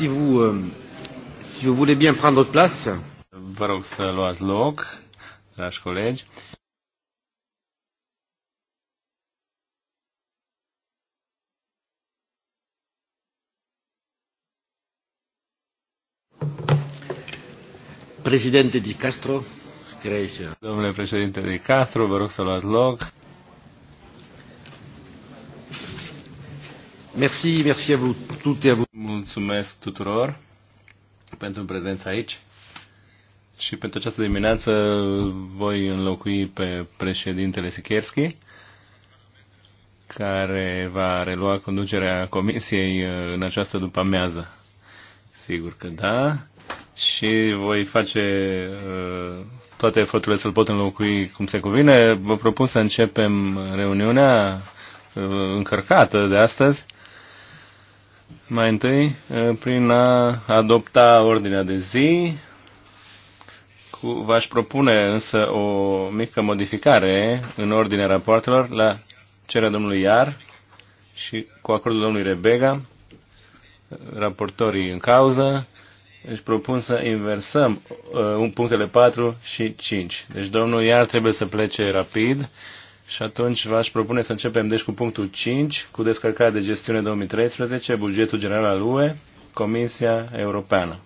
si vous, euh, si vous voulez bien prendre place. Vă rog să luați loc, dragi colegi. Președinte Di Castro, crește. Domnule președinte de Castro, vă rog să luați loc. Merci, merci à vous toutes et à vous. Mulțumesc tuturor pentru prezența aici. Și pentru această dimineață voi înlocui pe președintele Sikerski, care va relua conducerea comisiei uh, în această după-amiază. Sigur că da. Și voi face uh, toate eforturile să-l pot înlocui cum se cuvine. Vă propun să începem reuniunea uh, încărcată de astăzi. Mai întâi, eh, prin a adopta ordinea de zi, v-aș propune însă o mică modificare în ordinea rapoartelor la cererea domnului Iar și cu acordul domnului Rebega, raportorii în cauză, își propun să inversăm uh, punctele 4 și 5. Deci domnul Iar trebuie să plece rapid și atunci v-aș propune să începem deci cu punctul 5, cu descărcarea de gestiune 2013, bugetul general al UE, Comisia Europeană.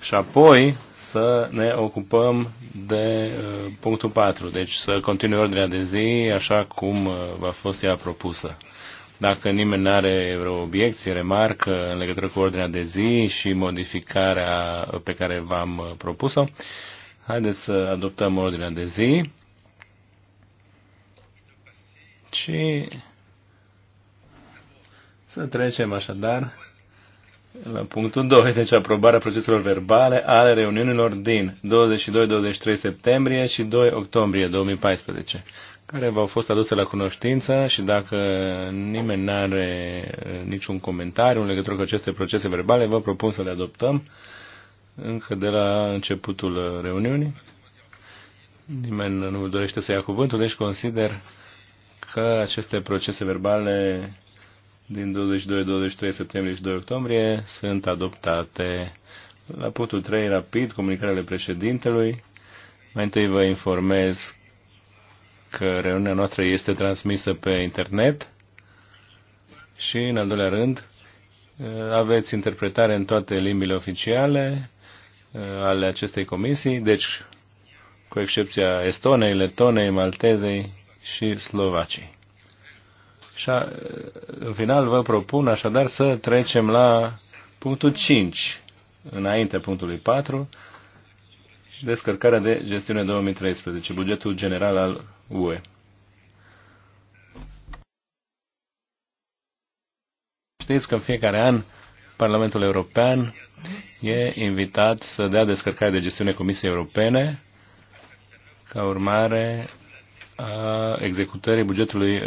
Și apoi să ne ocupăm de uh, punctul 4, deci să continui ordinea de zi așa cum uh, va fost ea propusă. Dacă nimeni nu are vreo obiecție, remarcă în legătură cu ordinea de zi și modificarea pe care v-am uh, propus-o, haideți să adoptăm ordinea de zi și să trecem așadar la punctul 2, deci aprobarea proceselor verbale ale reuniunilor din 22-23 septembrie și 2 octombrie 2014, care v-au fost aduse la cunoștință și dacă nimeni nu are eh, niciun comentariu în legătură cu aceste procese verbale, vă propun să le adoptăm încă de la începutul reuniunii. Nimeni nu dorește să ia cuvântul, deci consider că aceste procese verbale din 22-23 septembrie și 2 octombrie sunt adoptate. La punctul 3, rapid, comunicările președintelui. Mai întâi vă informez că reuniunea noastră este transmisă pe internet și, în al doilea rând, aveți interpretare în toate limbile oficiale uh, ale acestei comisii, deci cu excepția Estonei, Letonei, Maltezei și Slovacii. Și a, în final vă propun așadar să trecem la punctul 5, înainte punctului 4, descărcarea de gestiune 2013, bugetul general al UE. Știți că în fiecare an Parlamentul European e invitat să dea descărcare de gestiune Comisiei Europene ca urmare executării bugetului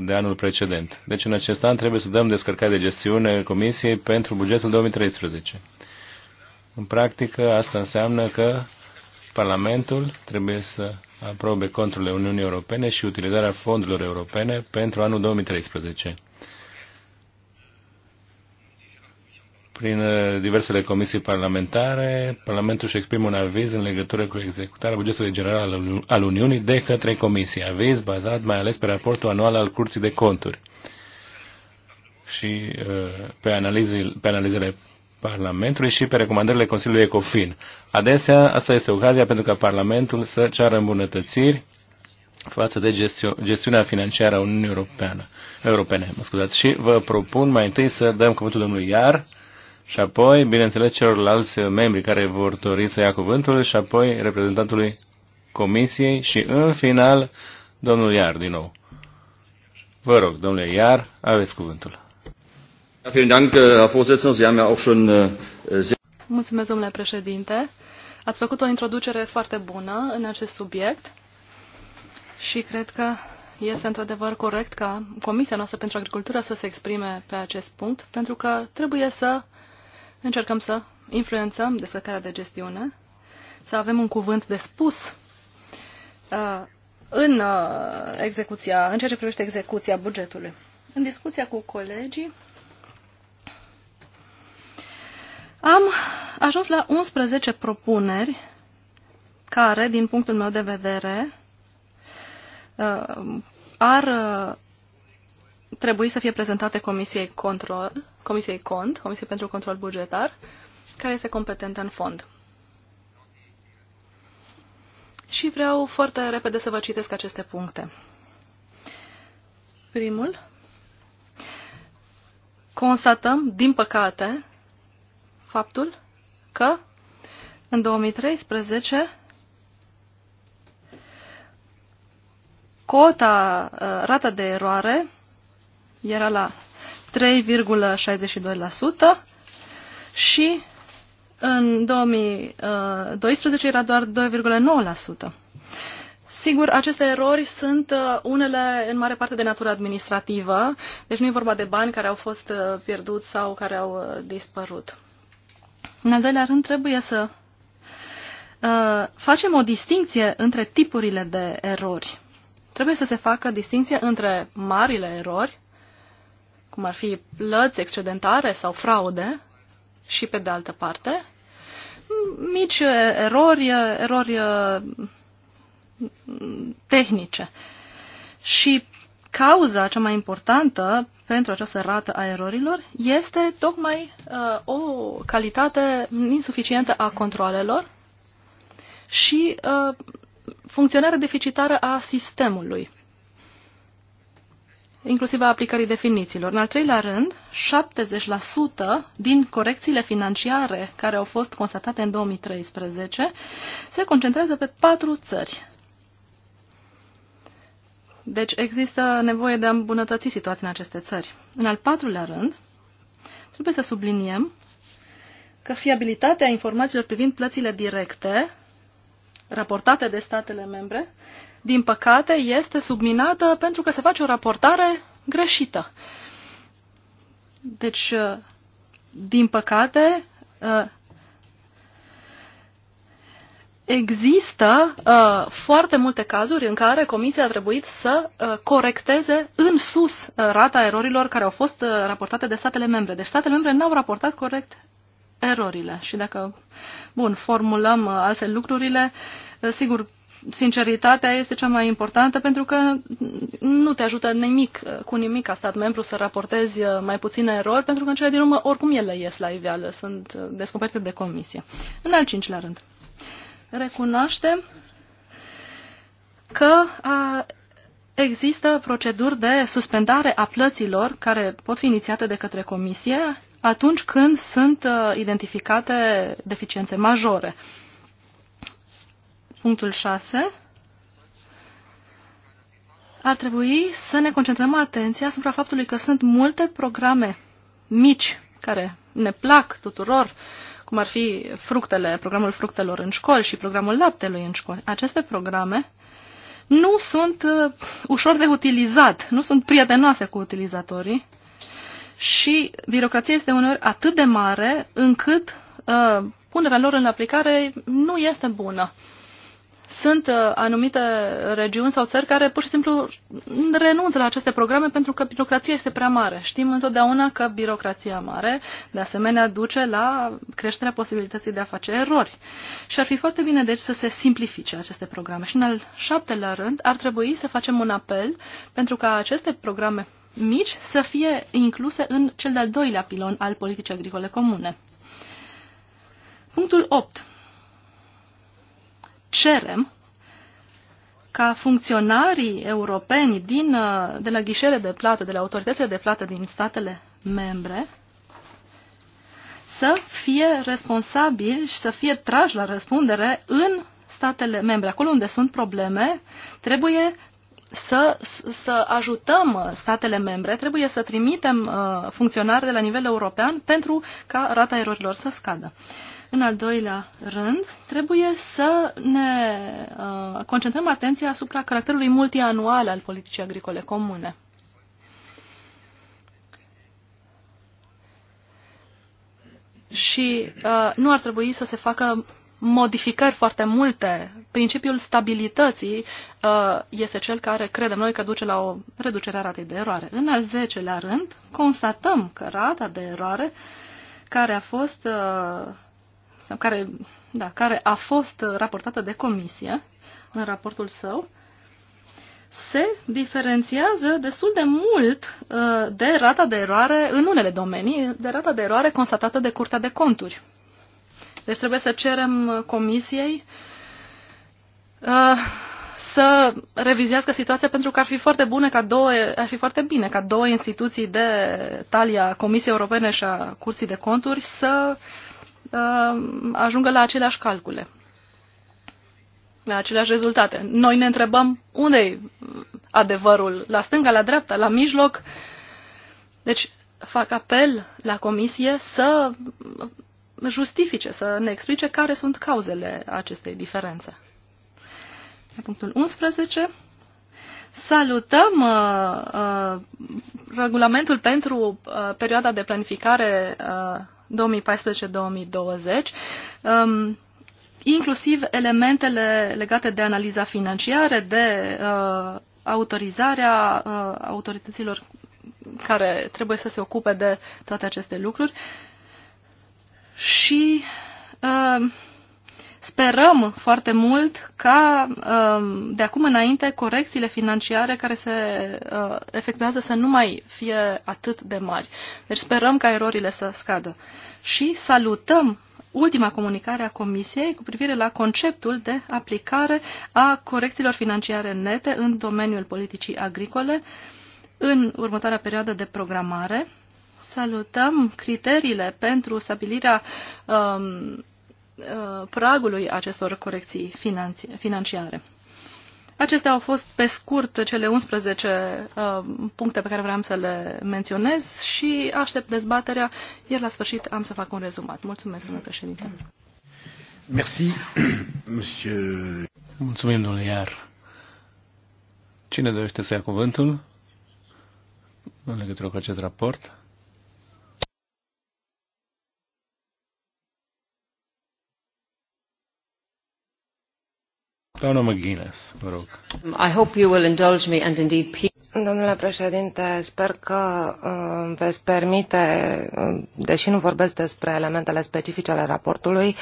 de anul precedent. Deci în acest an trebuie să dăm descărcare de gestiune Comisiei pentru bugetul 2013. În practică asta înseamnă că Parlamentul trebuie să aprobe conturile Uniunii Europene și utilizarea fondurilor europene pentru anul 2013. prin uh, diversele comisii parlamentare, Parlamentul își exprimă un aviz în legătură cu executarea bugetului general al Uniunii de către comisie. Aviz bazat mai ales pe raportul anual al Curții de Conturi și uh, pe, analizi, pe analizele Parlamentului și pe recomandările Consiliului ECOFIN. Adesea, asta este ocazia pentru ca Parlamentul să ceară îmbunătățiri față de gestio gestiunea financiară a Uniunii Europene. Mă scuzați. Și vă propun mai întâi să dăm cuvântul domnului Iar, și apoi, bineînțeles, celorlalți membri care vor dori să ia cuvântul și apoi reprezentantului Comisiei și, în final, domnul Iar din nou. Vă rog, domnule Iar, aveți cuvântul. Äh, äh, Mulțumesc, domnule președinte. Ați făcut o introducere foarte bună în acest subiect și cred că este într-adevăr corect ca Comisia noastră pentru Agricultură să se exprime pe acest punct, pentru că trebuie să încercăm să influențăm descărcarea de gestiune, să avem un cuvânt de spus uh, în uh, execuția, în ceea ce privește execuția bugetului. În discuția cu colegii am ajuns la 11 propuneri care, din punctul meu de vedere, uh, ar uh, trebui să fie prezentate Comisiei Control Comisiei Cont, Comisiei pentru Control Bugetar, care este competentă în fond. Și vreau foarte repede să vă citesc aceste puncte. Primul. Constatăm, din păcate, faptul că în 2013 cota, uh, rata de eroare era la 3,62% și în 2012 era doar 2,9%. Sigur, aceste erori sunt uh, unele în mare parte de natură administrativă, deci nu e vorba de bani care au fost uh, pierduți sau care au uh, dispărut. În al doilea rând, trebuie să uh, facem o distinție între tipurile de erori. Trebuie să se facă distinție între marile erori cum ar fi plăți excedentare sau fraude, și pe de altă parte, mici erori, erori mm, tehnice. Și cauza cea mai importantă pentru această rată a erorilor este tocmai uh, o calitate insuficientă a controlelor și uh, funcționarea deficitară a sistemului inclusiv a aplicării definițiilor. În al treilea rând, 70% din corecțiile financiare care au fost constatate în 2013 se concentrează pe patru țări. Deci există nevoie de a îmbunătăți situația în aceste țări. În al patrulea rând, trebuie să subliniem că fiabilitatea informațiilor privind plățile directe raportate de statele membre din păcate, este subminată pentru că se face o raportare greșită. Deci, uh, din păcate, uh, există uh, foarte multe cazuri în care comisia a trebuit să corecteze în sus rata erorilor care au fost raportate de statele membre. Deci statele membre n-au raportat corect erorile. Și dacă, bun, formulăm altfel lucrurile, sigur, sinceritatea este cea mai importantă pentru că nu te ajută nimic, uh, cu nimic ca stat membru să raportezi uh, mai puține erori, pentru că în cele din urmă oricum ele ies la iveală, sunt uh, descoperite de comisie. În al cincilea rând, recunoaștem că a, există proceduri de suspendare a plăților care pot fi inițiate de către comisie atunci când sunt identificate deficiențe majore punctul 6, ar trebui să ne concentrăm atenția asupra faptului că sunt multe programe mici care ne plac tuturor, cum ar fi fructele, programul fructelor în școli și programul laptelui în școli. Aceste programe nu sunt uh, ușor de utilizat, nu sunt prietenoase cu utilizatorii și birocrația este uneori atât de mare încât uh, punerea lor în aplicare nu este bună. Sunt uh, anumite regiuni sau țări care pur și simplu renunță la aceste programe pentru că birocrația este prea mare. Știm întotdeauna că birocrația mare, de asemenea, duce la creșterea posibilității de a face erori. Și ar fi foarte bine, deci, să se simplifice aceste programe. Și în al șaptelea rând, ar trebui să facem un apel pentru ca aceste programe mici să fie incluse în cel de-al doilea pilon al politicii agricole comune. Punctul 8 cerem ca funcționarii europeni din, uh, de la ghișele de plată, de la autoritățile de plată din statele membre, să fie responsabili și să fie trași la răspundere în statele membre. Acolo unde sunt probleme, trebuie să, să ajutăm statele membre, trebuie să trimitem uh, funcționari de la nivel european pentru ca rata erorilor să scadă. Uh, în al doilea rând, trebuie să ne uh, concentrăm atenția asupra caracterului multianual al politicii agricole comune. Și uh, nu ar trebui să se facă modificări foarte multe. Principiul stabilității uh, este cel care credem noi că duce la o reducere a ratei de eroare. În al zecelea rând, constatăm că rata de eroare care a fost uh, sau care, da, care a fost raportată de comisie în raportul său, se diferențiază destul de mult uh, de rata de eroare în unele domenii, de rata de eroare constatată de Curtea de Conturi. Deci trebuie să cerem comisiei uh, să revizească situația pentru că ar fi foarte bune ca două, ar fi foarte bine ca două instituții de talia Comisiei Europene și a Curții de Conturi să uh, Uh, ajungă la aceleași calcule, la aceleași rezultate. Noi ne întrebăm unde e adevărul, la stânga, la dreapta, la mijloc. Deci fac apel la comisie să justifice, să ne explice care sunt cauzele acestei diferențe. La punctul 11 salutăm uh, uh, regulamentul pentru uh, perioada de planificare uh, 2014-2020, um, inclusiv elementele legate de analiza financiară, de uh, autorizarea uh, autorităților care trebuie să se ocupe de toate aceste lucruri. Și uh, Sperăm foarte mult ca um, de acum înainte corecțiile financiare care se uh, efectuează să nu mai fie atât de mari. Deci sperăm ca erorile să scadă. Și salutăm ultima comunicare a Comisiei cu privire la conceptul de aplicare a corecțiilor financiare nete în domeniul politicii agricole în următoarea perioadă de programare. Salutăm criteriile pentru stabilirea um, Uh, pragului acestor corecții financiare. Acestea au fost pe scurt cele 11 uh, puncte pe care vreau să le menționez și aștept dezbaterea, iar la sfârșit am să fac un rezumat. Mulțumesc, domnule președinte. Merci, monsieur. Mulțumim, domnule Iar. Cine dorește să ia cuvântul în legătură cu acest raport? Doamna McGuinness, vă rog. I hope you will indulge me and indeed Domnule președinte, sper că uh, veți permite, uh, deși nu vorbesc despre elementele specifice ale raportului,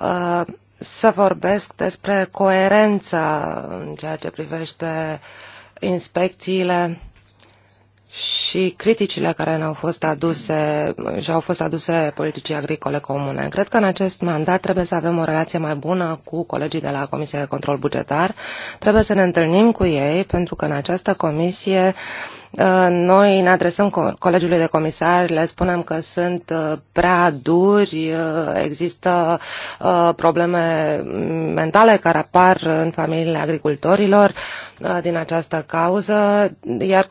uh, să vorbesc despre coerența în ceea ce privește inspecțiile și criticile care ne-au fost aduse și au fost aduse politicii agricole comune. Cred că în acest mandat trebuie să avem o relație mai bună cu colegii de la Comisia de Control Bugetar. Trebuie să ne întâlnim cu ei pentru că în această comisie uh, Uh, noi ne adresăm colegiului de comisari, le spunem că sunt uh, prea duri, uh, există probleme mentale care apar în familiile agricultorilor din această cauză, iar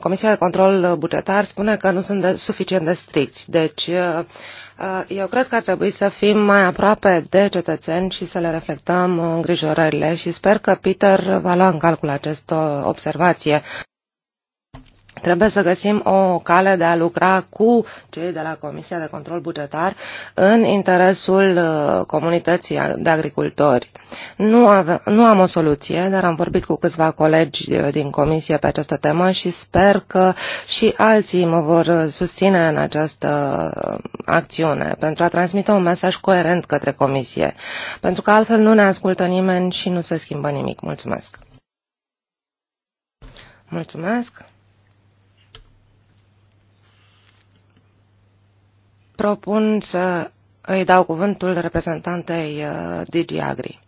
Comisia de Control Bugetar spune că nu sunt suficient de stricți. Deci, eu cred că ar trebui să fim mai aproape de cetățeni și să le reflectăm îngrijorările și sper că Peter va lua în calcul această observație Trebuie să găsim o cale de a lucra cu cei de la Comisia de Control Bugetar în interesul uh, comunității de agricultori. Nu, ave, nu am o soluție, dar am vorbit cu câțiva colegi uh, din Comisie pe această temă și sper că și alții mă vor uh, susține în această acțiune pentru a transmite un mesaj coerent către Comisie, pentru că altfel nu ne ascultă nimeni și nu se schimbă nimic. Mulțumesc! Mulțumesc! propun să îi dau cuvântul reprezentantei uh, DG Agri.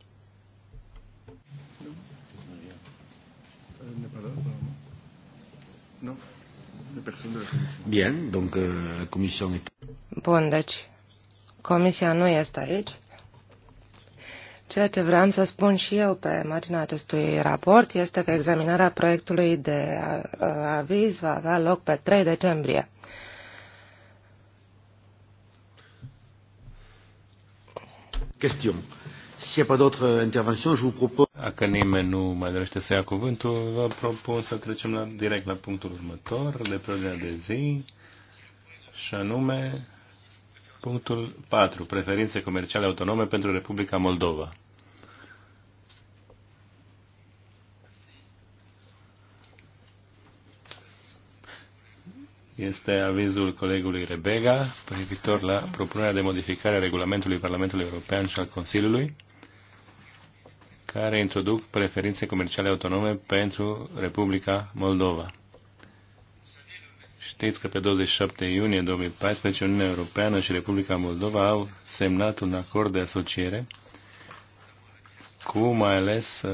Bien, donc euh, la commission Bun, deci comisia nu este aici. Ceea ce vreau să spun și eu pe marginea acestui raport este că examinarea proiectului de uh, aviz va avea loc pe 3 decembrie. question. S'il n'y d'autres interventions, je vous Dacă nimeni nu mai dorește să ia cuvântul, vă propun să trecem la, direct la punctul următor de problema de zi, și anume punctul 4, preferințe comerciale autonome pentru Republica Moldova. este avizul colegului Rebega privitor la propunerea de modificare a regulamentului Parlamentului European și al Consiliului care introduc preferințe comerciale autonome pentru Republica Moldova. Știți că pe 27 iunie 2014 Uniunea Europeană și Republica Moldova au semnat un acord de asociere cu mai ales uh,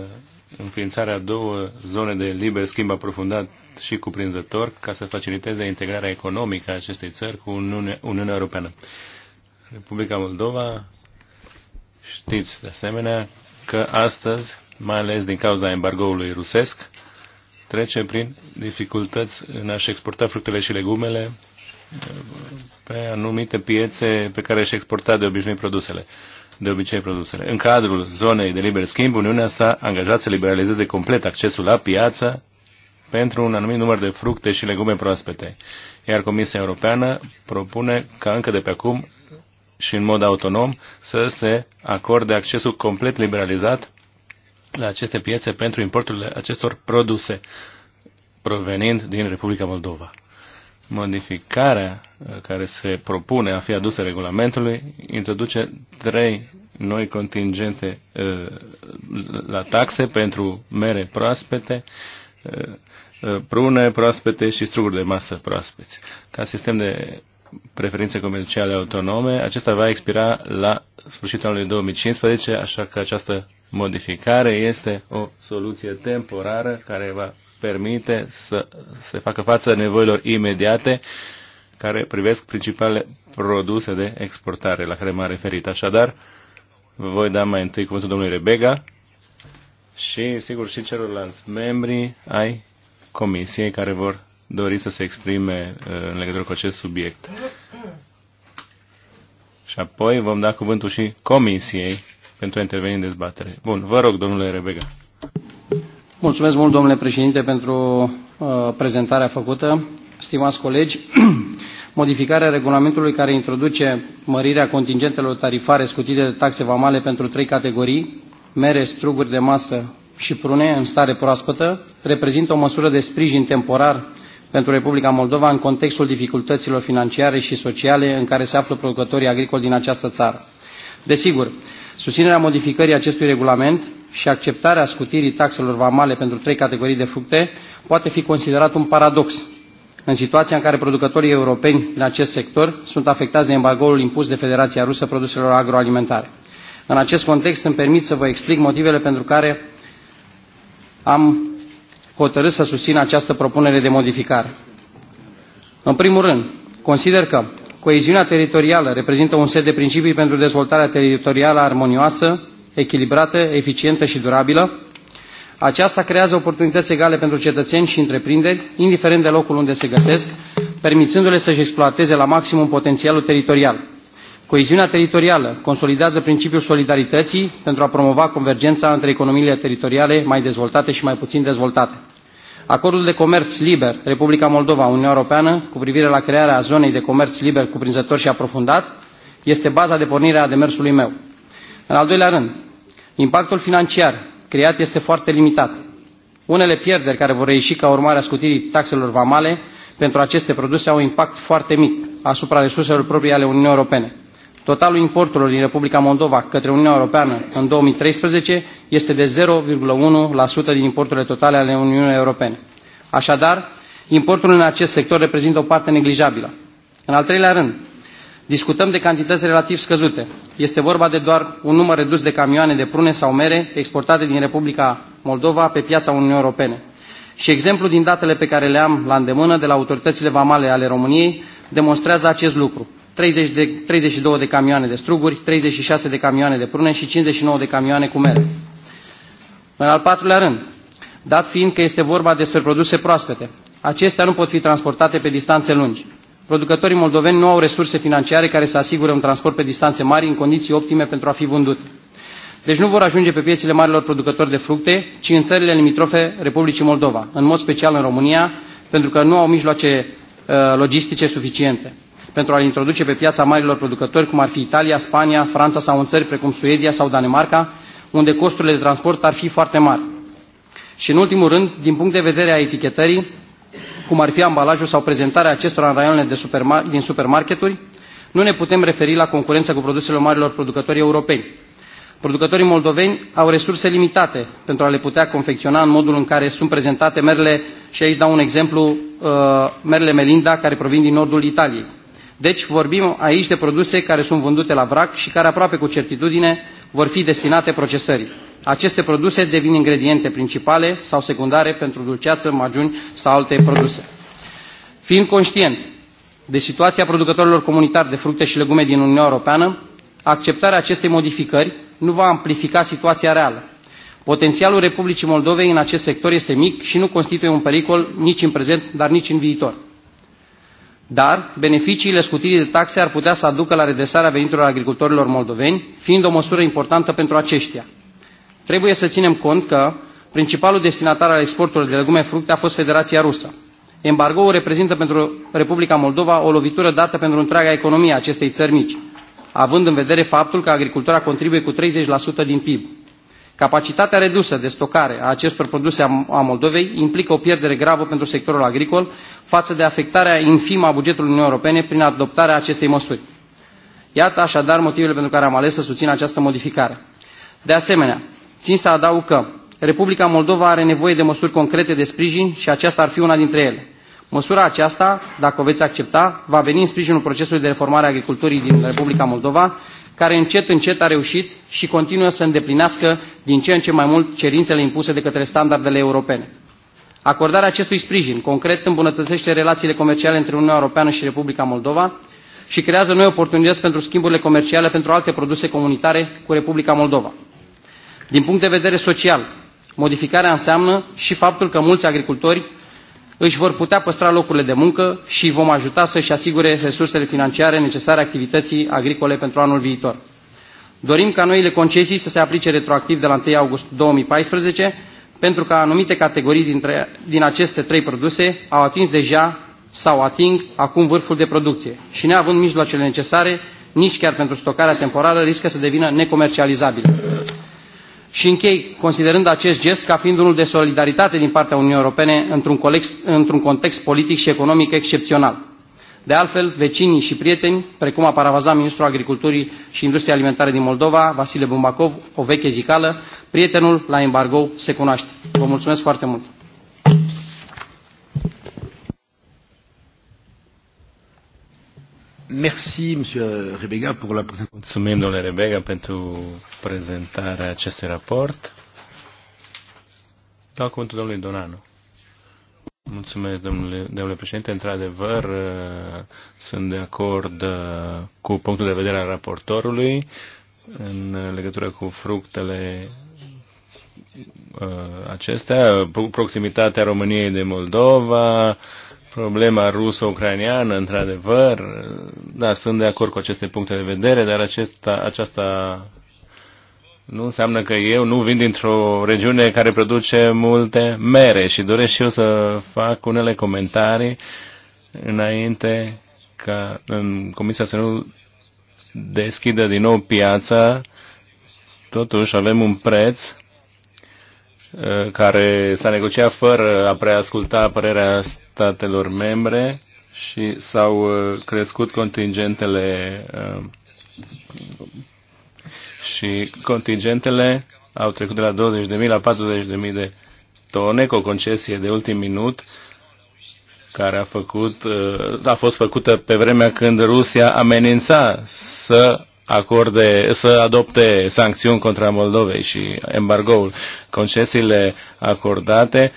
înființarea două zone de liber schimb aprofundat și cuprinzător ca să faciliteze integrarea economică a acestei țări cu Uniunea Europeană. Republica Moldova, știți de asemenea că astăzi, mai ales din cauza embargoului rusesc, trece prin dificultăți în a-și exporta fructele și legumele eh, pe anumite piețe pe care și exporta de obișnui produsele de obicei produsele. În cadrul zonei de liber schimb, Uniunea s-a angajat să liberalizeze complet accesul la piață pentru un anumit număr de fructe și legume proaspete, iar Comisia Europeană propune ca încă de pe acum și în mod autonom să se acorde accesul complet liberalizat la aceste piețe pentru importurile acestor produse provenind din Republica Moldova. Modificarea uh, care se propune a fi adusă regulamentului introduce trei noi contingente uh, la taxe pentru mere proaspete, uh, prune proaspete și struguri de masă proaspeți. Ca sistem de preferințe comerciale autonome, acesta va expira la sfârșitul anului 2015, așa că această modificare este o soluție temporară care va permite să se facă față nevoilor imediate care privesc principalele produse de exportare la care m-am referit. Așadar, vă voi da mai întâi cuvântul domnului Rebega și, sigur, și celorlalți membri ai comisiei care vor dori să se exprime uh, în legătură cu acest subiect. Și apoi vom da cuvântul și comisiei pentru a interveni în dezbatere. Bun, vă rog, domnule Rebega. Mulțumesc mult, domnule președinte, pentru uh, prezentarea făcută. Stimați colegi, modificarea regulamentului care introduce mărirea contingentelor tarifare scutite de taxe vamale pentru trei categorii, mere, struguri de masă și prune în stare proaspătă, reprezintă o măsură de sprijin temporar pentru Republica Moldova în contextul dificultăților financiare și sociale în care se află producătorii agricoli din această țară. Desigur, susținerea modificării acestui regulament și acceptarea scutirii taxelor vamale pentru trei categorii de fructe poate fi considerat un paradox, în situația în care producătorii europeni din acest sector sunt afectați de embargoul impus de Federația Rusă produselor agroalimentare. În acest context îmi permit să vă explic motivele pentru care am hotărât să susțin această propunere de modificare. În primul rând, consider că coeziunea teritorială reprezintă un set de principii pentru dezvoltarea teritorială armonioasă echilibrată, eficientă și durabilă. Aceasta creează oportunități egale pentru cetățeni și întreprinderi, indiferent de locul unde se găsesc, permițându-le să-și exploateze la maximum potențialul teritorial. Coeziunea teritorială consolidează principiul solidarității pentru a promova convergența între economiile teritoriale mai dezvoltate și mai puțin dezvoltate. Acordul de comerț liber Republica Moldova Uniunea Europeană cu privire la crearea zonei de comerț liber cuprinzător și aprofundat este baza de pornire a demersului meu. În al doilea rând, impactul financiar creat este foarte limitat. Unele pierderi care vor reieși ca urmare a scutirii taxelor vamale pentru aceste produse au un impact foarte mic asupra resurselor proprii ale Uniunii Europene. Totalul importurilor din Republica Moldova către Uniunea Europeană în 2013 este de 0,1% din importurile totale ale Uniunii Europene. Așadar, importul în acest sector reprezintă o parte neglijabilă. În al treilea rând, Discutăm de cantități relativ scăzute. Este vorba de doar un număr redus de camioane de prune sau mere exportate din Republica Moldova pe piața Uniunii Europene. Și exemplu din datele pe care le am la îndemână de la autoritățile vamale ale României demonstrează acest lucru. 30 de, 32 de camioane de struguri, 36 de camioane de prune și 59 de camioane cu mere. În al patrulea rând, dat fiind că este vorba despre produse proaspete, acestea nu pot fi transportate pe distanțe lungi. Producătorii moldoveni nu au resurse financiare care să asigure un transport pe distanțe mari în condiții optime pentru a fi vândut. Deci nu vor ajunge pe piețele marilor producători de fructe, ci în țările limitrofe Republicii Moldova, în mod special în România, pentru că nu au mijloace uh, logistice suficiente pentru a-l introduce pe piața marilor producători, cum ar fi Italia, Spania, Franța sau în țări precum Suedia sau Danemarca, unde costurile de transport ar fi foarte mari. Și în ultimul rând, din punct de vedere a etichetării, cum ar fi ambalajul sau prezentarea acestora în raioanele din supermarketuri, nu ne putem referi la concurența cu produsele marilor producători europeni. Producătorii moldoveni au resurse limitate pentru a le putea confecționa în modul în care sunt prezentate merele, și aici dau un exemplu, uh, merele Melinda, care provin din nordul Italiei. Deci vorbim aici de produse care sunt vândute la vrac și care aproape cu certitudine vor fi destinate procesării. Aceste produse devin ingrediente principale sau secundare pentru dulceață, majuni sau alte produse. Fiind conștient de situația producătorilor comunitari de fructe și legume din Uniunea Europeană, acceptarea acestei modificări nu va amplifica situația reală. Potențialul Republicii Moldovei în acest sector este mic și nu constituie un pericol nici în prezent, dar nici în viitor. Dar beneficiile scutirii de taxe ar putea să aducă la redresarea veniturilor agricultorilor moldoveni, fiind o măsură importantă pentru aceștia. Trebuie să ținem cont că principalul destinatar al exporturilor de legume fructe a fost Federația Rusă. Embargoul reprezintă pentru Republica Moldova o lovitură dată pentru întreaga economie a acestei țări mici, având în vedere faptul că agricultura contribuie cu 30% din PIB. Capacitatea redusă de stocare a acestor produse a Moldovei implică o pierdere gravă pentru sectorul agricol față de afectarea infimă a bugetului Uniunii Europene prin adoptarea acestei măsuri. Iată așadar motivele pentru care am ales să susțin această modificare. De asemenea, Țin să adaug că Republica Moldova are nevoie de măsuri concrete de sprijin și aceasta ar fi una dintre ele. Măsura aceasta, dacă o veți accepta, va veni în sprijinul procesului de reformare a agriculturii din Republica Moldova, care încet, încet a reușit și continuă să îndeplinească din ce în ce mai mult cerințele impuse de către standardele europene. Acordarea acestui sprijin concret îmbunătățește relațiile comerciale între Uniunea Europeană și Republica Moldova și creează noi oportunități pentru schimburile comerciale pentru alte produse comunitare cu Republica Moldova. Din punct de vedere social, modificarea înseamnă și faptul că mulți agricultori își vor putea păstra locurile de muncă și vom ajuta să-și asigure resursele financiare necesare activității agricole pentru anul viitor. Dorim ca noile concesii să se aplice retroactiv de la 1 august 2014, pentru că anumite categorii dintre, din aceste trei produse au atins deja sau ating acum vârful de producție și neavând mijloacele necesare, nici chiar pentru stocarea temporară, riscă să devină necomercializabile. Și închei considerând acest gest ca fiind unul de solidaritate din partea Uniunii Europene într-un context, într context politic și economic excepțional. De altfel, vecinii și prieteni, precum a paravazat ministrul Agriculturii și Industriei Alimentare din Moldova, Vasile Bumbacov, o veche zicală, prietenul la embargo se cunoaște. Vă mulțumesc foarte mult! Merci, Monsieur Rebega, pour la prezentare. Mulțumim, domnule Rebega, pentru prezentarea acestui raport. Dau cuvântul domnului Donanu. Mulțumesc, domnule, domnule președinte. Într-adevăr, uh, sunt de acord uh, cu punctul de vedere al raportorului în legătură cu fructele uh, acestea, proximitatea României de Moldova, problema ruso-ucraniană, într-adevăr, da, sunt de acord cu aceste puncte de vedere, dar acesta, aceasta nu înseamnă că eu nu vin dintr-o regiune care produce multe mere și doresc și eu să fac unele comentarii înainte ca în Comisia să nu deschidă din nou piața. Totuși avem un preț uh, care s-a negociat fără a preasculta părerea statelor membre și s-au uh, crescut contingentele uh, și contingentele au trecut de la 20.000 la 40.000 de tone cu o concesie de ultim minut care a, făcut, uh, a fost făcută pe vremea când Rusia amenința să acorde, să adopte sancțiuni contra Moldovei și embargoul. Concesiile acordate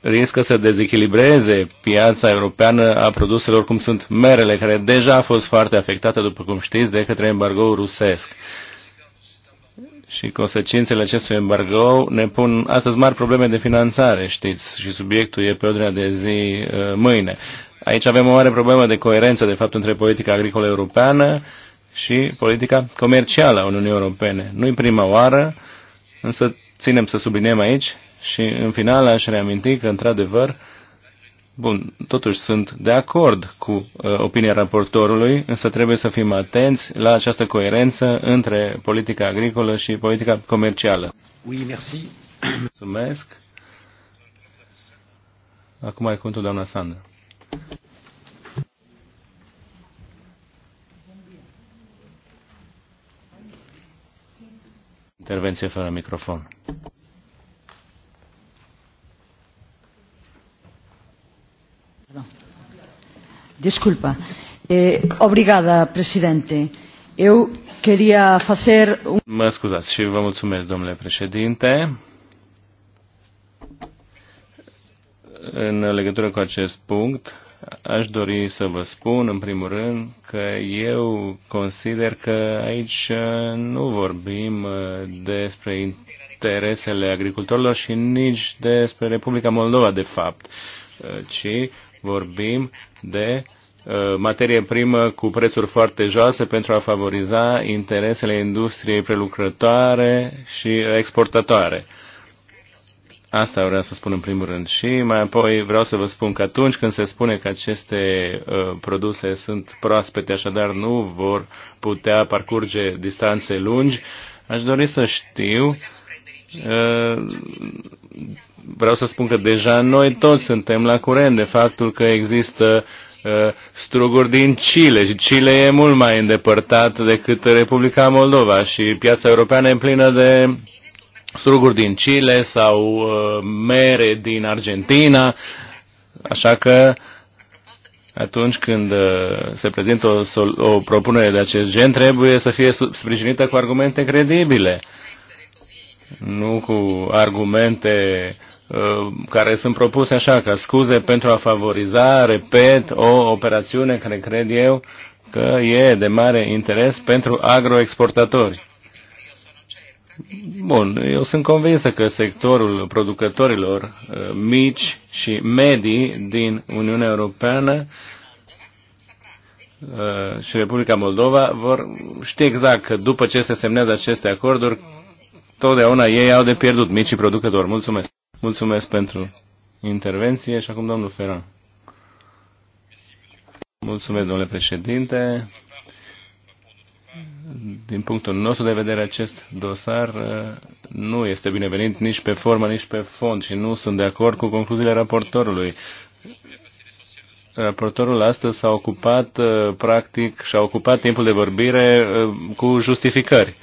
riscă să dezechilibreze piața europeană a produselor cum sunt merele, care deja a fost foarte afectată, după cum știți, de către embargo rusesc. Și consecințele acestui embargo ne pun astăzi mari probleme de finanțare, știți, și subiectul e pe ordinea de zi uh, mâine. Aici avem o mare problemă de coerență, de fapt, între politica agricolă europeană și politica comercială a Uniunii Europene. Nu-i prima oară, însă ținem să subliniem aici și în final aș reaminti că, într-adevăr, bun, totuși sunt de acord cu uh, opinia raportorului, însă trebuie să fim atenți la această coerență între politica agricolă și politica comercială. Oui, merci. Mulțumesc. Acum ai cuvântul doamna Sandra. Intervenție fără microfon. Disculpa. Eh, obrigada, presidente. Eu queria fazer un... Mă scuzați și vă mulțumesc, domnule președinte. În legătură cu acest punct, aș dori să vă spun, în primul rând, că eu consider că aici nu vorbim eh, despre interesele agricultorilor și nici despre Republica Moldova, de fapt, eh, ci vorbim de uh, materie primă cu prețuri foarte joase pentru a favoriza interesele industriei prelucrătoare și exportatoare. Asta vreau să spun în primul rând. Și mai apoi vreau să vă spun că atunci când se spune că aceste uh, produse sunt proaspete, așadar nu vor putea parcurge distanțe lungi, aș dori să știu Eh, vreau să spun că deja noi toți suntem la curent de faptul că există eh, struguri din Chile și Chile e mult mai îndepărtat decât Republica Moldova și piața europeană e plină de struguri din Chile sau eh, mere din Argentina, așa că atunci când se prezintă o, o propunere de acest gen, trebuie să fie sprijinită cu argumente credibile nu cu argumente uh, care sunt propuse așa, ca scuze pentru a favoriza, repet, o operațiune care cred eu că e de mare interes pentru agroexportatori. Bun, eu sunt convinsă că sectorul producătorilor uh, mici și medii din Uniunea Europeană uh, și Republica Moldova vor ști exact că după ce se semnează aceste acorduri, totdeauna ei au de pierdut, micii producători. Mulțumesc! Mulțumesc pentru intervenție și acum domnul Ferran. Mulțumesc, domnule președinte. Din punctul nostru de vedere, acest dosar uh, nu este binevenit nici pe formă, nici pe fond și nu sunt de acord cu concluziile raportorului. Raportorul astăzi s-a ocupat, uh, practic, și-a ocupat timpul de vorbire uh, cu justificări.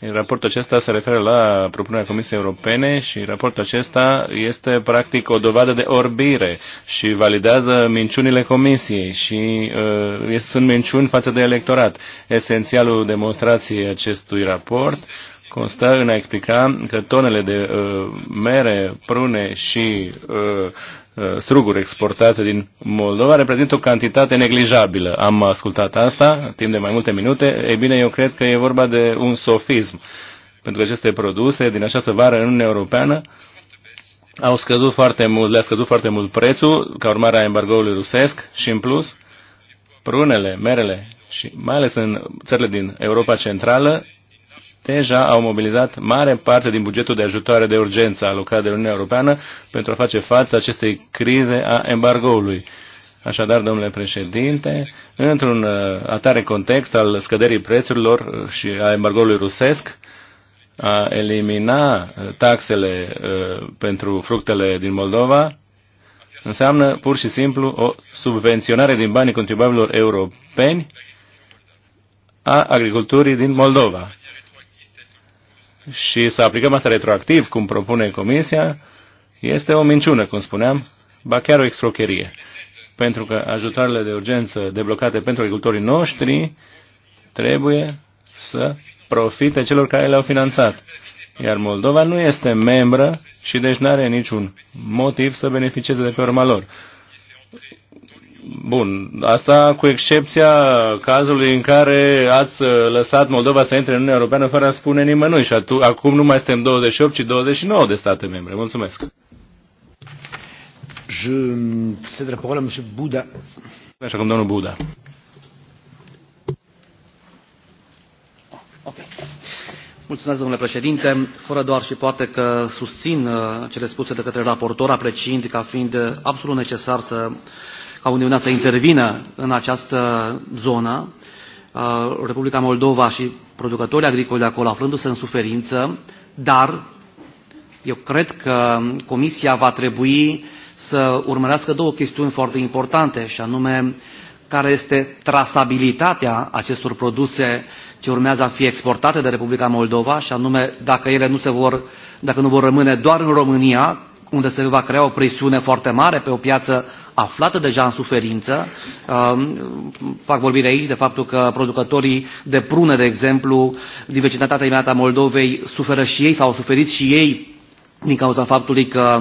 Raportul acesta se referă la propunerea Comisiei Europene și raportul acesta este practic o dovadă de orbire și validează minciunile Comisiei și uh, sunt minciuni față de electorat. Esențialul demonstrației acestui raport constă în a explica că tonele de uh, mere, prune și uh, uh, struguri exportate din Moldova reprezintă o cantitate neglijabilă. Am ascultat asta timp de mai multe minute. Ei bine, eu cred că e vorba de un sofism, pentru că aceste produse din această vară în Uniunea Europeană au scăzut foarte mult, le-a scăzut foarte mult prețul ca urmare a embargoului rusesc și în plus prunele, merele și mai ales în țările din Europa Centrală deja au mobilizat mare parte din bugetul de ajutoare de urgență alocat de Uniunea Europeană pentru a face față acestei crize a embargoului. Așadar, domnule președinte, într-un uh, atare context al scăderii prețurilor uh, și a embargoului rusesc, a elimina uh, taxele pentru fructele din Moldova înseamnă pur și simplu o subvenționare din banii contribuabililor europeni a agriculturii din Moldova și să aplicăm asta retroactiv, cum propune Comisia, este o minciună, cum spuneam, ba chiar o extrocherie. Pentru că ajutoarele de urgență deblocate pentru agricultorii noștri trebuie să profite celor care le-au finanțat. Iar Moldova nu este membră și deci nu are niciun motiv să beneficieze de pe urma lor. Bun, asta cu excepția cazului în care ați uh, lăsat Moldova să intre în Uniunea Europeană fără a spune nimănui și atu- acum nu mai suntem 28, ci 29 de state membre. Mulțumesc. Je cede la parole à M. Buda. Așa cum domnul Buda. Mulțumesc, domnule președinte. Fără doar și poate că susțin uh, cele spuse de către raportor, apreciind ca fiind uh, absolut necesar să ca Uniunea să intervină în această zonă. Uh, Republica Moldova și producătorii agricoli de acolo aflându-se în suferință, dar eu cred că Comisia va trebui să urmărească două chestiuni foarte importante, și anume care este trasabilitatea acestor produse ce urmează a fi exportate de Republica Moldova, și anume dacă ele nu se vor, dacă nu vor rămâne doar în România, unde se va crea o presiune foarte mare pe o piață aflată deja în suferință. Um, fac vorbire aici de faptul că producătorii de prune, de exemplu, din vecinătatea imediată a Moldovei, suferă și ei sau au suferit și ei din cauza faptului că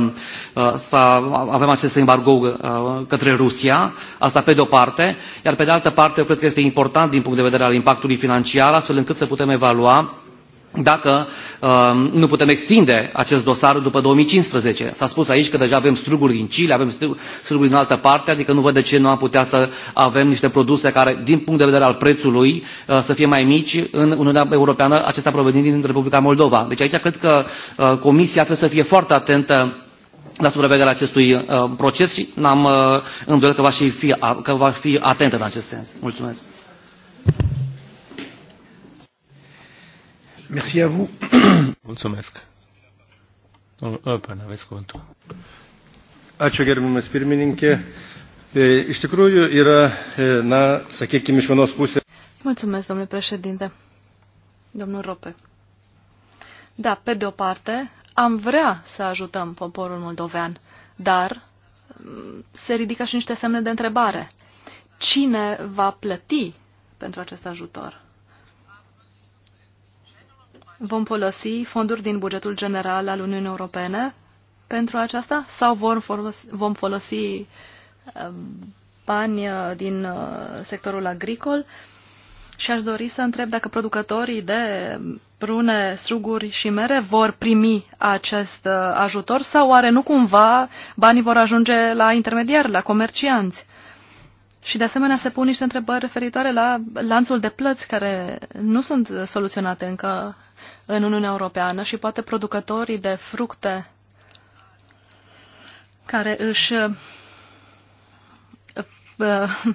uh, avem acest embargo uh, către Rusia, asta pe de-o parte, iar pe de altă parte eu cred că este important din punct de vedere al impactului financiar, astfel încât să putem evalua dacă uh, nu putem extinde acest dosar după 2015. S-a spus aici că deja avem struguri din Chile, avem struguri din altă parte, adică nu văd de ce nu am putea să avem niște produse care, din punct de vedere al prețului, uh, să fie mai mici în Uniunea Europeană, acestea provenind din Republica Moldova. Deci aici cred că uh, Comisia trebuie să fie foarte atentă la supravegherea acestui uh, proces și n-am uh, îndoiel că va, fi, că va fi atentă în acest sens. Mulțumesc. Merci à vous. Mulțumesc. Domnul Open, aveți cuvântul. Ačiū gerbimas pirmininkė. Iš tikrųjų yra, na, sakykime, iš vienos pusės. Mulțumesc, domnule președinte. Domnul Rope. Da, pe de o parte, am vrea să ajutăm poporul moldovean, dar mm, se ridică și niște semne de întrebare. Cine va plăti pentru acest ajutor? vom folosi fonduri din bugetul general al Uniunii Europene pentru aceasta sau vom folosi, vom um, folosi bani uh, din uh, sectorul agricol? Și aș dori să întreb dacă producătorii de prune, struguri și mere vor primi acest uh, ajutor sau oare nu cumva banii vor ajunge la intermediari, la comercianți? Și de asemenea se pun niște întrebări referitoare la lanțul de plăți care nu sunt soluționate încă în Uniunea Europeană și poate producătorii de fructe care își uh, uh,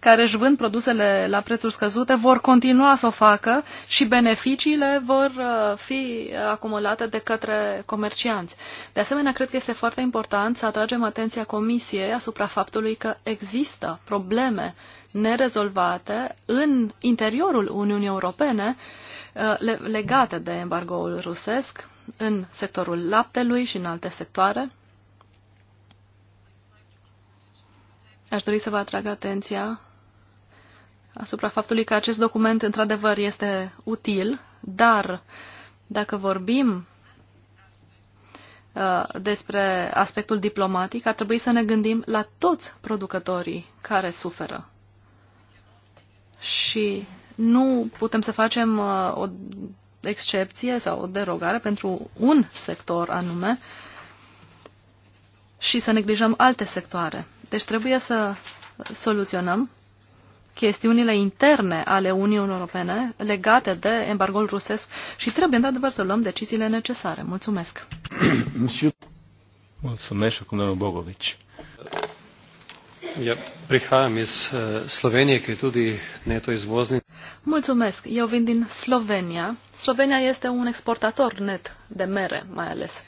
care își vând produsele la prețuri scăzute vor continua să o facă și beneficiile vor uh, fi acumulate de către comercianți. De asemenea, cred că este foarte important să atragem atenția Comisiei asupra faptului că există probleme nerezolvate în interiorul Uniunii Europene Uh, legate de embargoul rusesc în sectorul laptelui și în alte sectoare. Aș dori să vă atrag atenția asupra faptului că acest document într-adevăr este util, dar dacă vorbim uh, despre aspectul diplomatic, ar trebui să ne gândim la toți producătorii care suferă. Și nu putem să facem uh, o excepție sau o derogare pentru un sector anume și să neglijăm alte sectoare. Deci trebuie să soluționăm chestiunile interne ale Uniunii Europene legate de embargoul rusesc și trebuie, într-adevăr, să luăm deciziile necesare. Mulțumesc! Mulțumesc acum domnul Bogovici. Ja, prihajam iz uh, Slovenije, ki je tudi neto izvoznik. Mulțumesc. Eu vin din Slovenia. Slovenia este un exportator net de mere, mai ales.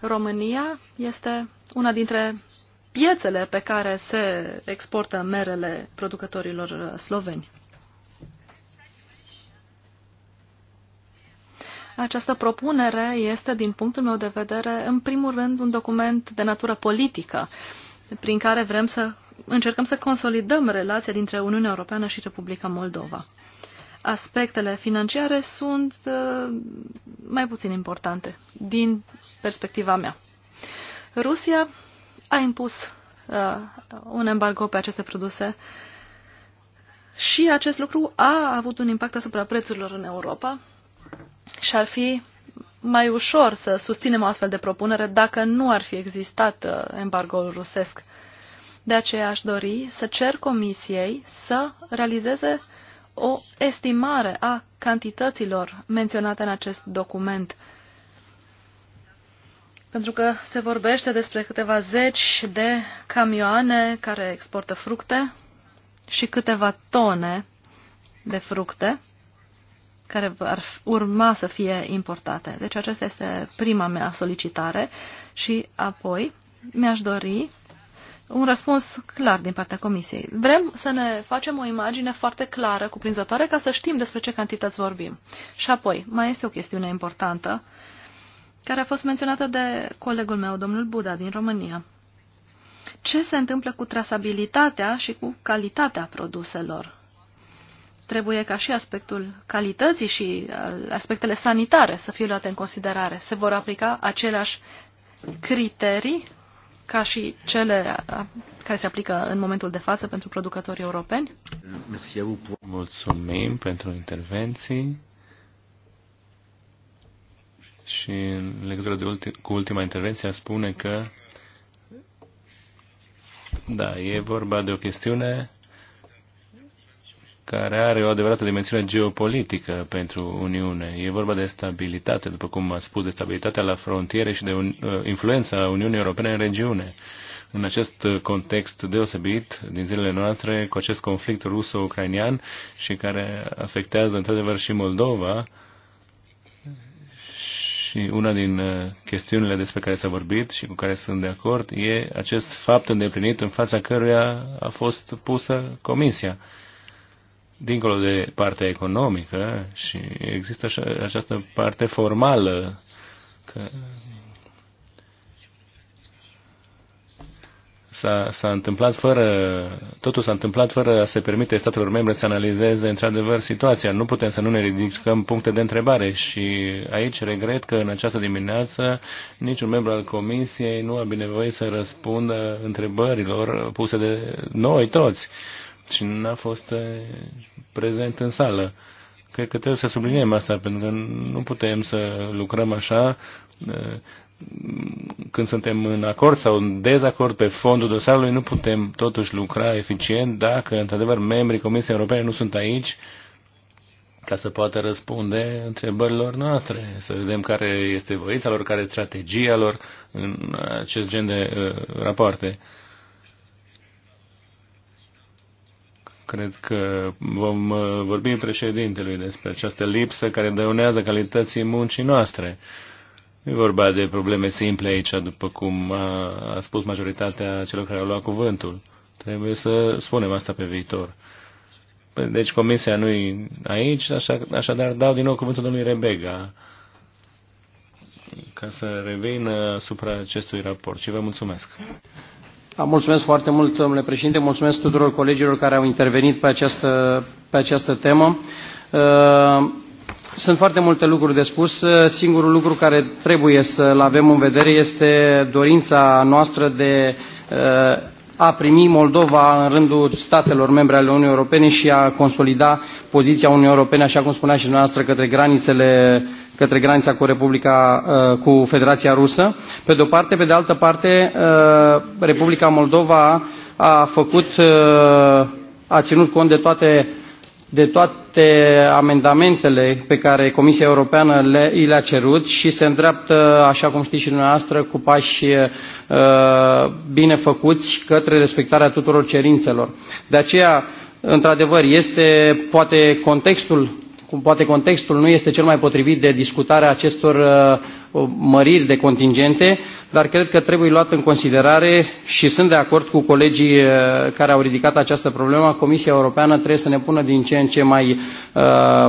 România este una dintre piețele pe care se exportă merele producătorilor uh, sloveni. Această propunere este, din punctul meu de vedere, în primul rând un document de natură politică, prin care vrem să încercăm să consolidăm relația dintre Uniunea Europeană și Republica Moldova aspectele financiare sunt uh, mai puțin importante din perspectiva mea. Rusia a impus uh, un embargo pe aceste produse și acest lucru a avut un impact asupra prețurilor în Europa și ar fi mai ușor să susținem o astfel de propunere dacă nu ar fi existat uh, embargoul rusesc. De aceea aș dori să cer Comisiei să realizeze uh, o estimare a cantităților menționate în acest document. Pentru că se vorbește despre câteva zeci de camioane care exportă fructe și câteva tone de fructe care ar urma să fie importate. Deci aceasta este prima mea solicitare și apoi mi-aș dori un răspuns clar din partea Comisiei. Vrem să ne facem o imagine foarte clară, cuprinzătoare, ca să știm despre ce cantități vorbim. Și apoi, mai este o chestiune importantă, care a fost menționată de colegul meu, domnul Buda, din România. Ce se întâmplă cu trasabilitatea și cu calitatea produselor? Trebuie ca și aspectul calității și uh, aspectele sanitare să fie luate în considerare. Se vor aplica aceleași criterii ca și cele care se aplică în momentul de față pentru producătorii europeni? Mulțumim pentru intervenții. Și în legătură de ulti, cu ultima intervenție spune că da, e vorba de o chestiune care are o adevărată dimensiune geopolitică pentru Uniune. E vorba de stabilitate, după cum a spus, de stabilitatea la frontiere și de un, uh, influența Uniunii Europene în regiune. În acest context deosebit din zilele noastre, cu acest conflict ruso-ucrainian și care afectează într-adevăr și Moldova, și una din uh, chestiunile despre care s-a vorbit și cu care sunt de acord e acest fapt îndeplinit în fața căruia a fost pusă comisia dincolo de partea economică și există așa, această parte formală că s-a, s-a întâmplat fără, totul s-a întâmplat fără a se permite statelor membre să analizeze într-adevăr situația. Nu putem să nu ne ridicăm puncte de întrebare și aici regret că în această dimineață niciun membru al Comisiei nu a binevoit să răspundă întrebărilor puse de noi toți și n-a fost eh, prezent în sală. Cred că trebuie să subliniem asta, pentru că nu putem să lucrăm așa eh, când suntem în acord sau în dezacord pe fondul dosarului, nu putem totuși lucra eficient dacă, într-adevăr, membrii Comisiei Europene nu sunt aici ca să poată răspunde întrebărilor noastre, să vedem care este voința lor, care strategia lor în acest gen de uh, rapoarte. Cred că vom uh, vorbi președintelui despre această lipsă care dăunează calității muncii noastre. Nu e vorba de probleme simple aici, după cum a, a spus majoritatea celor care au luat cuvântul. Trebuie să spunem asta pe viitor. Păi, deci comisia nu e aici, așa, așadar dau din nou cuvântul domnului Rebega ca să revin asupra acestui raport și vă mulțumesc. Da, mulțumesc foarte mult, domnule președinte, mulțumesc tuturor colegilor care au intervenit pe această, pe această temă. Uh, sunt foarte multe lucruri de spus. Uh, singurul lucru care trebuie să-l avem în vedere este dorința noastră de uh, a primi Moldova în rândul statelor membre ale Uniunii Europene și a consolida poziția Uniunii Europene, așa cum spunea și dumneavoastră, către granițele uh, către granița cu Republica, uh, cu Federația Rusă, pe de o parte, pe de altă parte, uh, Republica Moldova a făcut, uh, a ținut cont de toate de toate amendamentele pe care Comisia Europeană le, i le-a cerut și se îndreaptă, așa cum știți și dumneavoastră, cu pași bine făcuți către respectarea tuturor cerințelor. De aceea, într-adevăr, este poate contextul cum poate contextul nu este cel mai potrivit de discutarea acestor uh, uh, măriri de contingente, dar cred că trebuie luat în considerare și sunt de acord cu colegii uh, care au ridicat această problemă. Comisia Europeană trebuie să ne pună din ce în ce mai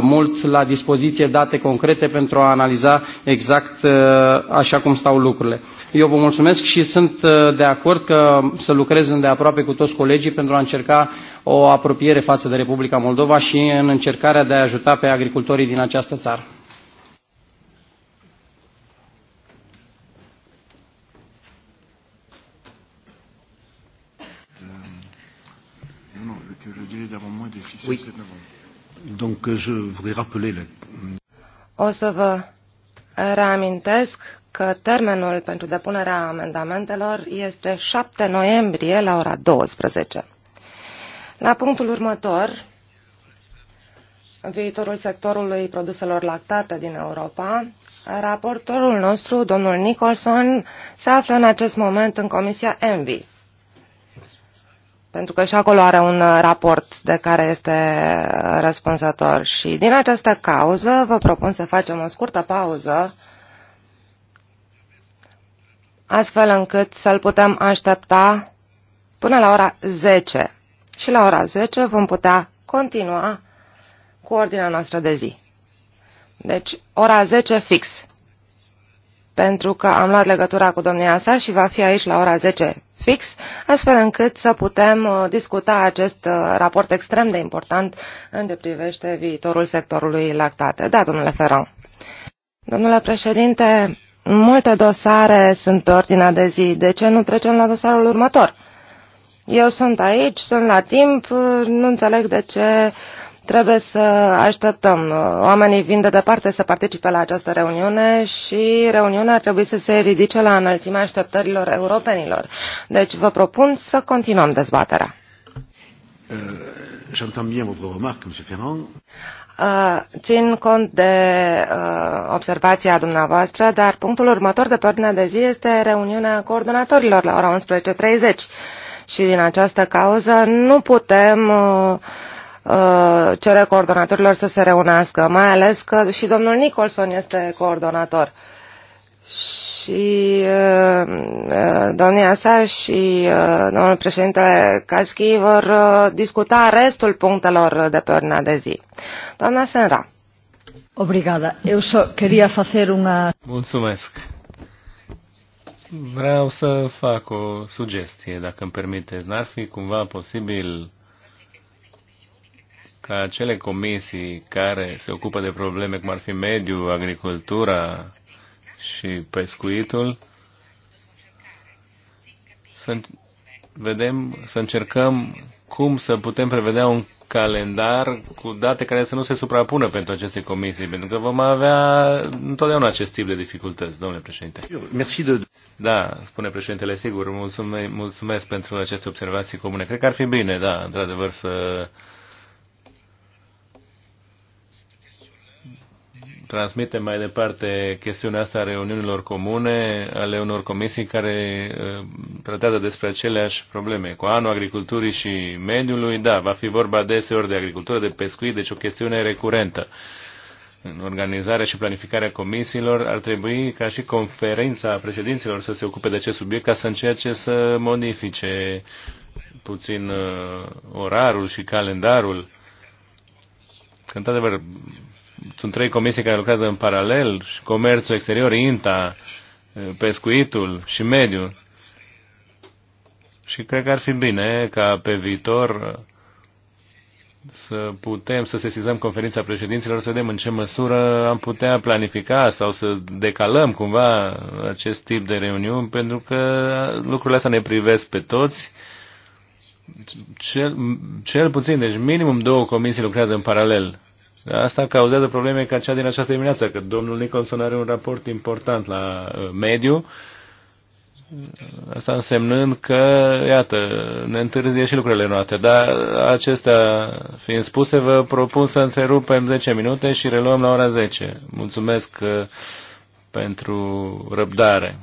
mult la dispoziție date concrete pentru a analiza exact așa cum stau lucrurile. Eu vă mulțumesc și sunt de acord că să lucrez îndeaproape cu toți colegii pentru a încerca o apropiere față de Republica Moldova și în încercarea de a ajuta pe agricultorii din această țară. O să vă reamintesc că termenul pentru depunerea amendamentelor este 7 noiembrie la ora 12. La punctul următor, viitorul sectorului produselor lactate din Europa, raportorul nostru, domnul Nicholson, se află în acest moment în Comisia ENVI, pentru că și acolo are un raport de care este răspunzător. Și din această cauză vă propun să facem o scurtă pauză astfel încât să-l putem aștepta până la ora 10 și la ora 10 vom putea continua cu ordinea noastră de zi. Deci, ora 10 fix. Pentru că am luat legătura cu domnia sa și va fi aici la ora 10 fix, astfel încât să putem uh, discuta acest uh, raport extrem de important în ce privește viitorul sectorului lactate. Da, domnule Ferron. Domnule președinte, multe dosare sunt pe ordinea de zi. De ce nu trecem la dosarul următor? Eu sunt aici, sunt la timp, nu înțeleg de ce trebuie să așteptăm. Oamenii vin de departe să participe la această reuniune și reuniunea ar trebui să se ridice la înălțimea așteptărilor europenilor. Deci vă propun să continuăm dezbaterea. Uh, j'entends bine votre remarque, domnule Ferrand. Uh, țin cont de uh, observația dumneavoastră, dar punctul următor de pe ordinea de zi este reuniunea coordonatorilor la ora 11.30 și din această cauză nu putem uh, uh, cere coordonatorilor să se reunească, mai ales că și domnul Nicholson este coordonator. Și uh, uh, domnia sa și domnul președinte Caschi vor discuta restul punctelor de pe ordinea de zi. Doamna Senra. Obrigada. Eu so queria facer una... Mulțumesc. Vreau să fac o sugestie, dacă îmi permiteți. N-ar fi cumva posibil ca acele comisii care se ocupă de probleme cum ar fi mediul, agricultura și pescuitul, să vedem, să încercăm cum să putem prevedea un calendar cu date care să nu se suprapună pentru aceste comisii, pentru că vom avea întotdeauna acest tip de dificultăți, domnule președinte. Merci de... Da, spune președintele, sigur, mulțumesc, mulțumesc pentru aceste observații comune. Cred că ar fi bine, da, într-adevăr, să transmite mai departe chestiunea asta a reuniunilor comune, ale unor comisii care uh, tratează despre aceleași probleme. Cu anul agriculturii și mediului, da, va fi vorba deseori de agricultură, de pescuit, deci o chestiune recurentă. În organizarea și planificarea comisiilor ar trebui ca și conferința președinților să se ocupe de acest subiect ca să încerce să modifice puțin uh, orarul și calendarul. Că, într-adevăr, sunt trei comisii care lucrează în paralel, și comerțul exterior, INTA, eh, pescuitul și mediul. Și cred că ar fi bine ca pe viitor eh, să putem să sesizăm conferința președinților, să vedem în ce măsură am putea planifica sau să decalăm cumva acest tip de reuniuni, pentru că lucrurile astea ne privesc pe toți. Cel, cel puțin, deci minimum două comisii lucrează în paralel Asta cauzează probleme ca cea din această dimineață, că domnul Nicholson are un raport important la uh, mediu, asta însemnând că, iată, ne întârzie și lucrurile noastre. Dar acestea fiind spuse, vă propun să întrerupem 10 minute și reluăm la ora 10. Mulțumesc uh, pentru răbdare.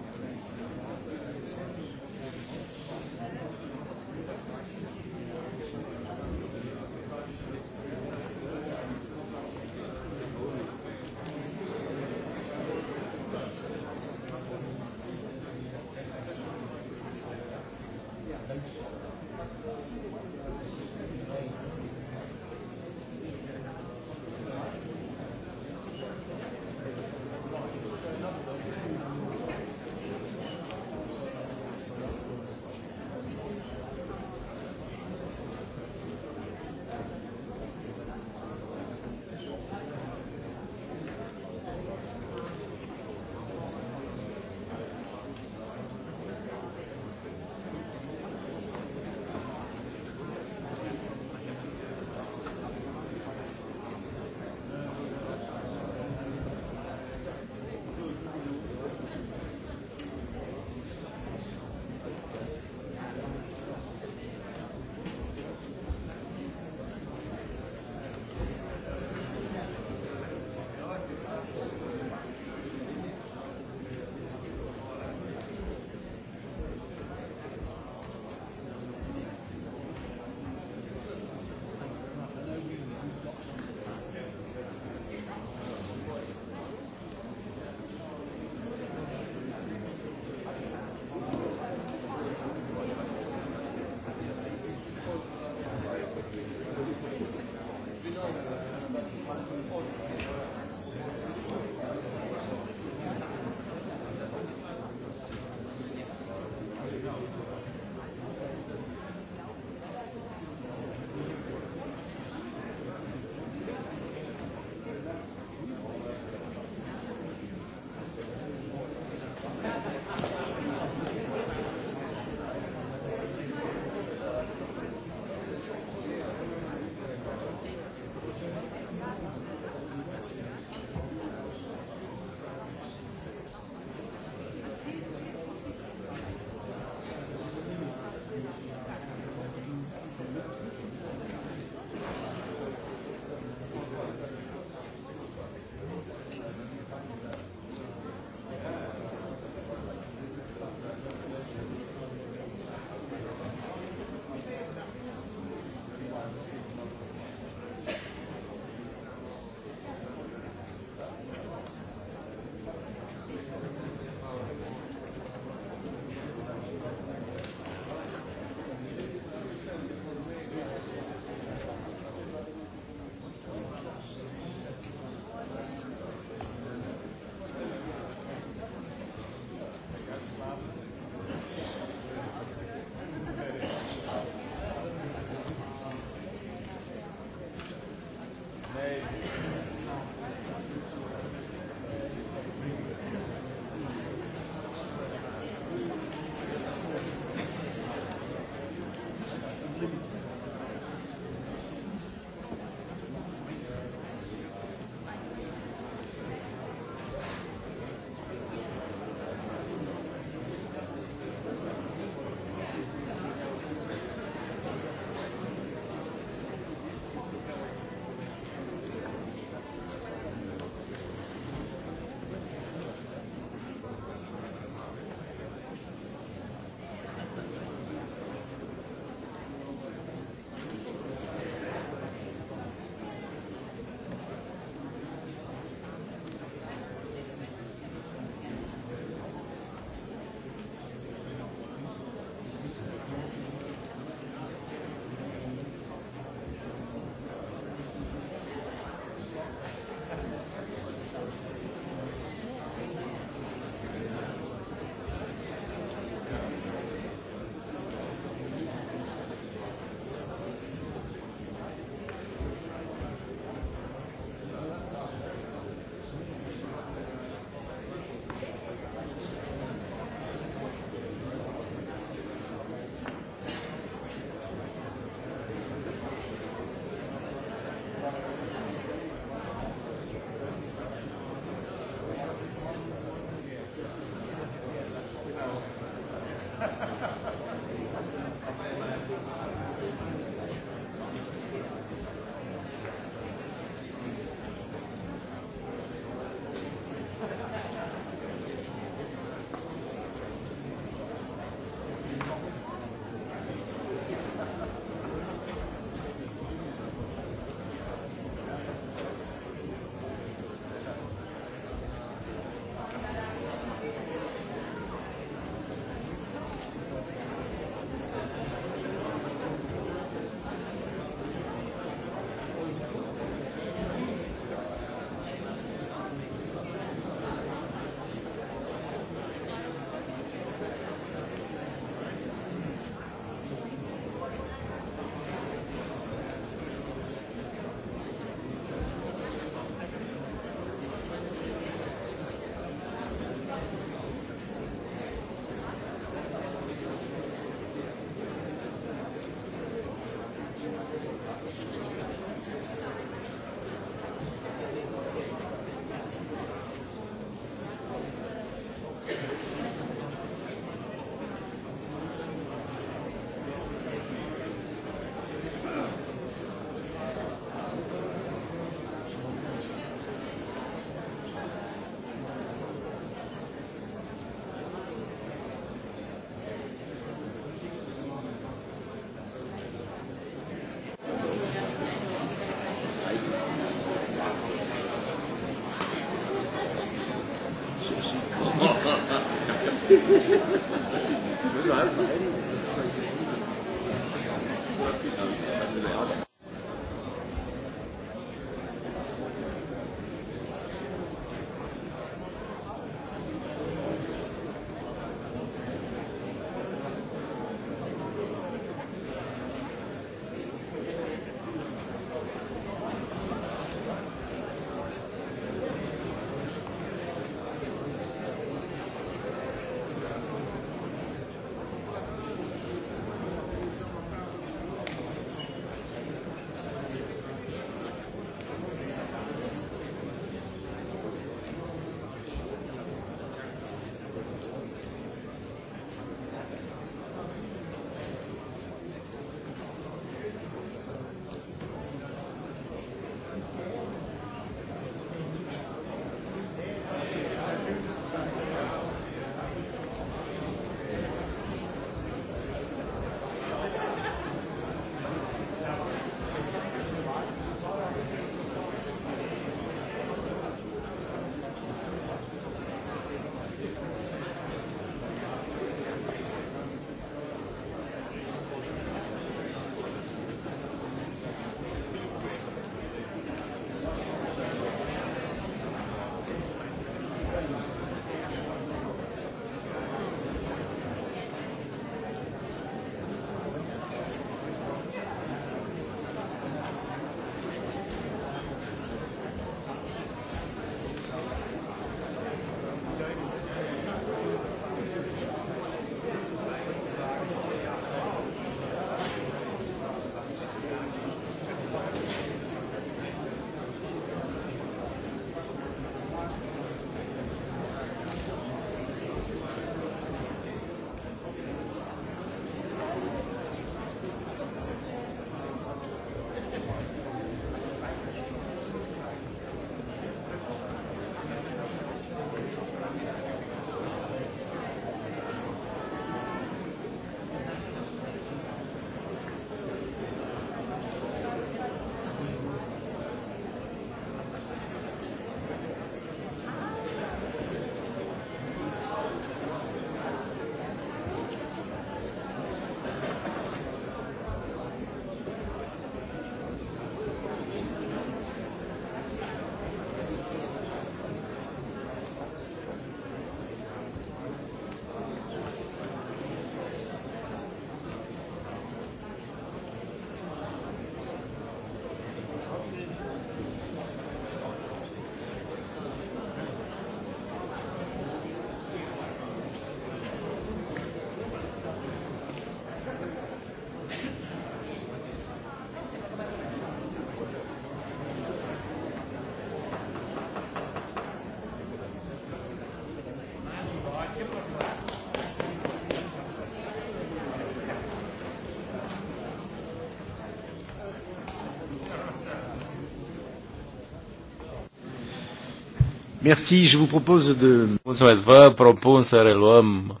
Merci, je vous propose de... Mulțumesc, vă propun să reluăm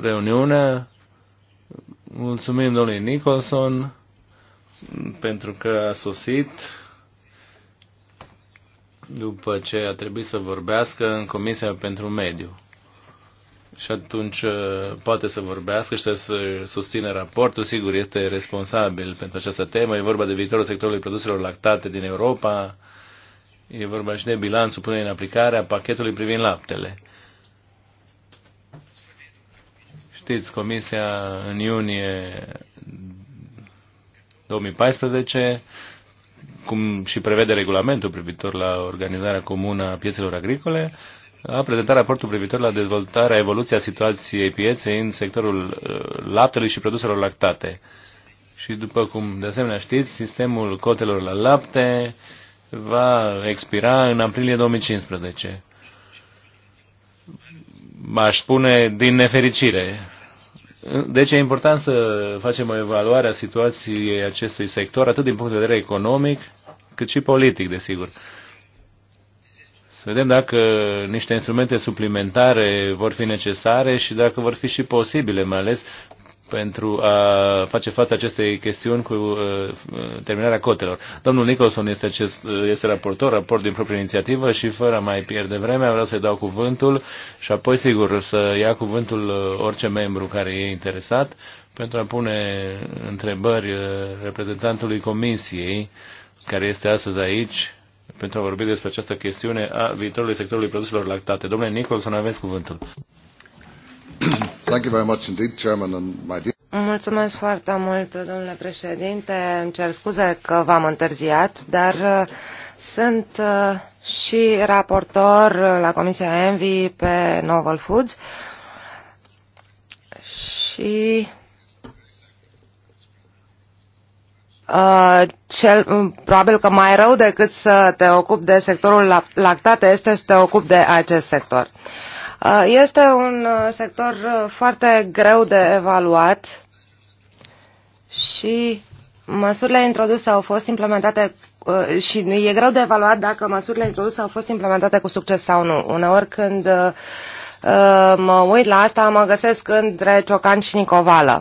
reuniunea. Mulțumim domnului Nicholson pentru că a sosit după ce a trebuit să vorbească în Comisia pentru Mediu. Și atunci uh, poate să vorbească și să susțină raportul. Sigur, este responsabil pentru această temă. E vorba de viitorul sectorului produselor lactate din Europa E vorba și de bilanțul până în aplicarea pachetului privind laptele. Știți, Comisia în iunie 2014, cum și prevede regulamentul privitor la organizarea comună a piețelor agricole, a prezentat raportul privitor la dezvoltarea, evoluția situației pieței în sectorul uh, laptelui și produselor lactate. Și după cum de asemenea știți, sistemul cotelor la lapte va expira în aprilie 2015. M-aș spune din nefericire. Deci e important să facem o evaluare a situației acestui sector, atât din punct de vedere economic, cât și politic, desigur. Să vedem dacă niște instrumente suplimentare vor fi necesare și dacă vor fi și posibile, mai ales pentru a face față acestei chestiuni cu uh, terminarea cotelor. Domnul Nicholson este, acest, uh, este raportor, raport din proprie inițiativă și fără a mai pierde vremea vreau să-i dau cuvântul și apoi sigur să ia cuvântul uh, orice membru care e interesat pentru a pune întrebări uh, reprezentantului comisiei care este astăzi aici pentru a vorbi despre această chestiune a viitorului sectorului produselor lactate. Domnule Nicholson, aveți cuvântul. Mulțumesc foarte mult, domnule președinte. Îmi cer scuze că v-am întârziat, dar uh, sunt uh, și raportor la Comisia Envi pe Novel Foods și Uh, cel, probabil că mai rău decât să te ocupi de sectorul lactate este să te ocupi de acest sector. Uh, este un uh, sector uh, foarte greu de evaluat și măsurile introduse au fost implementate și e greu de evaluat dacă măsurile introduse au fost implementate cu succes sau nu. Uneori când mă uit la asta, mă găsesc între ciocan și nicovală.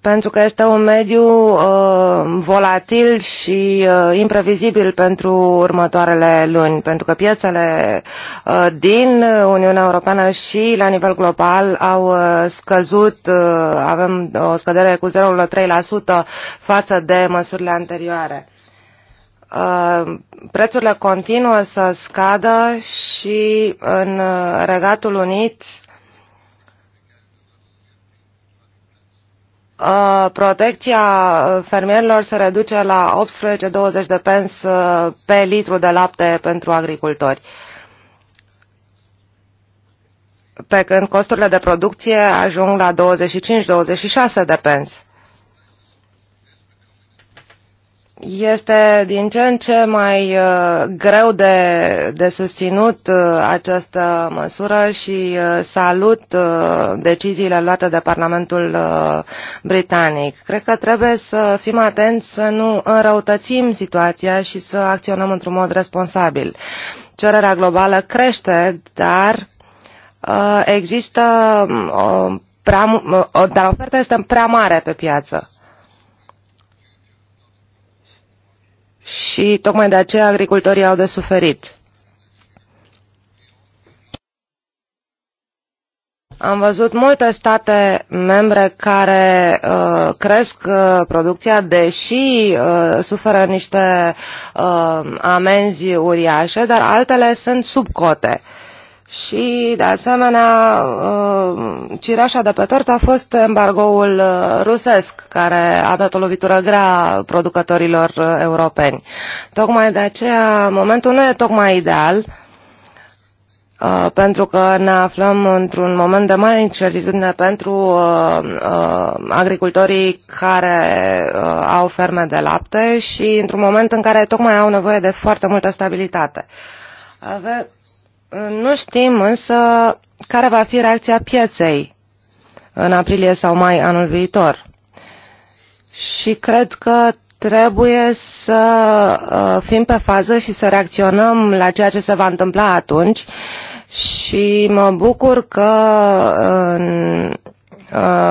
pentru că este un mediu uh, volatil și uh, imprevizibil pentru următoarele luni, pentru că piețele uh, din Uniunea Europeană și la nivel global au scăzut, avem o scădere cu 0,3% față de măsurile anterioare prețurile continuă să scadă și în Regatul Unit Uh, protecția uh, fermierilor se reduce la 18-20 de pens uh, pe litru de lapte pentru agricultori pe când costurile de producție ajung la 25-26 de pence. Este din ce în ce mai uh, greu de, de susținut uh, această măsură și uh, salut deciziile luate de Parlamentul Britanic. Cred că trebuie să fim atenți să nu înrăutățim situația și să acționăm într-un mod responsabil. Cererea globală crește, dar există um, o prea, dar oferta este prea mare pe piață și tocmai de aceea agricultorii au de suferit. Am văzut multe state membre care uh, cresc uh, producția, deși uh, suferă niște uh, amenzi uriașe, dar altele sunt sub cote. Uh, și, de asemenea, uh, cireașa de pe tort a fost embargoul uh, rusesc, care a dat o lovitură grea producătorilor uh, europeni. Tocmai de aceea, momentul nu e tocmai ideal, pentru că ne aflăm într-un moment de mare incertitudine pentru agricultorii care au ferme de lapte și într-un moment în care tocmai au nevoie de foarte multă stabilitate. Ave- nu știm însă care va fi reacția pieței în aprilie sau mai anul viitor. Și cred că trebuie să uh, fim pe fază și să reacționăm la ceea ce se va întâmpla atunci și mă bucur că uh,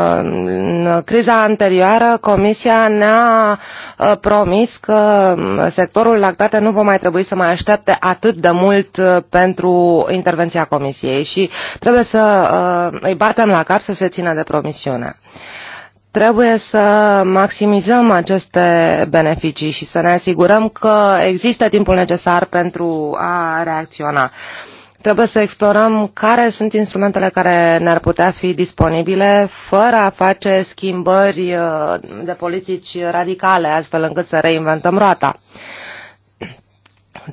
în criza anterioară, Comisia ne-a uh, promis că um, sectorul lactate nu va mai trebui să mai aștepte atât de mult uh, pentru intervenția Comisiei și trebuie să uh, îi batem la cap să se țină de promisiune. Trebuie să maximizăm aceste beneficii și să ne asigurăm că există timpul necesar pentru a reacționa. Uh, Trebuie să explorăm care sunt instrumentele care ne-ar putea fi disponibile fără a face schimbări uh, de politici radicale, astfel încât să reinventăm roata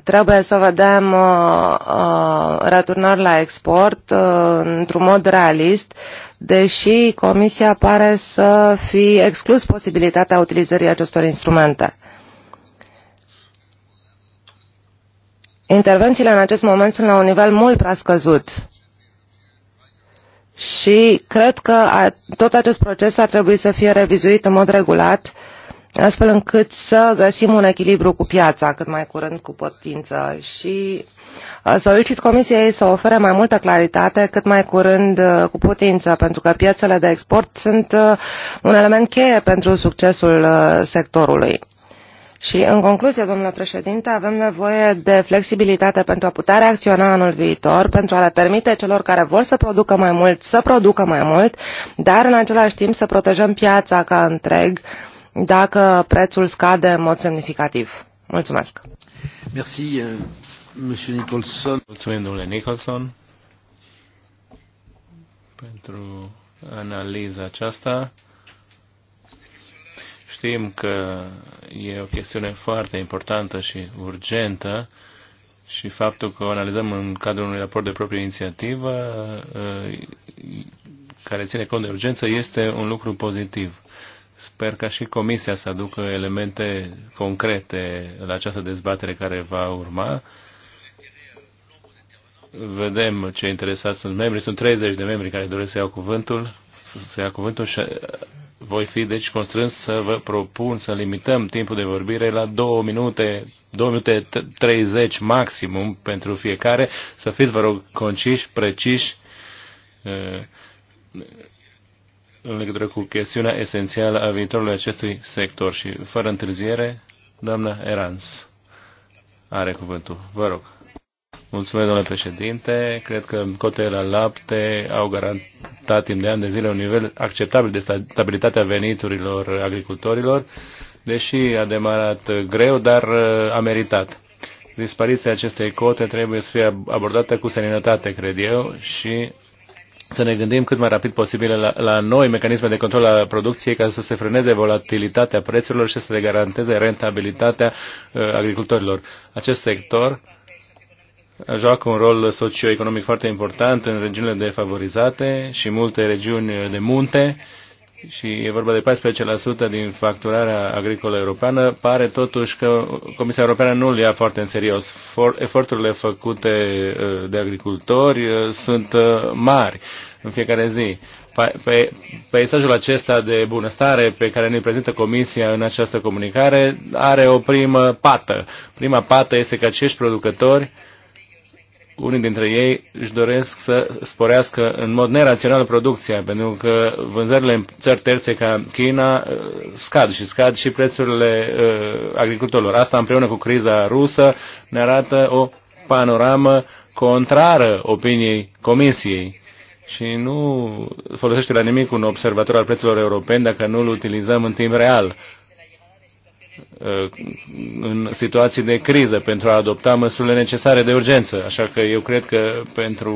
trebuie să vedem uh, uh, returnări la export uh, într-un mod realist, deși Comisia pare să fi exclus posibilitatea utilizării acestor instrumente. intervențiile în acest moment sunt la un nivel mult prea scăzut și cred că tot acest proces ar trebui să fie revizuit în mod regulat astfel încât să găsim un echilibru cu piața cât mai curând cu potință. și solicit Comisiei să ofere mai multă claritate cât mai curând cu putință, pentru că piețele de export sunt un element cheie pentru succesul sectorului. Și, în concluzie, domnule președinte, avem nevoie de flexibilitate pentru a putea reacționa anul viitor, pentru a le permite celor care vor să producă mai mult să producă mai mult, dar, în același timp, să protejăm piața ca întreg dacă prețul scade în mod semnificativ. Mulțumesc! Merci, euh, Monsieur Nicholson. Mulțumim, domnule Nicholson, pentru analiza aceasta. Știm că e o chestiune foarte importantă și urgentă și faptul că o analizăm în cadrul unui raport de proprie inițiativă uh, care ține cont de urgență este un lucru pozitiv. Sper ca și Comisia să aducă elemente concrete la această dezbatere care va urma. Vedem ce interesați sunt membrii. Sunt 30 de membri care doresc să iau cuvântul, să ia cuvântul și uh, voi fi deci constrâns să vă propun să limităm timpul de vorbire la 2 minute, 2 minute 30 maximum pentru fiecare. Să fiți, vă rog, conciși, preciși uh, în legătură cu chestiunea esențială a viitorului acestui sector și fără întârziere, doamna Erans are cuvântul. Vă rog. Mulțumesc, domnule președinte. Cred că cotele la lapte au garantat timp de ani de zile un nivel acceptabil de stabilitate a veniturilor agricultorilor, deși a demarat greu, dar uh, a meritat. Dispariția acestei cote trebuie să fie abordată cu seninătate, cred eu, și să ne gândim cât mai rapid posibil la, la noi mecanisme de control a producției ca să se freneze volatilitatea prețurilor și să se garanteze rentabilitatea uh, agricultorilor. Acest sector joacă un rol socioeconomic foarte important în regiunile defavorizate și multe regiuni de munte și e vorba de 14% din facturarea agricolă europeană, pare totuși că Comisia Europeană nu îl ia foarte în serios. For, eforturile făcute uh, de agricultori uh, sunt uh, mari în fiecare zi. Pe, peisajul acesta de bunăstare pe care ne prezintă Comisia în această comunicare are o primă pată. Prima pată este că acești producători uh, unii dintre ei își doresc să sporească în mod nerațional producția, pentru că vânzările în țări terțe ca China uh, scad și scad și prețurile uh, agricultorilor. Asta împreună cu criza rusă ne arată o panoramă contrară opiniei Comisiei și nu folosește la nimic un observator al prețurilor europeni dacă nu îl utilizăm în timp real. Uh, în situații de criză pentru a adopta măsurile necesare de urgență. Așa că eu cred că pentru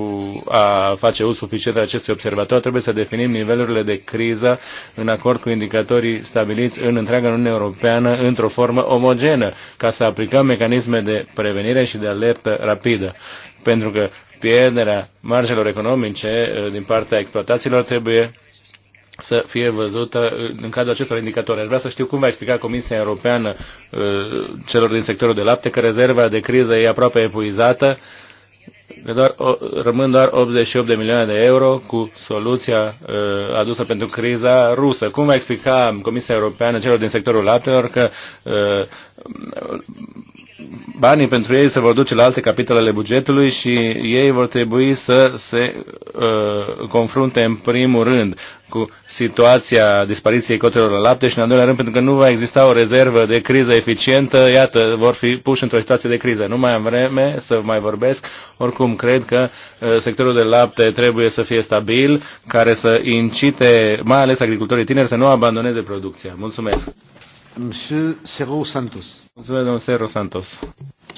a face uz suficient de acestui observator trebuie să definim nivelurile de criză în acord cu indicatorii stabiliți în întreaga Uniune Europeană într-o formă omogenă ca să aplicăm mecanisme de prevenire și de alertă rapidă. Pentru că pierderea marjelor economice uh, din partea exploatațiilor trebuie să fie văzută în cadrul acestor indicatori. Aș vrea să știu cum va explica Comisia Europeană uh, celor din sectorul de lapte că rezerva de criză e aproape epuizată, că doar, rămân doar 88 de milioane de euro cu soluția uh, adusă pentru criza rusă. Cum va explica Comisia Europeană celor din sectorul laptelor că uh, banii pentru ei se vor duce la alte capitole ale bugetului și ei vor trebui să se uh, confrunte în primul rând cu situația dispariției cotelor la lapte și în al doilea rând pentru că nu va exista o rezervă de criză eficientă, iată, vor fi puși într-o situație de criză. Nu mai am vreme să mai vorbesc, oricum cred că uh, sectorul de lapte trebuie să fie stabil, care să incite mai ales agricultorii tineri să nu abandoneze producția. Mulțumesc! Monsieur Santos. Mulțumesc, domnul Santos.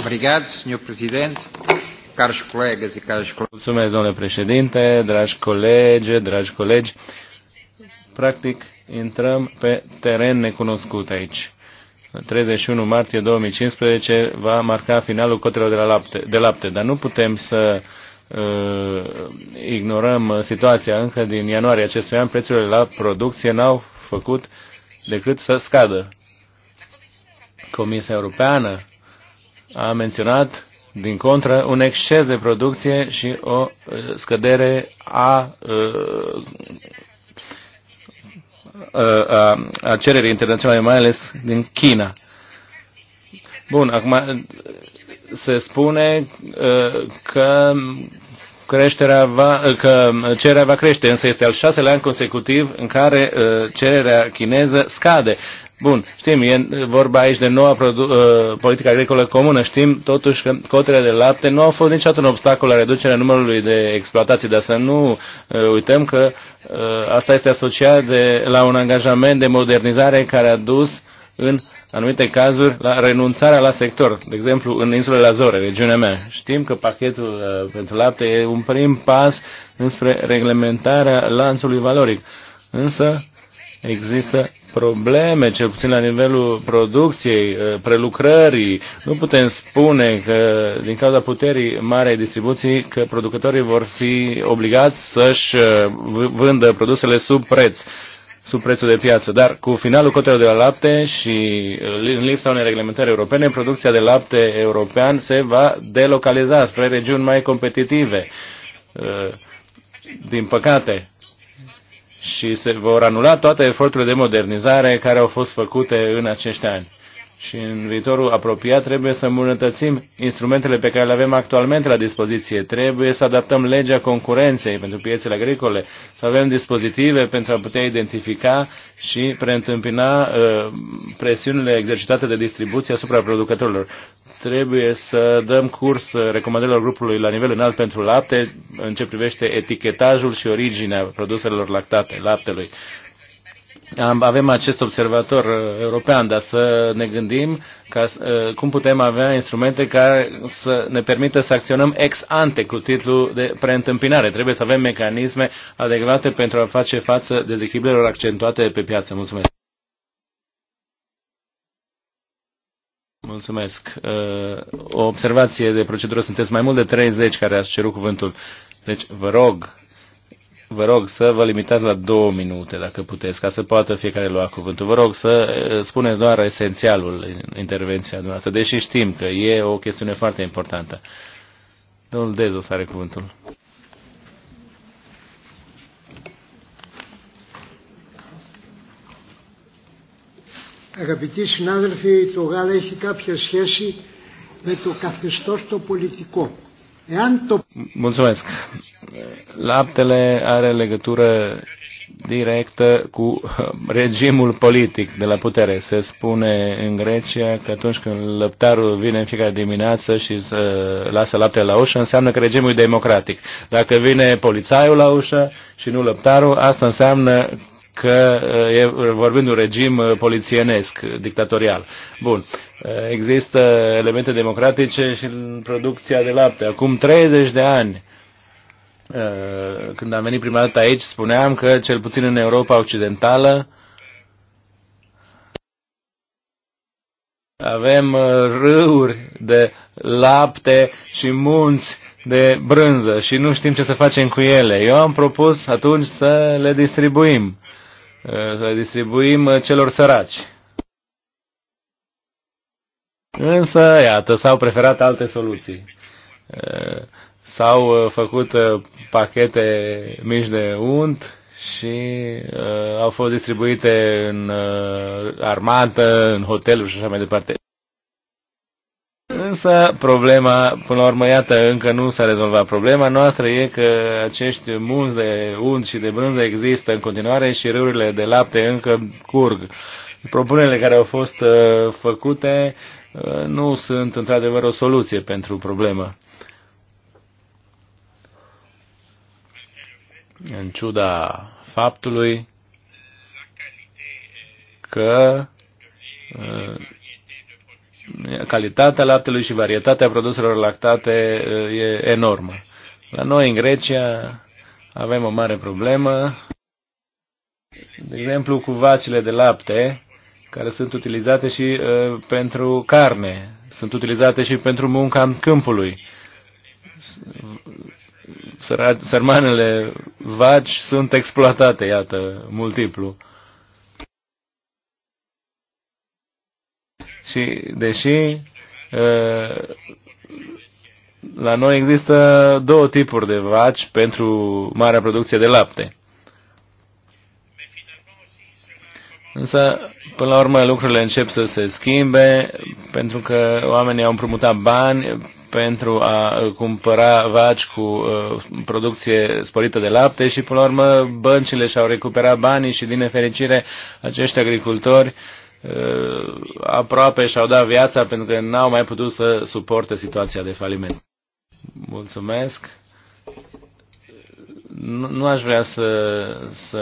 Obrigado, senhor presidente. Caros colegas e caros colegas. Mulțumesc, domnule președinte, dragi colegi, dragi colegi. Practic, intrăm pe teren necunoscut aici. 31 martie 2015 va marca finalul cotelor de, la lapte, de lapte, dar nu putem să uh, ignorăm uh, situația. Încă din ianuarie acestui an prețurile la producție n-au făcut decât să scadă. Comisia Europeană a menționat, din contră, un exces de producție și o uh, scădere a, a, uh, uh, a, a cererii internaționale, mai ales din China. Bun, acum se spune că creșterea va, că cererea va crește, însă este al șaselea an consecutiv în care cererea chineză scade. Bun, știm, e vorba aici de noua produ- uh, politică agricolă comună. Știm totuși că cotele de lapte nu au fost niciodată un obstacol la reducerea numărului de exploatații, dar să nu uh, uităm că uh, asta este asociat de, la un angajament de modernizare care a dus în anumite cazuri la renunțarea la sector, de exemplu în insulele Azore, regiunea mea. Știm că pachetul uh, pentru lapte e un prim pas înspre reglementarea lanțului valoric, însă există probleme, cel puțin la nivelul producției, uh, prelucrării. Nu putem spune că, din cauza puterii marei distribuții, că producătorii vor fi obligați să-și uh, vândă produsele sub preț sub prețul de piață. Dar cu finalul cotelor de la lapte și uh, în lipsa unei reglementări europene, producția de lapte european se va delocaliza spre regiuni mai competitive. Din păcate, și se vor anula toate eforturile de modernizare care au fost făcute în acești ani și în viitorul apropiat trebuie să îmbunătățim instrumentele pe care le avem actualmente la dispoziție. Trebuie să adaptăm legea concurenței pentru piețele agricole, să avem dispozitive pentru a putea identifica și preîntâmpina uh, presiunile exercitate de distribuție asupra producătorilor. Trebuie să dăm curs recomandărilor grupului la nivel înalt pentru lapte în ce privește etichetajul și originea produselor lactate, laptelui avem acest observator uh, european, dar să ne gândim ca, uh, cum putem avea instrumente care să ne permită să acționăm ex ante cu titlul de preîntâmpinare. Trebuie să avem mecanisme adecvate pentru a face față dezechilibrelor accentuate pe piață. Mulțumesc! Mulțumesc. Uh, o observație de procedură. Sunteți mai mult de 30 care ați cerut cuvântul. Deci vă rog Vă rog să vă limitați la două minute, dacă puteți, ca să poată fiecare lua cuvântul. Vă rog să eh, spuneți doar esențialul intervenția noastră, deși știm că e o chestiune foarte importantă. Domnul Dezos are cuvântul. Αγαπητοί συνάδελφοι, το ΓΑΛΑ έχει κάποια σχέση με το καθεστώς το πολιτικό. Mulțumesc. Laptele are legătură directă cu regimul politic de la putere. Se spune în Grecia că atunci când lăptarul vine în fiecare dimineață și uh, lasă laptele la ușă, înseamnă că regimul e democratic. Dacă vine polițaiul la ușă și nu lăptarul, asta înseamnă că e vorbind un regim uh, polițienesc, dictatorial. Bun. Uh, există elemente democratice și în producția de lapte. Acum 30 de ani, uh, când am venit prima dată aici, spuneam că, cel puțin în Europa Occidentală, avem râuri de lapte și munți de brânză și nu știm ce să facem cu ele. Eu am propus atunci să le distribuim Eh, să le distribuim eh, celor săraci. Însă, iată, s-au preferat alte soluții. Eh, s-au făcut pachete mici de unt și au fost distribuite în armată, în hoteluri și așa mai departe. Însă problema, până la urmă, iată, încă nu s-a rezolvat. Problema noastră e că acești munți de unt și de brânză există în continuare și râurile de lapte încă curg. Propunerile care au fost uh, făcute uh, nu sunt într-adevăr o soluție pentru problemă. În ciuda faptului că uh, calitatea laptelui și varietatea produselor lactate uh, e enormă. La noi, în Grecia, avem o mare problemă, de exemplu, cu vacile de lapte, care sunt utilizate și uh, pentru carne, sunt utilizate și pentru munca în câmpului. Sărmanele vaci sunt exploatate, iată, multiplu. Și deși la noi există două tipuri de vaci pentru marea producție de lapte. Însă, până la urmă, lucrurile încep să se schimbe pentru că oamenii au împrumutat bani pentru a cumpăra vaci cu uh, producție sporită de lapte și, până la urmă, băncile și-au recuperat banii și, din nefericire, acești agricultori uh, Uh, aproape și-au dat viața pentru că n-au mai putut să suporte situația de faliment. Mulțumesc. Nu aș vrea să, să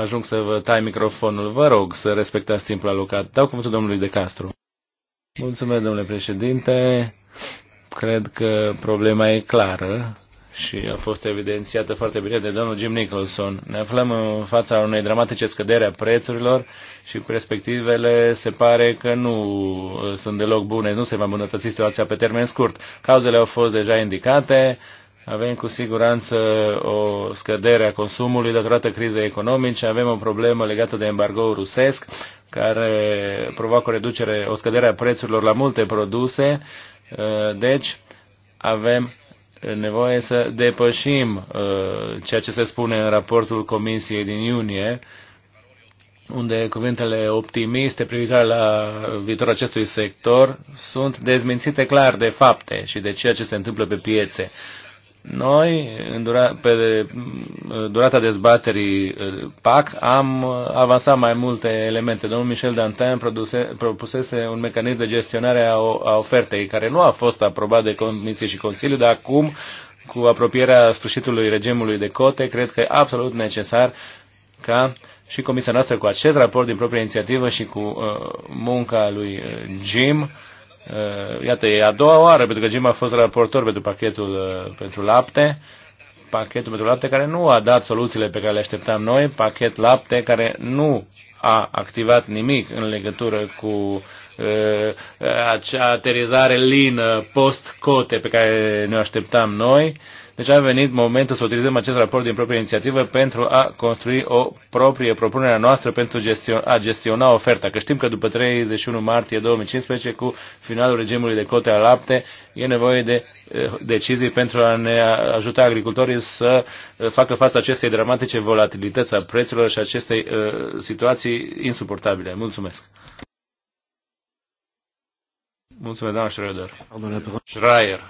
ajung să vă tai microfonul. Vă rog să respectați timpul alocat. Dau cuvântul domnului De Castro. Mulțumesc, domnule președinte. Cred că problema e clară și a fost evidențiată foarte bine de domnul Jim Nicholson. Ne aflăm în fața unei dramatice scădere a prețurilor și perspectivele se pare că nu uh, sunt deloc bune, nu se va îmbunătăți situația pe termen scurt. Cauzele au fost deja indicate, avem cu siguranță o scădere a consumului datorată crizei economice, avem o problemă legată de embargo rusesc, care provoacă o reducere, o scădere a prețurilor la multe produse, uh, deci avem nevoie să depășim uh, ceea ce se spune în raportul Comisiei din iunie, unde cuvintele optimiste privitoare la viitorul acestui sector sunt dezmințite clar de fapte și de ceea ce se întâmplă pe piețe. Noi, în dura, pe mm, durata dezbaterii eh, PAC, am eh, avansat mai multe elemente. Domnul Michel Dantin produse, propusese un mecanism de gestionare a, a ofertei, care nu a fost aprobat de Comisie și Consiliu, dar acum, cu apropierea sfârșitului regimului de cote, cred că e absolut necesar ca și Comisia noastră cu acest raport din propria inițiativă și cu uh, munca lui uh, Jim, uh, Uh, iată, e a doua oară, pentru că Jim a fost raportor pentru pachetul uh, pentru lapte, pachetul pentru lapte care nu a dat soluțiile pe care le așteptam noi, pachet lapte care nu a activat nimic în legătură cu uh, acea aterizare lină post-cote pe care ne așteptam noi. Uh, deci a venit momentul să utilizăm acest raport din proprie inițiativă pentru a construi o proprie propunere a noastră pentru a gestiona oferta. Că știm că după 31 martie 2015, cu finalul regimului de cote a lapte, e nevoie de eh, decizii pentru a ne ajuta agricultorii să eh, facă față acestei dramatice volatilități a prețurilor și acestei eh, situații insuportabile. Mulțumesc! Mulțumesc, doamna Schroeder. Schreier.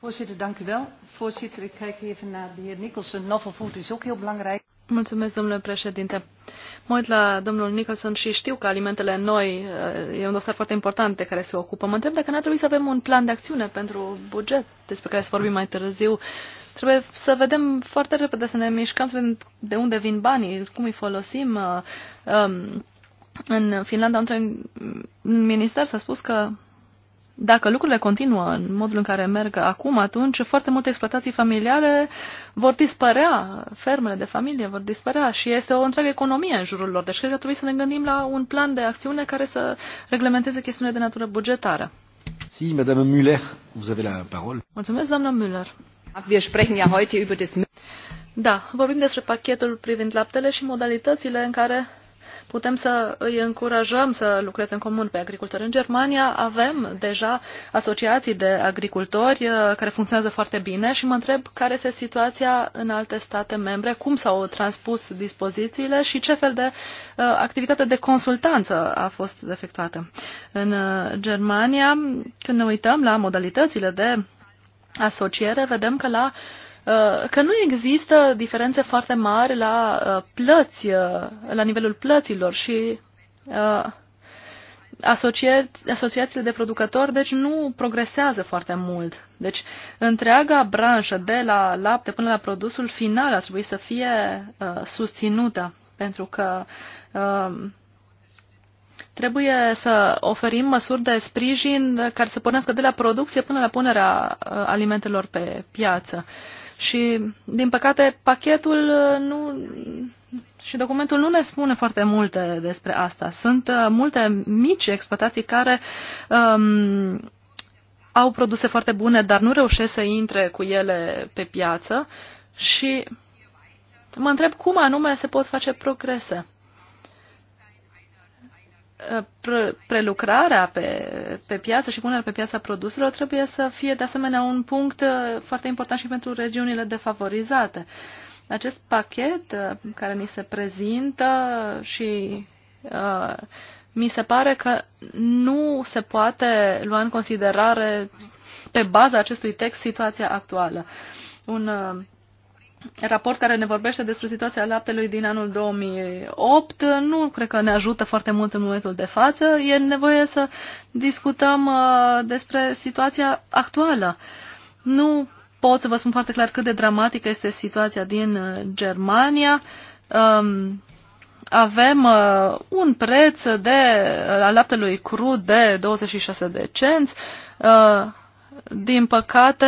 Voorzitter, dank u wel. Voorzitter, ik kijk even naar de heer Nicholson. Novel food is ook heel belangrijk. Mulțumesc, domnule președinte. Mă uit la domnul Nicholson și știu că alimentele noi eh, e un dosar foarte important de care se ocupă. Mă întreb dacă n-ar trebui să avem un plan de acțiune pentru buget, despre care să vorbim mai târziu. Trebuie să vedem foarte repede, să ne mișcăm de unde vin banii, cum îi folosim. Eh, ehm, în Finlanda, un minister s-a spus că dacă lucrurile continuă în modul în care merg acum, atunci foarte multe exploatații familiale vor dispărea, fermele de familie vor dispărea și este o întreagă economie în jurul lor. Deci cred că trebuie să ne gândim la un plan de acțiune care să reglementeze chestiunile de natură bugetară. Si, Madame Müller, vous avez la parole. Mulțumesc, doamna Müller. Wir sprechen ja heute über das... Da, vorbim despre pachetul privind laptele și modalitățile în care putem să îi încurajăm să lucreze în comun pe agricultori. În Germania avem deja asociații de agricultori uh, care funcționează foarte bine și mă întreb care este situația în alte state membre, cum s-au transpus dispozițiile și ce fel de uh, activitate de consultanță a fost efectuată. În uh, Germania, când ne uităm la modalitățile de asociere, vedem că la uh, Uh, că nu există diferențe foarte mari la uh, plăți, uh, la nivelul plăților și asociațiile de producători, deci nu progresează foarte mult. Deci întreaga branșă, de la lapte până la produsul final, ar trebui să fie susținută, pentru că trebuie să oferim măsuri de sprijin care să pornească de la producție până la punerea alimentelor pe piață. Uh, și, din păcate, pachetul uh, nu, și documentul nu ne spune foarte multe despre asta. Sunt uh, multe mici exploatații care um, au produse foarte bune, dar nu reușesc să intre cu ele pe piață și mă întreb cum anume se pot face progrese. Uh, prelucrarea pe, pe piață și punerea pe piața produselor trebuie să fie de asemenea un punct uh, foarte important și pentru regiunile defavorizate. Acest pachet uh, care ni se prezintă și uh, mi se pare că nu se poate lua în considerare pe baza acestui text situația actuală. Un uh, raport care ne vorbește despre situația laptelui din anul 2008 nu cred că ne ajută foarte mult în momentul de față. E nevoie să discutăm uh, despre situația actuală. Nu pot să vă spun foarte clar cât de dramatică este situația din uh, Germania. Um, avem uh, un preț de, uh, al laptelui crud de 26 de cenți. Uh, din păcate,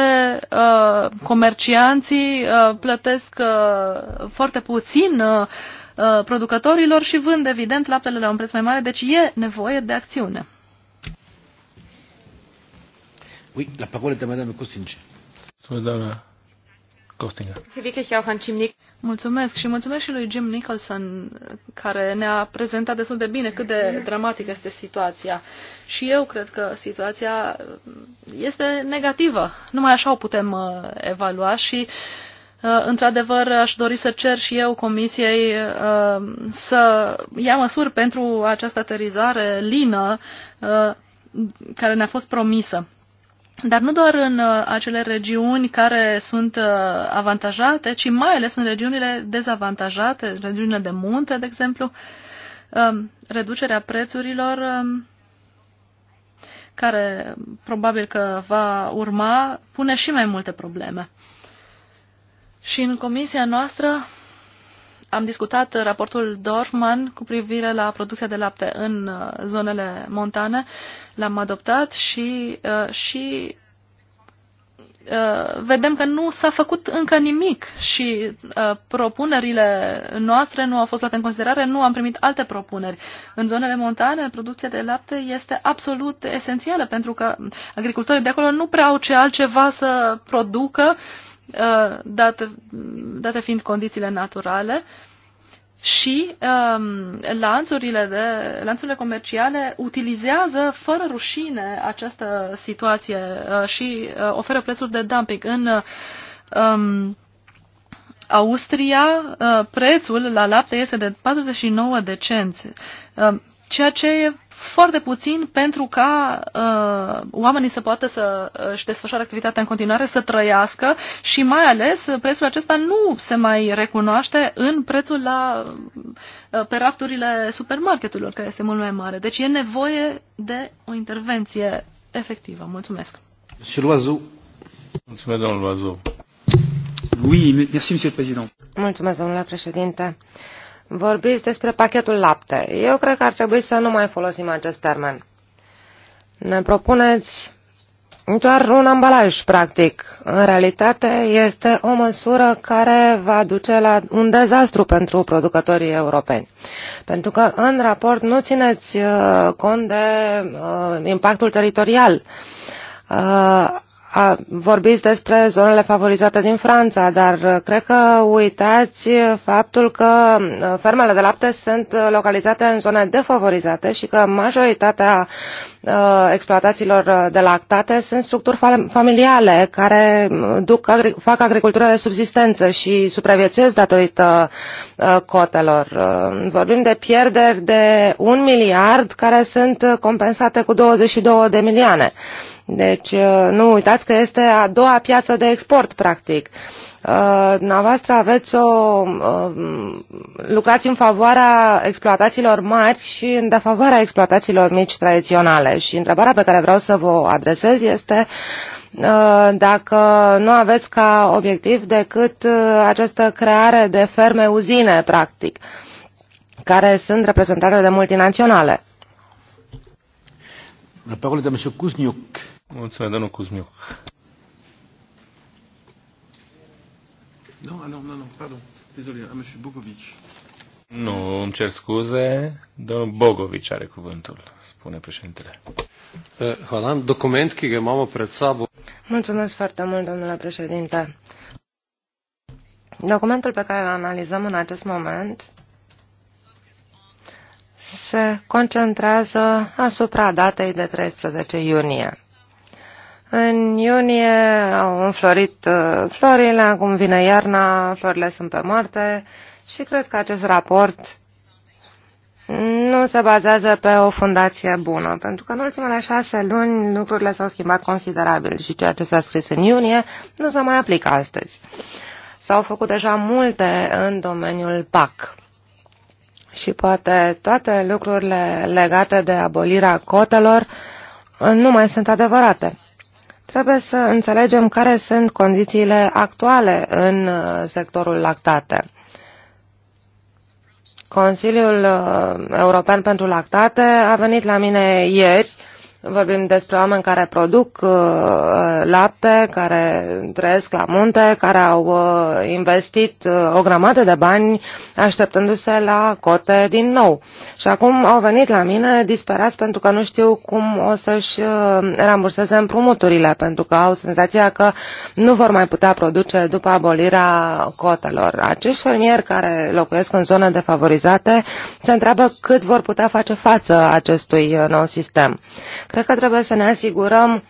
uh, comercianții uh, plătesc uh, foarte puțin producătorilor și vând, evident, laptele la un preț mai mare, deci e nevoie de acțiune. Oui, la parole est à Madame Costinger. Doamna Costinger. Mulțumesc și mulțumesc și lui Jim Nicholson care ne-a prezentat destul de bine cât de dramatică este situația. Și eu cred că situația este negativă. Numai așa o putem uh, evalua și uh, într-adevăr aș dori să cer și eu comisiei uh, să ia măsuri pentru această aterizare lină care ne-a fost promisă. Dar nu doar în uh, acele regiuni care sunt uh, avantajate, ci mai ales în regiunile dezavantajate, regiunile de munte, de exemplu, um, reducerea prețurilor um, care probabil că va urma, pune și mai multe probleme. Și în comisia noastră am discutat uh, raportul Dorfman cu privire la producția de lapte în uh, zonele montane. L-am adoptat și, uh, și vedem că nu s-a făcut încă nimic și propunerile noastre nu au fost luate în considerare, nu am primit alte propuneri. În zonele montane, producția de lapte este absolut esențială pentru că agricultorii de acolo nu prea au ce altceva să producă uh, Uh, date, fiind condițiile naturale, și um, lanțurile, de, lanțurile comerciale utilizează fără rușine această situație uh, și uh, oferă prețuri de dumping. În um, Austria, uh, prețul la lapte este de 49 de cenți, uh, ceea ce e foarte puțin pentru ca uh, oamenii să poată să uh, își desfășoare activitatea în continuare, să trăiască și mai ales prețul acesta nu se mai recunoaște în prețul la, uh, pe rafturile supermarketurilor, care este mult mai mare. Deci e nevoie de o intervenție efectivă. Mulțumesc. Monsieur Loazu. Mulțumesc, domnul Loazu. Oui, merci, monsieur le président. Mulțumesc, domnule președinte. Vorbiți despre pachetul lapte. Eu cred că ar trebui să nu mai folosim acest termen. Ne propuneți doar un ambalaj, practic. În realitate, este o măsură care va duce la un dezastru pentru producătorii europeni. Pentru că în raport nu țineți uh, cont de uh, impactul teritorial. Uh, vorbiți despre zonele favorizate din Franța, dar uh, cred că uitați faptul că uh, fermele de lapte sunt uh, localizate în zone defavorizate și că majoritatea exploatațiilor de lactate sunt structuri familiale care duc, fac agricultură de subsistență și supraviețuiesc datorită cotelor. Vorbim de pierderi de un miliard care sunt compensate cu 22 de milioane. Deci uh, nu uitați că este a doua piață de export, practic. Uh, dumneavoastră aveți o, uh, lucrați în favoarea exploatațiilor mari și în defavoarea exploatațiilor mici tradiționale. Și întrebarea pe care vreau să vă adresez este dacă nu aveți ca obiectiv decât această creare de ferme uzine, practic, care sunt reprezentate de multinaționale. La parole de M. Kuzniuk. Mulțumesc, domnul Cuzmiuc. Nu, nu, nu, nu, pardon. Dezolie, am și Bogovici. Nu, îmi cer scuze. Domnul Bogovici are cuvântul, spune președintele. Eh, hvala, document, care am imamo pred sabo. Mulțumesc foarte mult, domnule președinte. Documentul pe care îl analizăm în acest moment se concentrează asupra datei de 13 iunie. În iunie au înflorit uh, florile, acum vine iarna, florile sunt pe moarte și cred că acest raport nu se bazează pe o fundație bună, pentru că în ultimele șase luni lucrurile s-au schimbat considerabil și ceea ce s-a scris în iunie nu se mai aplică astăzi. S-au făcut deja multe în domeniul PAC și poate toate lucrurile legate de abolirea cotelor nu mai sunt adevărate. Trebuie să înțelegem care sunt condițiile actuale în uh, sectorul lactate. Consiliul uh, European pentru Lactate a venit la mine ieri Vorbim despre oameni care produc uh, lapte, care trăiesc la munte, care au uh, investit uh, o grămadă de bani așteptându-se la cote din nou. Și acum au venit la mine disperați pentru că nu știu cum o să-și ramburseze împrumuturile, pentru că au senzația că nu vor mai putea produce după abolirea cotelor. Acești fermieri care locuiesc în zone defavorizate se întreabă cât vor putea face față acestui nou sistem. Cred că trebuie să ne asigurăm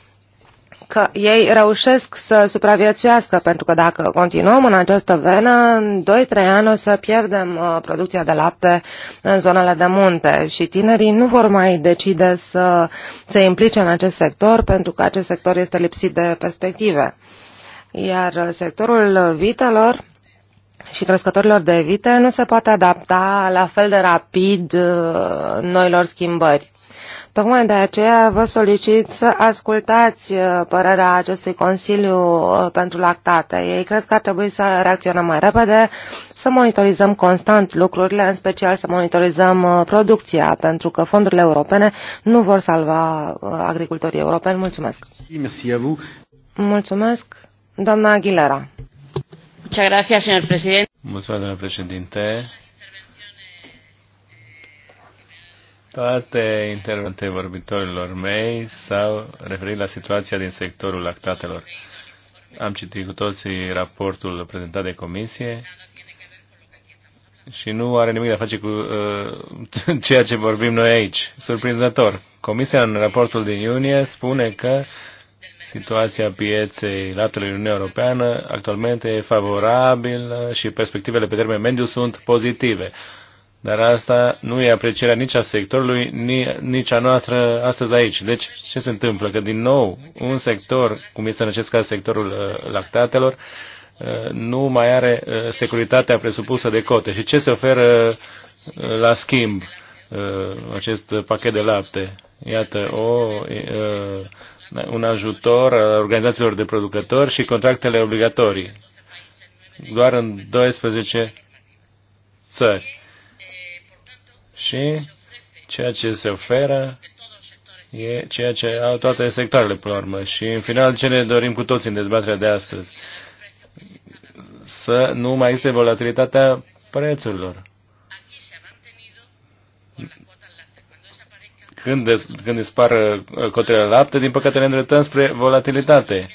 că ei reușesc să supraviețuiască, pentru că dacă continuăm în această venă, în 2-3 ani o să pierdem uh, producția de lapte în zonele de munte și tinerii nu vor mai decide să se implice în acest sector, pentru că acest sector este lipsit de perspective. Iar uh, sectorul vitelor și crescătorilor de vite nu se poate adapta la fel de rapid uh, noilor schimbări. Tocmai de aceea vă solicit să ascultați uh, părerea acestui Consiliu uh, pentru lactate. Ei cred că ar trebui să reacționăm mai repede, să monitorizăm constant lucrurile, în special să monitorizăm uh, producția, pentru că fondurile europene nu vor salva agricultorii europeni. Mulțumesc! Mulțumesc, doamna Aguilera! Mulțumesc, doamna președinte! Toate intervențiile vorbitorilor mei s-au referit la situația din sectorul lactatelor. Am citit cu toții raportul prezentat de comisie și nu are nimic de a face cu uh, ceea ce vorbim noi aici. Surprinzător. Comisia în raportul din iunie spune că situația pieței laptelui în Uniunea Europeană actualmente e favorabilă și perspectivele pe termen mediu sunt pozitive. Dar asta nu e aprecierea nici a sectorului, nici a noastră astăzi aici. Deci, ce se întâmplă? Că, din nou, un sector, cum este în acest caz sectorul uh, lactatelor, uh, nu mai are uh, securitatea presupusă de cote. Și ce se oferă la schimb acest pachet de lapte? Iată, o, un ajutor a organizațiilor de producători și contractele obligatorii. Doar în 12 țări și ceea ce se oferă e ceea ce au toate sectoarele până la urmă. Și în final ce ne dorim cu toții în dezbaterea de astăzi? Să nu mai este volatilitatea prețurilor. Când, des, când dispar uh, cotele lapte, din păcate ne îndreptăm spre volatilitate.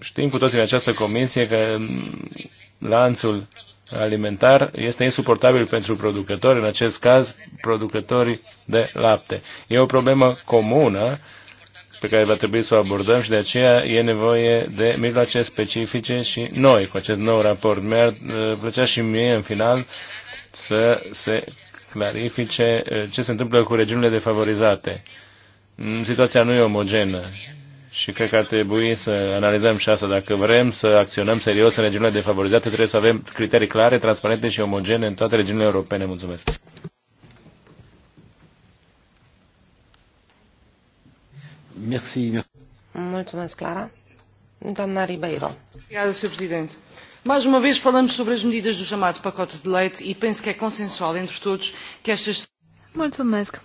Știm cu toții în această comisie că mm, lanțul alimentar este insuportabil pentru producători, în acest caz producătorii de lapte. E o problemă comună pe care va trebui să o abordăm și de aceea e nevoie de mijloace specifice și noi cu acest nou raport. Mi-ar uh, plăcea și mie în final să se clarifice uh, ce se întâmplă cu regiunile defavorizate. Mm, situația nu e omogenă și cred că ar trebui să analizăm și asta. Dacă vrem să acționăm serios în regiunile defavorizate, trebuie să avem criterii clare, transparente și omogene în toate regiunile europene. Mulțumesc! Merci. Mulțumesc, Clara. Doamna Ribeiro. Obrigada, Sr. Presidente. Mais uma vez falamos sobre as medidas do chamado pacote de leite e penso que é consensual entre todos que estas... Mulțumesc.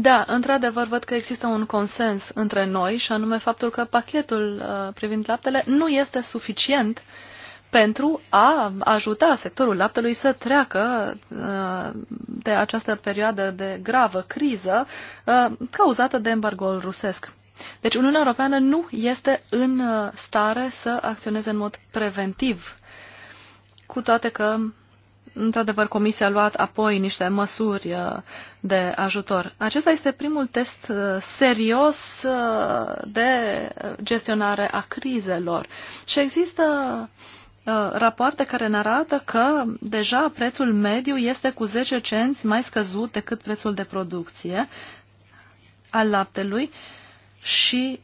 Da, într-adevăr, văd că există un consens între noi și anume faptul că pachetul uh, privind laptele nu este suficient pentru a ajuta sectorul laptelui să treacă uh, de această perioadă de gravă criză uh, cauzată de embargoul rusesc. Deci Uniunea Europeană nu este în uh, stare să acționeze în mod preventiv, cu toate că într-adevăr, Comisia a luat apoi niște măsuri uh, de ajutor. Acesta este primul test uh, serios uh, de gestionare a crizelor. Și există rapoarte care ne arată că deja prețul mediu este cu 10 cenți mai scăzut decât prețul de producție al laptelui și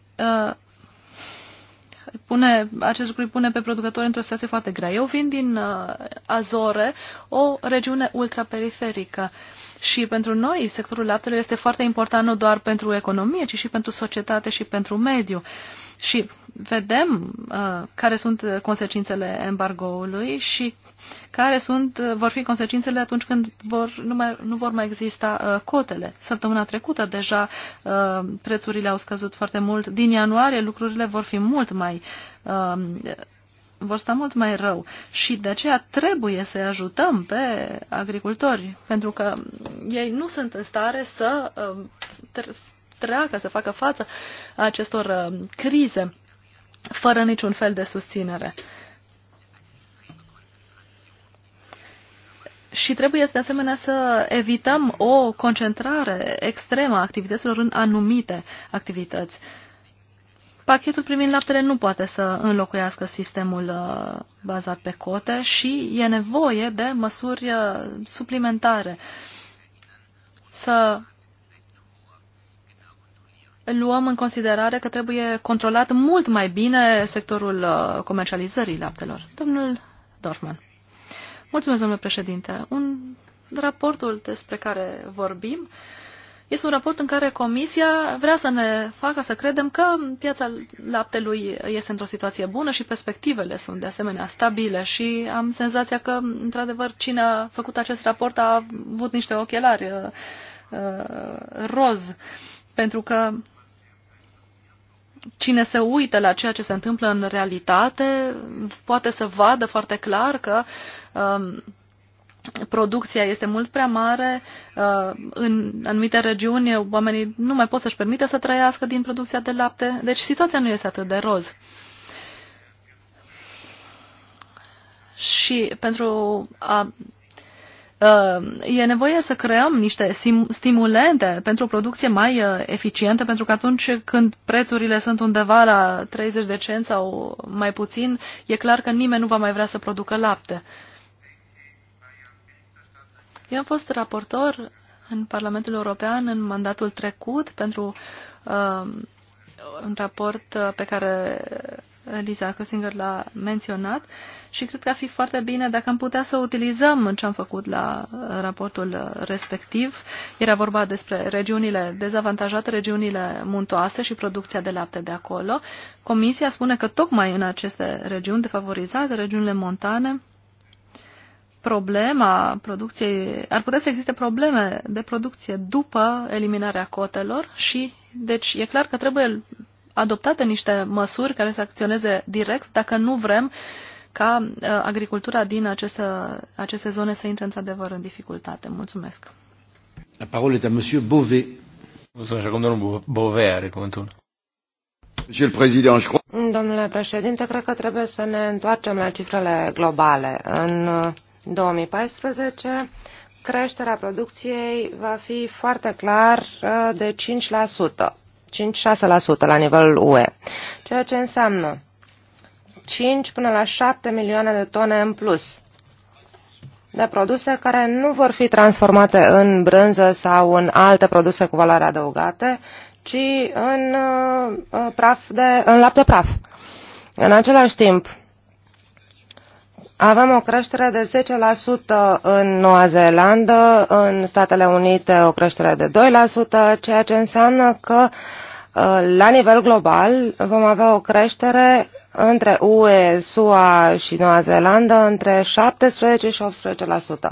pune, acest lucru îi pune pe producători într-o situație foarte grea. Eu vin din uh, Azore, o regiune ultraperiferică. Și pentru noi, sectorul laptelui este foarte important nu doar pentru economie, ci și pentru societate și pentru mediu. Și vedem uh, care sunt consecințele embargoului și care sunt, vor fi consecințele atunci când vor, nu, mai, nu vor mai exista uh, cotele. Săptămâna trecută deja uh, prețurile au scăzut foarte mult. Din ianuarie lucrurile vor fi mult mai uh, vor sta mult mai rău și de aceea trebuie să ajutăm pe agricultori, pentru că ei nu sunt în stare să um, treacă, să facă față acestor um, crize fără niciun fel de susținere. și trebuie de asemenea să evităm o concentrare extremă a activităților în anumite activități. Pachetul primind laptele nu poate să înlocuiască sistemul uh, bazat pe cote și e nevoie de măsuri uh, suplimentare. Să luăm în considerare că trebuie controlat mult mai bine sectorul uh, comercializării laptelor. Domnul Dorfman. Mulțumesc, domnule președinte. Un, raportul despre care vorbim este un raport în care Comisia vrea să ne facă să credem că piața laptelui este într-o situație bună și perspectivele sunt de asemenea stabile și am senzația că, într-adevăr, cine a făcut acest raport a avut niște ochelari uh, uh, roz, pentru că cine se uită la ceea ce se întâmplă în realitate poate să vadă foarte clar că Um, producția este mult prea mare, uh, în anumite regiuni oamenii nu mai pot să-și permită să trăiască din producția de lapte, deci situația nu este atât de roz. Și pentru a uh, e nevoie să creăm niște stimulente pentru o producție mai uh, eficientă, pentru că atunci când prețurile sunt undeva la 30 de cenți sau mai puțin, e clar că nimeni nu va mai vrea să producă lapte. Uh, eu am fost raportor în Parlamentul European în mandatul trecut pentru uh, un raport uh, pe care Eliza Cosinger l-a menționat și cred că ar fi foarte bine dacă am putea să utilizăm ce am făcut la uh, raportul respectiv. Era vorba despre regiunile dezavantajate, regiunile muntoase și producția de lapte de acolo. Comisia spune că tocmai în aceste regiuni defavorizate, regiunile montane, problema producției, ar putea să existe probleme de producție după eliminarea cotelor și, deci, e clar că trebuie adoptate niște măsuri care să acționeze direct dacă nu vrem ca uh, agricultura din aceste, aceste zone să intre într-adevăr în dificultate. Mulțumesc. La parole este à Monsieur Beauvais. Mulțumesc. Acum domnul Bové are cuvântul. Domnule președinte, cred că trebuie să ne întoarcem la cifrele globale. În uh, în 2014, creșterea producției va fi foarte clar uh, de 5%, 5-6% la nivel UE, ceea ce înseamnă 5 până la 7 milioane de tone în plus de produse care nu vor fi transformate în brânză sau în alte produse cu valoare adăugată, ci în, uh, praf de, în lapte praf. În același timp, avem o creștere de 10% în Noua Zeelandă, în Statele Unite o creștere de 2%, ceea ce înseamnă că uh, la nivel global vom avea o creștere între UE, SUA și Noua Zeelandă între 17 și 18%.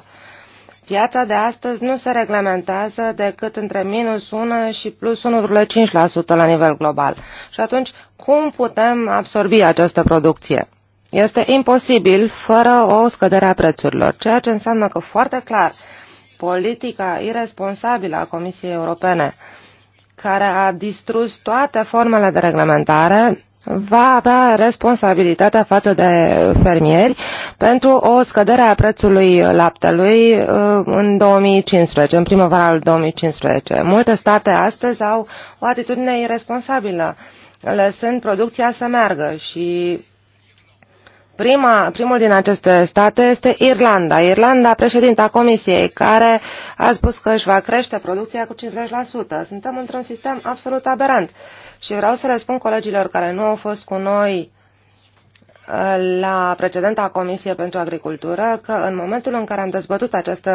Piața de astăzi nu se reglementează decât între minus 1 și plus 1,5% la nivel global. Și atunci, cum putem absorbi această producție? este imposibil fără o scădere a prețurilor, ceea ce înseamnă că foarte clar politica irresponsabilă a Comisiei Europene, care a distrus toate formele de reglementare, va avea responsabilitatea față de fermieri pentru o scădere a prețului laptelui uh, în 2015, în primăvara lui 2015. Multe state astăzi au o atitudine irresponsabilă. Lăsând producția să meargă și Prima, primul din aceste state este Irlanda. Irlanda, președinta Comisiei, care a spus că își va crește producția cu 50%. Suntem într-un sistem absolut aberant. Și vreau să răspund colegilor care nu au fost cu noi la precedenta Comisie pentru Agricultură că în momentul în care am dezbătut această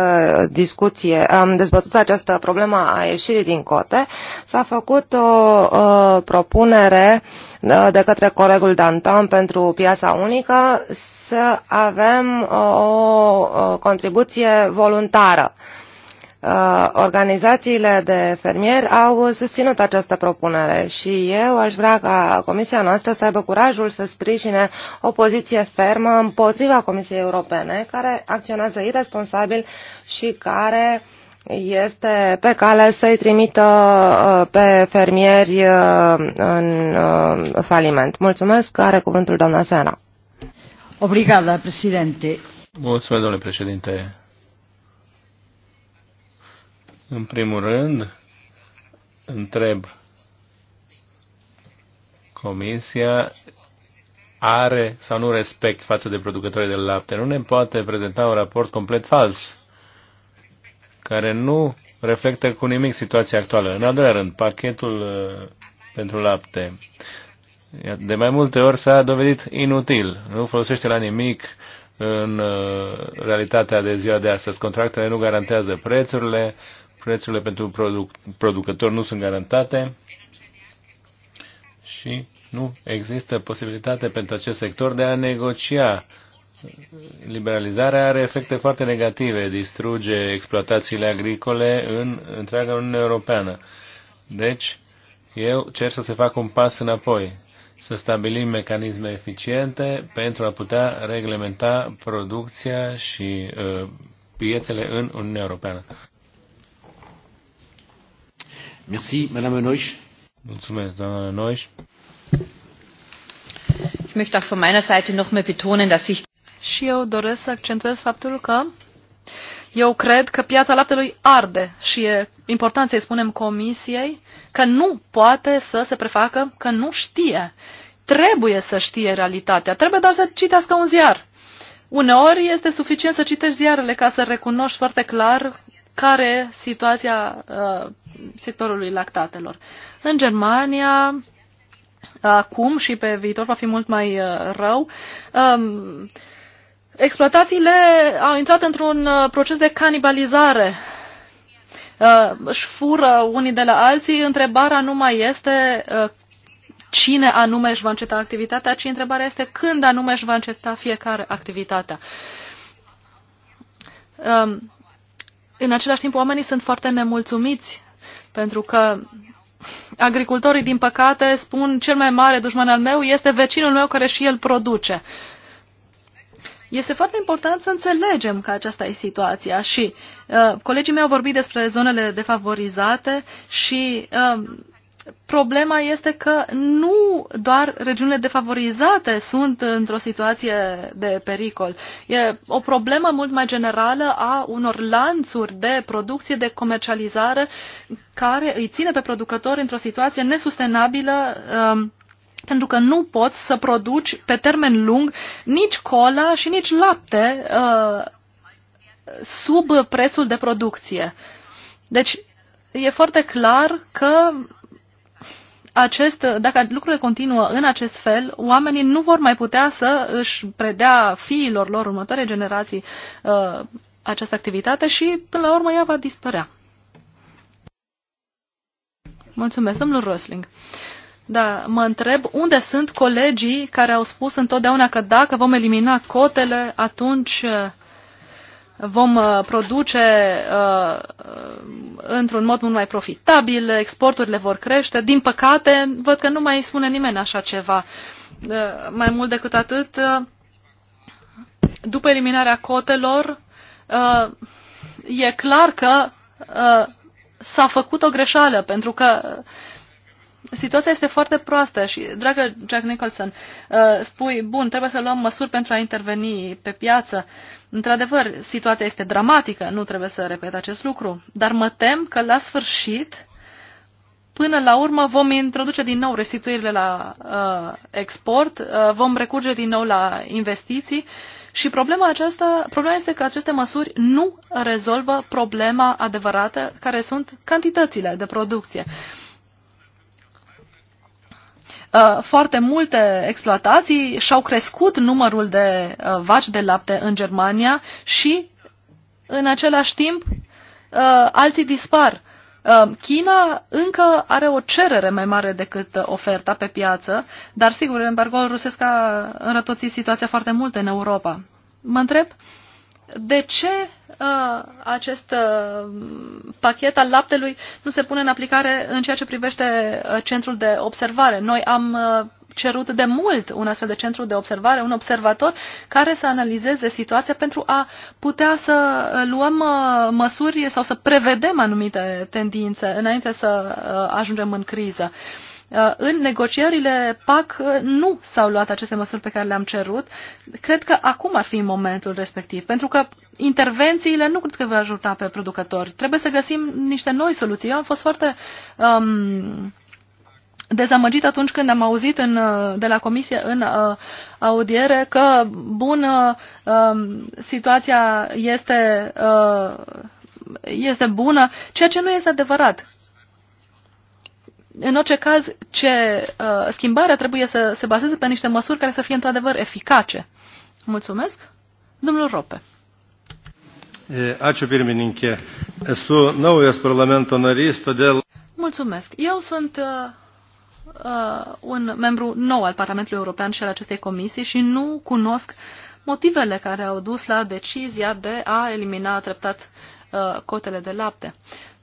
discuție, am dezbătut această problemă a ieșirii din cote, s-a făcut o, uh, propunere de către colegul Danton pentru piața unică să avem uh, o contribuție voluntară Uh, organizațiile de fermieri au susținut această propunere și eu aș vrea ca Comisia noastră să aibă curajul să sprijine o poziție fermă împotriva Comisiei Europene, care acționează irresponsabil și care este pe cale să-i trimită uh, pe fermieri uh, în faliment. Mulțumesc, are cuvântul doamna Sena. Obrigada, președinte. Mulțumesc, domnule președinte. În primul rând, întreb Comisia are sau nu respect față de producătorii de lapte. Nu ne poate prezenta un raport complet fals, care nu reflectă cu nimic situația actuală. În al doilea rând, pachetul uh, pentru lapte. De mai multe ori s-a dovedit inutil. Nu folosește la nimic în uh, realitatea de ziua de astăzi. Contractele nu garantează prețurile, prețurile pentru produc producători nu sunt garantate și nu există posibilitate pentru acest sector de a negocia. Liberalizarea are efecte foarte negative, distruge exploatațiile agricole în întreaga Uniune Europeană. Deci, eu cer să se facă un pas înapoi, să stabilim mecanisme eficiente pentru a putea reglementa producția și uh, piețele în Uniunea Europeană. Neusch. Mulțumesc, Neusch. Ich möchte auch von meiner Seite noch mal betonen, dass ich și eu doresc să accentuez faptul că eu cred că piața laptelui arde și e important să-i spunem comisiei că nu poate să se prefacă că nu știe. Trebuie să știe realitatea, trebuie doar să citească un ziar. Uneori este suficient să citești ziarele ca să recunoști foarte clar care situația uh, sectorului lactatelor. În Germania, acum și pe viitor va fi mult mai uh, rău, um, exploatațiile au intrat într-un uh, proces de canibalizare. Uh, își fură unii de la alții. Întrebarea nu mai este uh, cine anume își va înceta activitatea, ci întrebarea este când anume își va înceta fiecare activitatea. Um, în același timp, oamenii sunt foarte nemulțumiți pentru că agricultorii, din păcate, spun cel mai mare dușman al meu este vecinul meu care și el produce. Este foarte important să înțelegem că aceasta e situația și uh, colegii mei au vorbit despre zonele defavorizate și uh, problema este că nu doar regiunile defavorizate sunt într-o situație de pericol. E o problemă mult mai generală a unor lanțuri de producție, de comercializare, care îi ține pe producători într-o situație nesustenabilă. Um, pentru că nu poți să produci pe termen lung nici cola și nici lapte uh, sub prețul de producție. Deci e foarte clar că acest, dacă lucrurile continuă în acest fel, oamenii nu vor mai putea să își predea fiilor lor, următoare generații, uh, această activitate și, până la urmă, ea va dispărea. Mulțumesc, domnul Rosling. Da, mă întreb unde sunt colegii care au spus întotdeauna că dacă vom elimina cotele, atunci uh, vom uh, produce uh, într-un mod mult mai profitabil, exporturile vor crește. Din păcate, văd că nu mai spune nimeni așa ceva. Uh, mai mult decât atât, uh, după eliminarea cotelor, uh, e clar că uh, s-a făcut o greșeală, pentru că situația este foarte proastă și, dragă Jack Nicholson, uh, spui, bun, trebuie să luăm măsuri pentru a interveni pe piață. Într-adevăr, situația este dramatică, nu trebuie să repet acest lucru, dar mă tem că la sfârșit, până la urmă, vom introduce din nou restituirile la uh, export, uh, vom recurge din nou la investiții și problema, aceasta, problema este că aceste măsuri nu rezolvă problema adevărată care sunt cantitățile de producție. Uh, Uh, foarte multe exploatații și-au crescut numărul de uh, vaci de lapte în Germania și, în același timp, uh, alții dispar. China încă are o cerere mai mare decât oferta pe piață, dar sigur, embargoul rusesc a înrătoțit situația foarte mult în Europa. Mă întreb, uh, de ce uh, acest uh, pachet al laptelui nu se pune în aplicare în ceea ce privește uh, centrul de observare. Noi am uh, cerut de mult un astfel de centru de observare, un observator care să analizeze situația pentru a putea să uh, luăm uh, măsuri sau să prevedem anumite tendințe înainte să uh, ajungem în criză. Uh, Uh, în negocierile PAC uh, nu s-au luat aceste măsuri pe care le-am cerut. Cred că acum ar fi momentul respectiv, pentru că intervențiile nu cred că va ajuta pe producători. Trebuie să găsim niște noi soluții. Eu am fost foarte um, dezamăgit atunci când am auzit în, uh, de la comisie în uh, audiere că bună uh, um, situația este, uh, este bună, ceea ce nu este adevărat în orice caz, ce uh, schimbarea trebuie să se bazeze pe niște măsuri care să fie într-adevăr eficace. Mulțumesc. Domnul Rope. Ačiū pirmininkė. Esu naujas parlamento narys, todėl. Mulțumesc. Eu sunt uh, uh, un membru nou al Parlamentului European și al acestei comisii și nu cunosc motivele care au dus la decizia de a elimina treptat uh, cotele de lapte.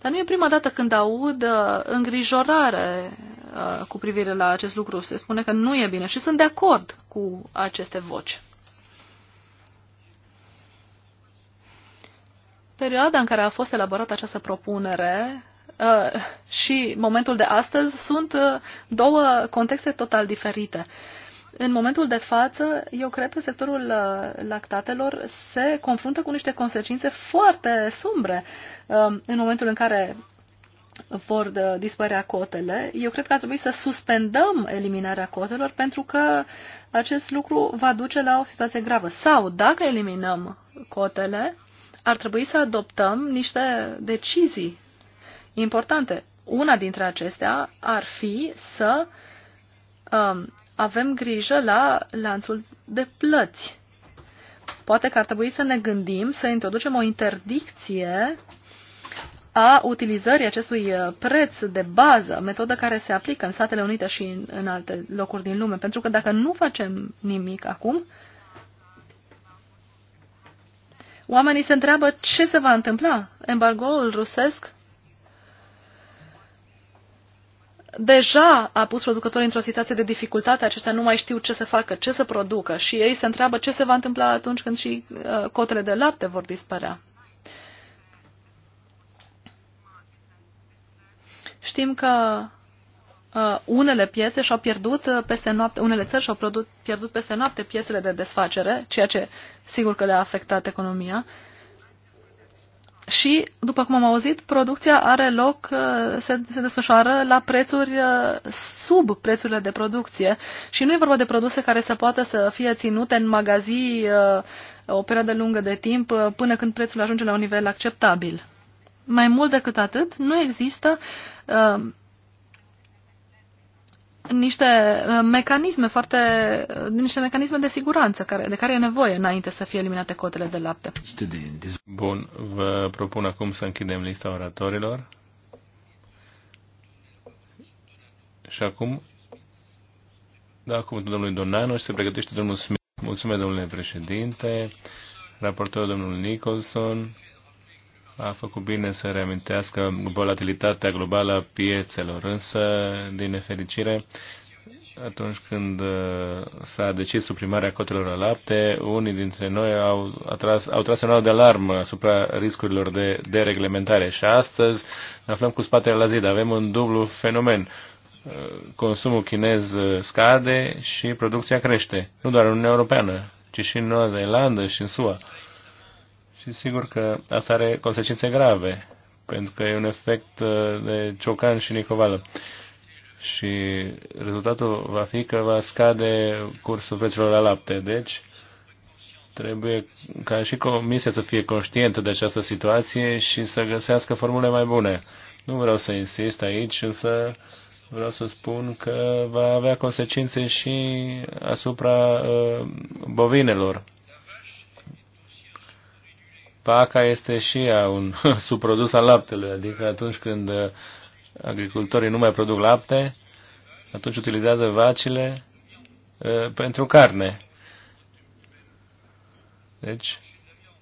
Dar nu e prima dată când aud uh, îngrijorare uh, cu privire la acest lucru. Se spune că nu e bine și sunt de acord cu aceste voci. Perioada în care a fost elaborată această propunere uh, și momentul de astăzi sunt două contexte total diferite. În momentul de față, eu cred că sectorul uh, lactatelor se confruntă cu niște consecințe foarte sumbre um, în momentul în care vor uh, dispărea cotele. Eu cred că ar trebui să suspendăm eliminarea cotelor pentru că acest lucru va duce la o situație gravă. Sau, dacă eliminăm cotele, ar trebui să adoptăm niște decizii importante. Una dintre acestea ar fi să um, avem grijă la lanțul de plăți. Poate că ar trebui să ne gândim să introducem o interdicție a utilizării acestui uh, preț de bază, metodă care se aplică în Statele Unite și în, în alte locuri din lume. Pentru că dacă nu facem nimic acum, oamenii se întreabă ce se va întâmpla. Embargoul rusesc deja a pus producătorii într-o situație de dificultate, aceștia nu mai știu ce să facă, ce să producă și ei se întreabă ce se va întâmpla atunci când și uh, cotele de lapte vor dispărea. Știm că uh, unele piețe și-au pierdut uh, peste noapte, unele țări și-au pierdut peste noapte piețele de desfacere, ceea ce sigur că le-a afectat economia. Uh, și, după cum am auzit, producția are loc, uh, se, se desfășoară la prețuri uh, sub prețurile de producție și nu e vorba de produse care să poată să fie ținute în magazii uh, o perioadă lungă de timp până când prețul ajunge la un nivel acceptabil. Mai mult decât atât, nu există niște uh, mecanisme foarte, niște mecanisme de siguranță care, de care e nevoie înainte să fie eliminate cotele de lapte. Bun, vă propun acum să închidem lista oratorilor. Și acum, da, cuvântul domnului Donano și se pregătește domnul Smith. Mulțumesc, domnule președinte, raportorul domnul Nicholson a făcut bine să reamintească volatilitatea globală a piețelor, însă, din nefericire, atunci când uh, s-a decis suprimarea cotelor la lapte, unii dintre noi au, atras, au tras semnal de alarmă asupra riscurilor de dereglementare și astăzi ne aflăm cu spatele la zid. Avem un dublu fenomen. Uh, consumul chinez uh, scade și producția crește. Nu doar în Uniunea Europeană, ci și în Noua Zeelandă și în SUA. Și sigur că asta are consecințe grave, pentru că e un efect uh, de ciocan și nicovală. Și rezultatul va fi că va scade cursul prețurilor la lapte. Deci, trebuie ca și comisia să fie conștientă de această situație și să găsească formule mai bune. Nu vreau să insist aici, însă vreau să spun că va avea consecințe și asupra uh, bovinelor. PACA este și ea un subprodus al laptelui, adică atunci când uh, agricultorii nu mai produc lapte, atunci utilizează vacile uh, pentru carne. Deci,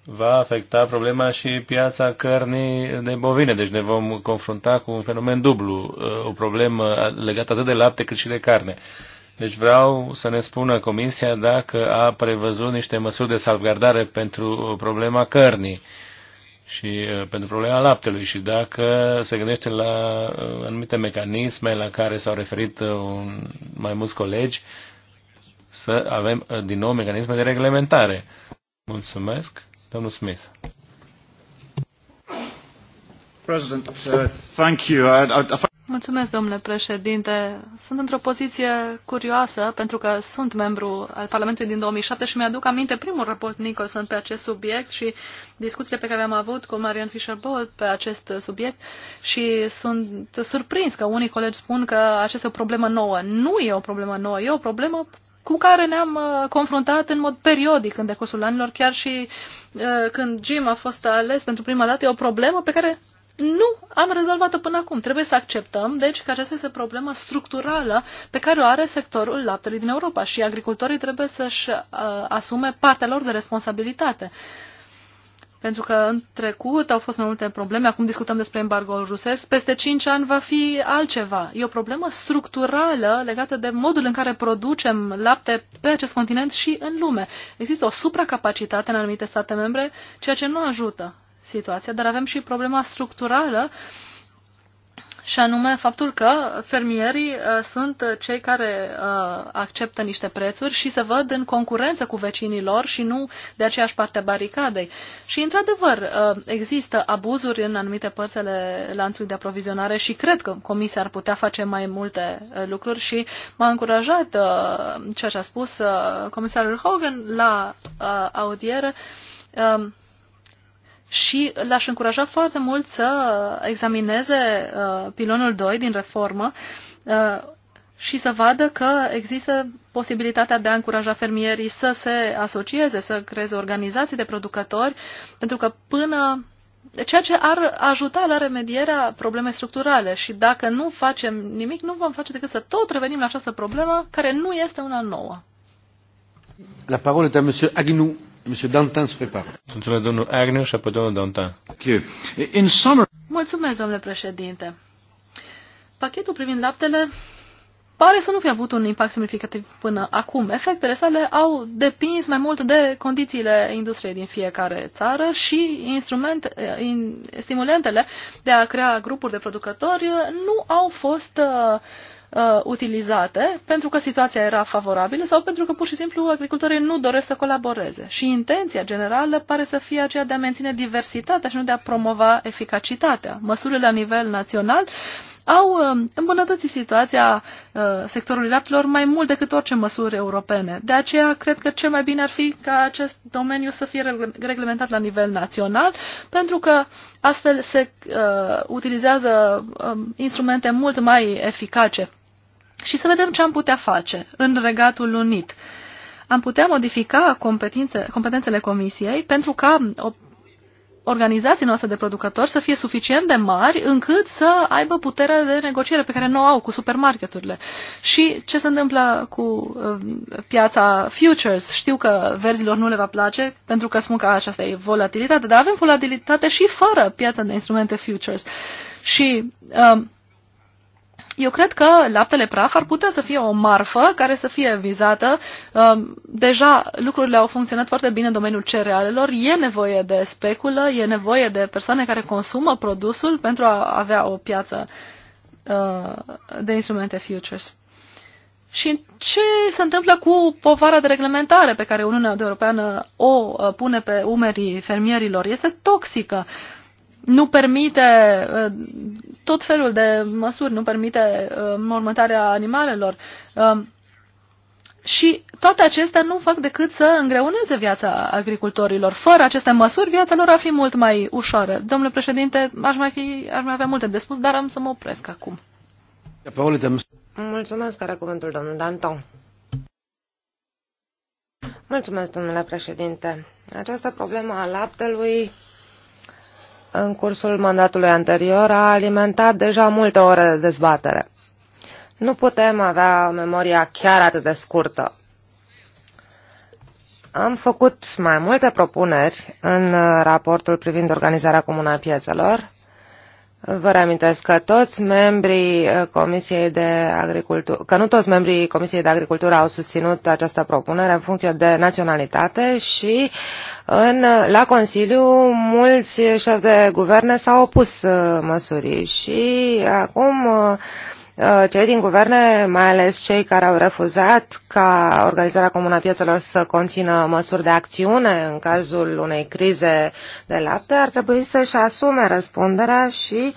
va afecta problema și piața cărnii de bovine. Deci ne vom confrunta cu un fenomen dublu, uh, o problemă legată atât de lapte cât și de carne. Deci vreau să ne spună Comisia dacă a prevăzut niște măsuri de salvgardare pentru problema cărnii și uh, pentru problema laptelui și dacă se gândește la uh, anumite mecanisme la care s-au referit uh, un mai mulți colegi, să avem din nou mecanisme de reglementare. Mulțumesc, domnul Smith. President, uh, thank you. I, I, I... Mulțumesc, domnule președinte. Sunt într-o poziție curioasă, pentru că sunt membru al Parlamentului din 2007 și mi-aduc aminte primul raport Nicholson pe acest subiect și discuțiile pe care le-am avut cu Marian fischer bowl pe acest subiect și sunt surprins că unii colegi spun că o problemă nouă. Nu e o problemă nouă, e o problemă cu care ne-am uh, confruntat în mod periodic în decursul anilor, chiar și uh, când Jim a fost ales pentru prima dată, e o problemă pe care nu am rezolvat-o până acum. Trebuie să acceptăm, deci, că aceasta este problema structurală pe care o are sectorul laptelui din Europa și agricultorii trebuie să-și uh, asume partea lor de responsabilitate. Pentru că în trecut au fost mai multe probleme, acum discutăm despre embargoul rusesc, peste 5 ani va fi altceva. E o problemă structurală legată de modul în care producem lapte pe acest continent și în lume. Există o supracapacitate în anumite state membre, ceea ce nu ajută situația, dar avem și problema structurală și anume faptul că fermierii uh, sunt cei care uh, acceptă niște prețuri și se văd în concurență cu vecinii lor și nu de aceeași parte a baricadei. Și, într-adevăr, uh, există abuzuri în anumite părți ale lanțului de aprovizionare și cred că Comisia ar putea face mai multe lucruri și m-a încurajat ceea ce a spus comisarul Hogan la audiere um, și l-aș încuraja foarte mult să examineze uh, pilonul 2 din reformă uh, și să vadă că există posibilitatea de a încuraja fermierii să se asocieze, să creeze organizații de producători, pentru că până ceea ce ar ajuta la remedierea problemei structurale și dacă nu facem nimic, nu vom face decât să tot revenim la această problemă care nu este una nouă. La parole este à monsieur Agnew. Dantin domnul Mulțumesc, domnule președinte. Pachetul privind laptele pare să nu fi avut un impact semnificativ până acum. Efectele sale au depins mai mult de condițiile industriei din fiecare țară și instrument, eh, stimulentele de a crea grupuri de producători nu au fost uh, uh, utilizate pentru că situația era favorabilă sau pentru că pur și simplu agricultorii nu doresc să colaboreze. Și intenția generală pare să fie aceea de a menține diversitatea și nu de a promova eficacitatea. Măsurile la nivel național au uh, îmbunătățit situația uh, sectorului laptelor mai mult decât orice măsuri europene. De aceea, cred că cel mai bine ar fi ca acest domeniu să fie reglementat la nivel național, pentru că astfel se uh, utilizează um, instrumente mult mai eficace și să vedem ce am putea face în Regatul Unit. Am putea modifica competențe, competențele Comisiei pentru ca o, organizații noastre de producători să fie suficient de mari încât să aibă puterea de negociere pe care nu o au cu supermarketurile. Și ce se întâmplă cu uh, piața futures? Știu că verzilor nu le va place pentru că spun că aceasta e volatilitate, dar avem volatilitate și fără piața de instrumente futures. Și uh, eu cred că laptele praf ar putea să fie o marfă care să fie vizată. Um, deja lucrurile au funcționat foarte bine în domeniul cerealelor. E nevoie de speculă, e nevoie de persoane care consumă produsul pentru a avea o piață uh, de instrumente futures. Și ce se întâmplă cu povara de reglementare pe care Uniunea Europeană o uh, pune pe umerii fermierilor? Este toxică. Uh, nu permite uh, tot felul de măsuri, nu permite uh, mormântarea animalelor. Um, și toate acestea nu fac decât să îngreuneze viața agricultorilor. Fără aceste măsuri, viața lor ar fi mult mai ușoară. Domnule președinte, aș mai, fi, aș mai avea multe de spus, dar am să mă opresc acum. Mulțumesc, are cuvântul domnul Danton. Mulțumesc, domnule președinte. Această problemă a laptelui în cursul mandatului anterior a alimentat deja multe ore de dezbatere. Nu putem avea memoria chiar atât de scurtă. Am făcut mai multe propuneri în raportul privind organizarea comună a piețelor Vă reamintesc că toți membrii uh, Comisiei de Agricultură, că nu toți membrii Comisiei de Agricultură au susținut această propunere în funcție de naționalitate și în, la Consiliu mulți șefi de guverne s-au opus uh, măsurii și acum uh, Uh, cei din guverne, mai ales cei care au refuzat ca Organizarea Comună a Piețelor să conțină măsuri de acțiune în cazul unei crize de lapte, ar trebui să-și asume răspunderea și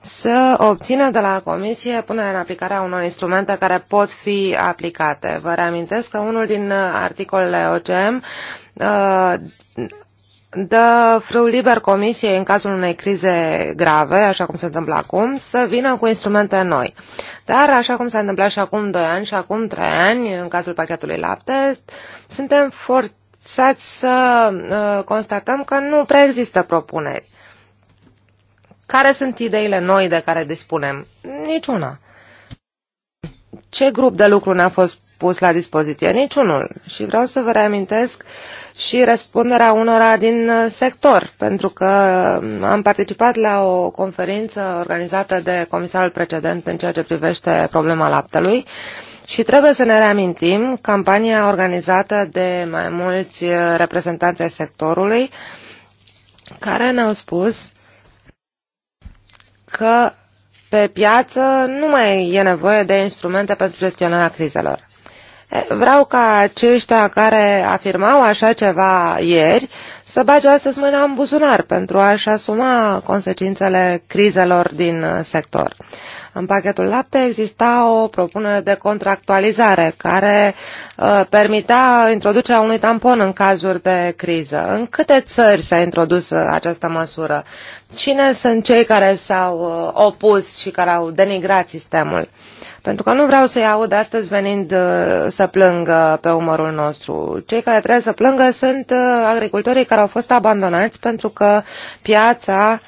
să obțină de la Comisie punerea în aplicare a unor instrumente care pot fi aplicate. Vă reamintesc că unul din articolele OCM uh, dă frâu liber Comisiei în cazul unei crize grave, așa cum se întâmplă acum, să vină cu instrumente noi. Dar, așa cum s-a întâmplat și acum 2 ani și acum 3 ani, în cazul pachetului lapte, suntem forțați să uh, constatăm că nu prea există propuneri. Care sunt ideile noi de care dispunem? Niciuna. Ce grup de lucru ne-a fost pus la dispoziție, niciunul. Și vreau să vă reamintesc și răspunderea unora din uh, sector, pentru că mm, am participat la o conferință organizată de comisarul precedent în ceea ce privește problema laptelui și trebuie să ne reamintim campania organizată de mai mulți uh, reprezentanți ai sectorului care ne-au spus că pe piață nu mai e nevoie de instrumente pentru gestionarea crizelor. Vreau ca aceștia care afirmau așa ceva ieri să bage astăzi mâna în buzunar pentru a-și asuma consecințele crizelor din sector. În pachetul lapte exista o propunere de contractualizare care uh, permitea introducerea unui tampon în cazuri de criză. În câte țări s-a introdus uh, această măsură? Cine sunt cei care s-au uh, opus și care au denigrat sistemul? Pentru că nu vreau să-i aud astăzi venind uh, să plângă pe umărul nostru. Cei care trebuie să plângă sunt uh, agricultorii care au fost abandonați pentru că piața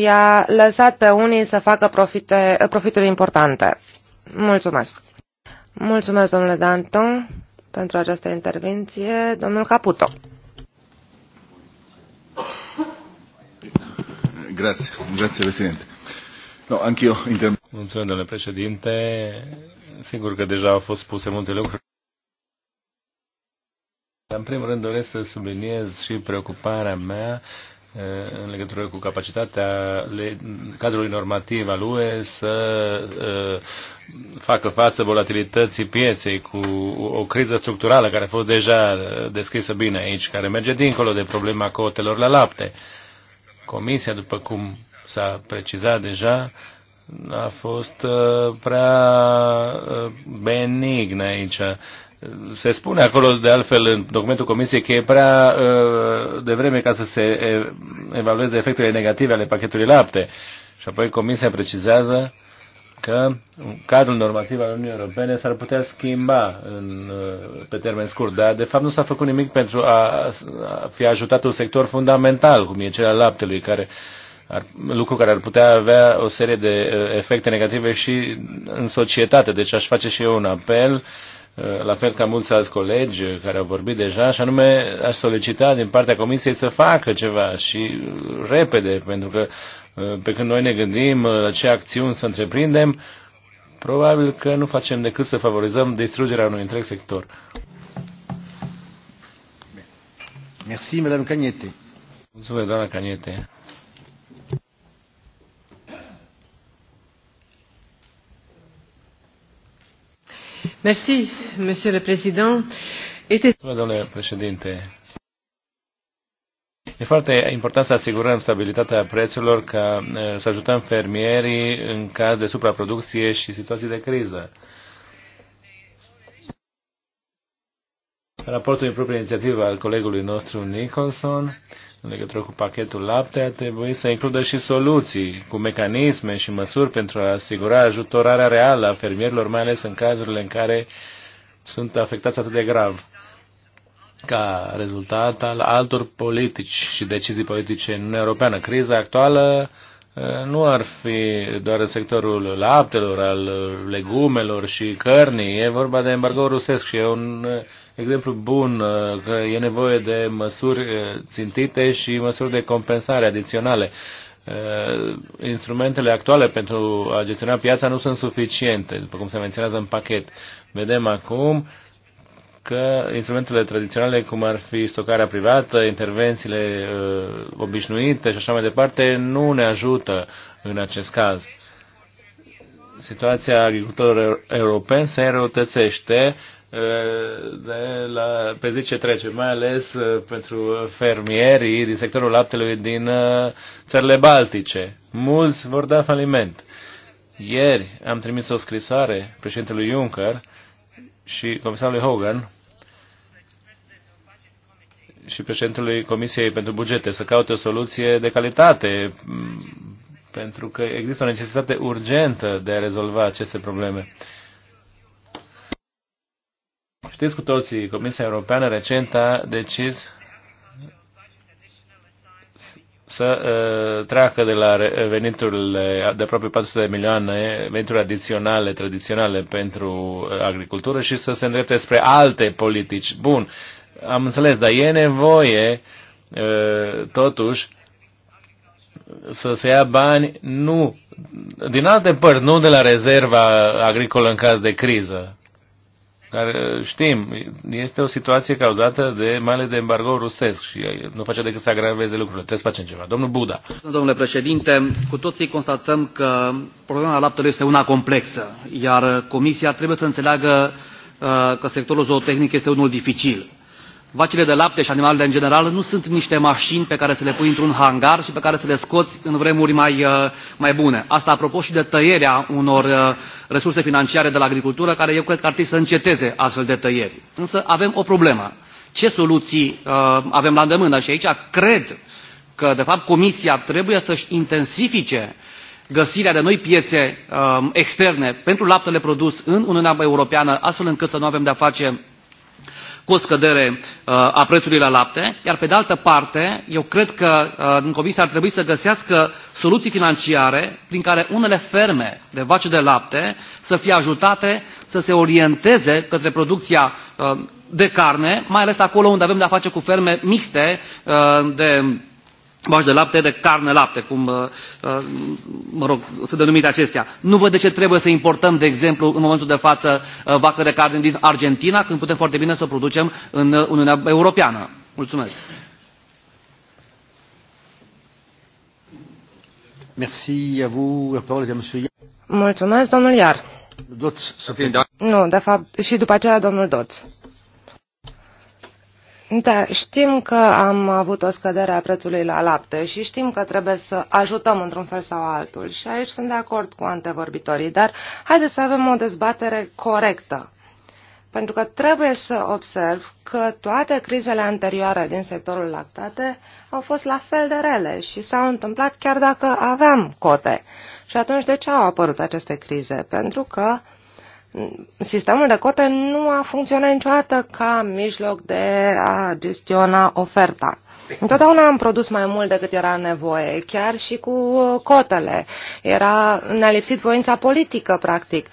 i-a lăsat pe unii să facă profite, uh, profituri importante. Mulțumesc. Mulțumesc, domnule Danton, pentru această intervenție. Domnul Caputo. Grazie, grazie Presidente. No, anch'io inter Mulțumesc, domnule președinte. Sigur că deja au fost spuse multe lucruri. În primul rând doresc să subliniez și preocuparea mea eh, în legătură cu capacitatea cadrului normativ al UE să eh, facă față volatilității pieței cu o criză structurală care a fost deja descrisă bine aici, care merge dincolo de problema cotelor la lapte. Comisia, după cum s-a precizat deja, a fost uh, prea uh, benign aici. Se spune acolo, de altfel, în documentul Comisiei, că e prea uh, devreme ca să se evalueze efectele negative ale pachetului lapte. Și apoi Comisia precizează că cadrul normativ al Uniunii Europene s-ar putea schimba în, pe termen scurt, dar de fapt nu s-a făcut nimic pentru a, a fi ajutat un sector fundamental, cum e cel al laptelui, care uh, ar, lucru care ar putea avea o serie de uh, efecte negative și în societate. Deci aș face și eu un apel, uh, la fel ca mulți alți colegi care au vorbit deja, și anume aș solicita din partea Comisiei să facă ceva și uh, repede, pentru că pe când noi ne gândim la ce acțiuni să întreprindem, probabil că nu facem decât să favorizăm distrugerea unui întreg sector. Merci, Madame Cagnete. Mulțumesc, doamna Cagnete. Domnule președinte, E foarte important să asigurăm stabilitatea prețurilor ca să ajutăm fermierii în caz de supraproducție și situații de criză. Raportul din proprie inițiativă al colegului nostru Nicholson în legătură cu pachetul lapte, a trebuit să includă și soluții cu mecanisme și măsuri pentru a asigura ajutorarea reală a fermierilor, mai ales în cazurile în care sunt afectați atât de grav ca rezultat al altor politici și decizii politice în Uniunea Europeană. Criza actuală eh, nu ar fi doar în sectorul laptelor, al legumelor și cărnii, e vorba de embargo rusesc și e un eh, exemplu bun uh, că e nevoie de măsuri uh, țintite și măsuri de compensare adiționale. Uh, instrumentele actuale pentru a gestiona piața nu sunt suficiente, după cum se menționează în pachet. Vedem acum că instrumentele tradiționale, cum ar fi stocarea privată, intervențiile uh, obișnuite și așa mai departe, nu ne ajută în acest caz. Situația agricultorilor europeni se înrăutățește de la, pe zi ce trece, mai ales uh, pentru fermierii din sectorul laptelui din uh, țările baltice. Mulți vor da faliment. Ieri am trimis o scrisoare președintelui Juncker și comisarului Hogan și președintelui Comisiei pentru Bugete să caute o soluție de calitate pentru că există o necesitate urgentă de a rezolva aceste probleme. Știți cu toții, Comisia Europeană recent a decis să uh, treacă de la veniturile de aproape 400 de milioane, venituri adiționale, tradiționale pentru uh, agricultură și să se îndrepte spre alte politici. Bun, am înțeles, dar e nevoie uh, totuși să se ia bani nu din alte părți, nu de la rezerva agricolă în caz de criză care uh, știm, este o situație cauzată de mai ales de embargo rusesc și uh, nu face decât să agraveze lucrurile. Trebuie să facem ceva. Domnul Buda. Domnule președinte, cu toții constatăm că problema laptelui este una complexă, iar Comisia trebuie să înțeleagă uh, că sectorul zootehnic este unul dificil vacile de lapte și animalele în general nu sunt niște mașini pe care să le pui într-un hangar și pe care să le scoți în vremuri mai, uh, mai bune. Asta apropo și de tăierea unor uh, resurse financiare de la agricultură, care eu cred că ar trebui să înceteze astfel de tăieri. Însă avem o problemă. Ce soluții uh, avem la îndemână? Și aici cred că, de fapt, Comisia trebuie să-și intensifice găsirea de noi piețe uh, externe pentru laptele produs în Uniunea Europeană, astfel încât să nu avem de-a face cu o scădere uh, a prețului la lapte, iar pe de altă parte, eu cred că din uh, Comisia ar trebui să găsească soluții financiare prin care unele ferme de vaci de lapte să fie ajutate să se orienteze către producția uh, de carne, mai ales acolo unde avem de-a face cu ferme mixte de vaci de lapte, de carne lapte, cum, uh, uh, mă rog, sunt denumite acestea. Nu văd de ce trebuie să importăm, de exemplu, în momentul de față, uh, vacă de carne din Argentina, când putem foarte bine să o producem în Uniunea Europeană. Mulțumesc. Merci à vous. La parole est à monsieur Mulțumesc, domnul Iar. Doț, să da. Nu, de fapt, și după aceea domnul Doț. Da, știm că am avut o scădere a prețului la lapte și știm că trebuie să ajutăm într-un fel sau altul și aici sunt de acord cu antevorbitorii, dar haideți să avem o dezbatere corectă. Pentru că trebuie să observ că toate crizele anterioare din sectorul lactate au fost la fel de rele și s-au întâmplat chiar dacă aveam cote. Și atunci de ce au apărut aceste crize? Pentru că uh, Sistemul de cote nu a funcționat niciodată ca mijloc de a gestiona oferta. Întotdeauna am produs mai mult decât era nevoie, chiar și cu cotele. Era, ne-a lipsit voința politică, practic.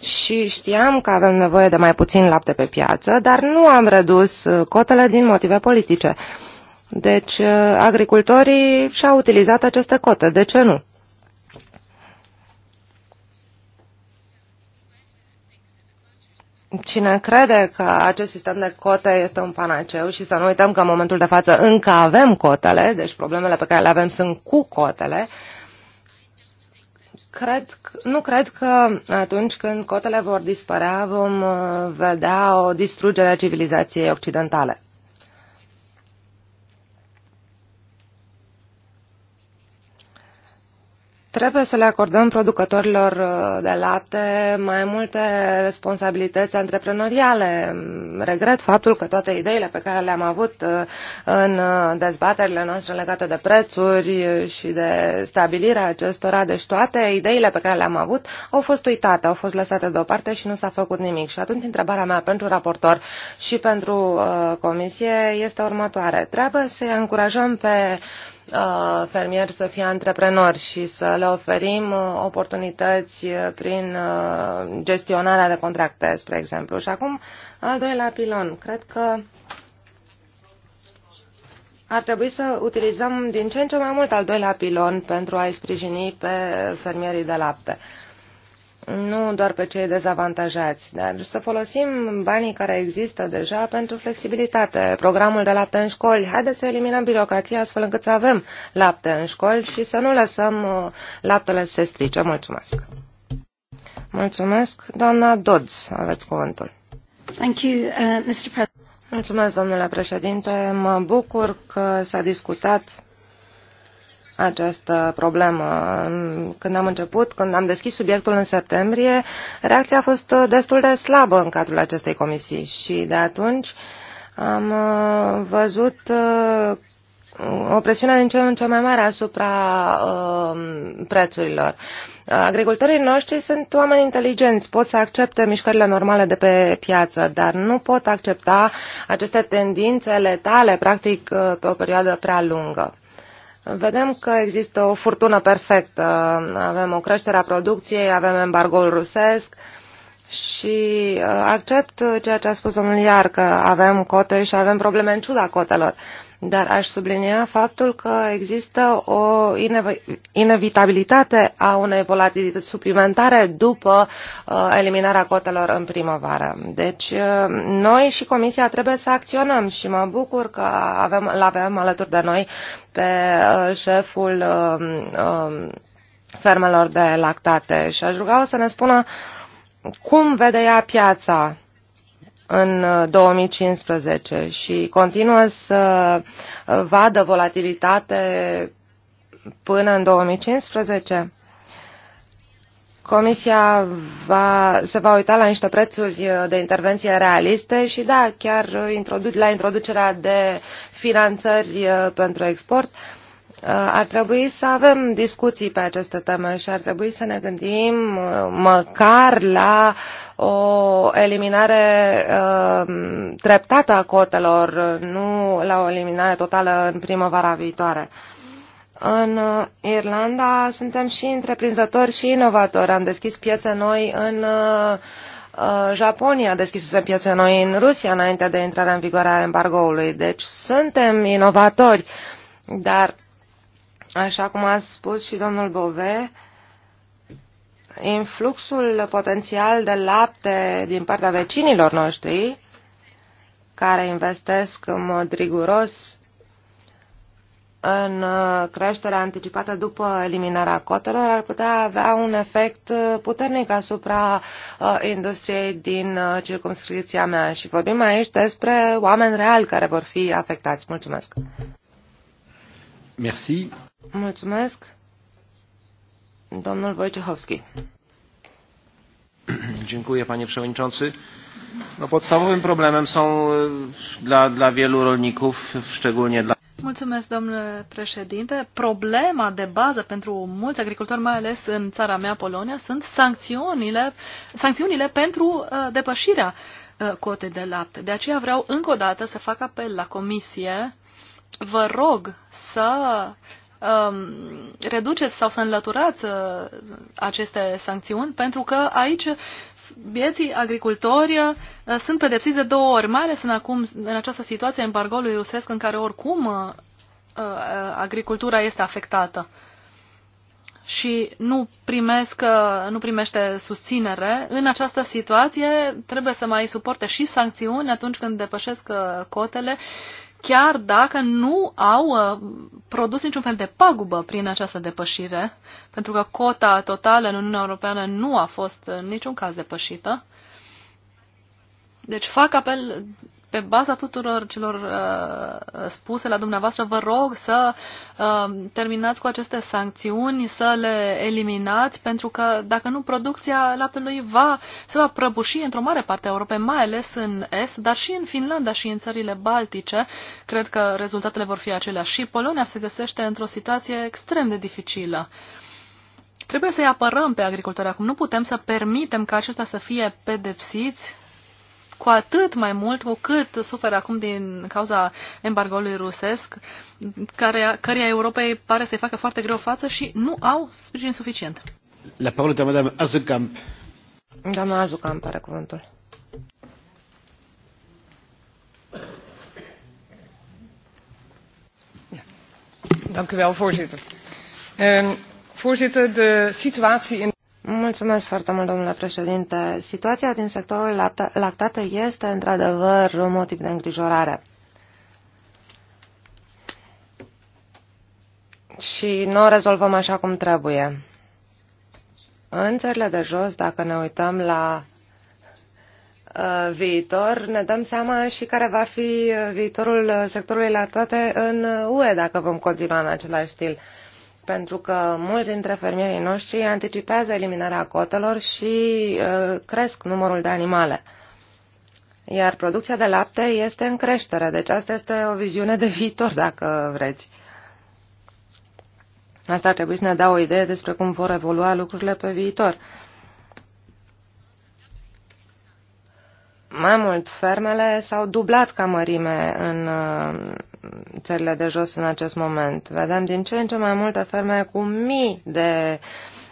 Și știam că avem nevoie de mai puțin lapte pe piață, dar nu am redus cotele din motive politice. Deci, agricultorii și-au utilizat aceste cote. De ce nu? cine crede că acest sistem de cote este un panaceu și să nu uităm că în momentul de față încă avem cotele, deci problemele pe care le avem sunt cu cotele, cred, nu cred că atunci când cotele vor dispărea vom uh, vedea o distrugere a civilizației occidentale. Trebuie să le acordăm producătorilor uh, de lapte mai multe responsabilități antreprenoriale. Regret faptul că toate ideile pe care le-am avut uh, în uh, dezbaterile noastre legate de prețuri și de stabilirea acestora, deci toate ideile pe care le-am avut au fost uitate, au fost lăsate deoparte și nu s-a făcut nimic. Și atunci întrebarea mea pentru raportor și pentru comisie este următoare. Trebuie să încurajăm pe uh, Uh, fermieri să fie antreprenori și să le oferim uh, oportunități uh, prin gestionarea de contracte, spre exemplu. Și acum, al doilea pilon. Cred că ar trebui să utilizăm din ce în ce mai mult al doilea pilon pentru a-i sprijini pe fermierii de lapte. Uh, nu doar pe cei dezavantajați, dar să folosim banii care există deja pentru flexibilitate, programul de lapte în școli. Haideți să eliminăm birocrația astfel încât să avem lapte în școli și să nu lăsăm uh, laptele să se strice. Mulțumesc! Mulțumesc. Doamna Dodds, aveți cuvântul. Thank you, uh, Mr. President. Mulțumesc, domnule președinte. Mă bucur că s-a discutat această problemă. Când am început, când am deschis subiectul în septembrie, reacția a fost destul de slabă în cadrul acestei comisii și de atunci am uh, văzut uh, o presiune din ce în ce mai mare asupra uh, prețurilor. Agricultorii noștri sunt oameni inteligenți, pot să accepte mișcările normale de pe piață, dar nu pot accepta aceste tendințe letale, practic, uh, pe o perioadă prea lungă. Vedem că există o furtună perfectă. Avem o creștere a producției, avem embargoul rusesc și uh, accept ceea ce a spus domnul Iar, că avem cote și avem probleme în ciuda cotelor dar aș sublinia faptul că există o inevitabilitate a unei volatilități suplimentare după uh, eliminarea cotelor în primăvară. Deci uh, noi și Comisia trebuie să acționăm și mă bucur că avem, l-avem alături de noi pe uh, șeful um, um, fermelor de lactate și aș ruga o să ne spună cum vede ea piața în 2015 uh, și continuă să uh, vadă volatilitate până în 2015? Comisia va, se va uita la niște prețuri uh, de intervenție realiste și, da, chiar introdu la introducerea de finanțări pentru export. Uh, Uh, ar trebui să avem discuții pe aceste teme și ar trebui să ne gândim uh, măcar la o eliminare uh, treptată a cotelor, nu la o eliminare totală în primăvara viitoare. În Irlanda suntem și întreprinzători și inovatori. Am deschis piețe noi în Japonia deschisese piețe noi în Rusia înainte de intrarea în vigoare a embargoului. Deci suntem inovatori, dar Așa cum a spus și domnul Bove, influxul potențial de lapte din partea vecinilor noștri, care investesc în mod riguros în uh, creșterea anticipată după eliminarea cotelor ar putea avea un efect uh, puternic asupra uh, industriei din circumscripția mea și vorbim aici despre oameni reali care vor fi afectați. Mulțumesc! Mulțumesc. Domnul Wojciechowski. panie przewodniczący. podstawowym problemem są dla, dla wielu rolników, szczególnie dla. Mulțumesc, domnule președinte. Problema de bază pentru mulți agricultori, mai ales în țara mea, Polonia, sunt sancțiunile, sancțiunile pentru uh, depășirea uh, cotei de lapte. De aceea vreau încă o dată să fac apel la Comisie vă rog să um, reduceți sau să înlăturați uh, aceste sancțiuni, pentru că aici vieții agricultori uh, sunt pedepsiți de două ori, mai ales în, acum, în această situație embargoului rusesc în care oricum uh, uh, agricultura este afectată și nu, primesc, uh, nu primește susținere, în această situație trebuie să mai suporte și sancțiuni atunci când depășesc uh, cotele chiar dacă nu au uh, produs niciun fel de pagubă prin această depășire, pentru că cota totală în Uniunea Europeană nu a fost în uh, niciun caz depășită. Deci fac apel pe baza tuturor celor uh, spuse la dumneavoastră, vă rog să uh, terminați cu aceste sancțiuni, să le eliminați, pentru că dacă nu, producția laptelui va, se va prăbuși într-o mare parte a Europei, mai ales în Est, dar și în Finlanda și în țările baltice. Cred că rezultatele vor fi aceleași. Și Polonia se găsește într-o situație extrem de dificilă. Trebuie să-i apărăm pe agricultori acum. Nu putem să permitem ca aceștia să fie pedepsiți cu atât mai mult cu cât suferă acum din cauza embargoului rusesc, care, căreia Europei pare să-i facă foarte greu față și nu au sprijin suficient. La parole de Madame Azucamp. Doamna Azucamp are cuvântul. Dank u wel, voorzitter. Uh, voorzitter de situatie in. Mulțumesc foarte mult, domnule președinte. Situația din sectorul lactate este, într-adevăr, un motiv de îngrijorare. Și nu o rezolvăm așa cum trebuie. În țările de jos, dacă ne uităm la uh, viitor, ne dăm seama și care va fi uh, viitorul sectorului lactate în UE, uh, dacă vom continua în același stil pentru că mulți dintre fermierii noștri anticipează eliminarea cotelor și uh, cresc numărul de animale. Iar producția de lapte este în creștere, deci asta este o viziune de viitor, dacă vreți. Asta ar trebui să ne dea o idee despre cum vor evolua lucrurile pe viitor. Mai mult, fermele s-au dublat ca mărime în uh, țările de jos în acest moment. Vedem din ce în ce mai multe ferme cu mii de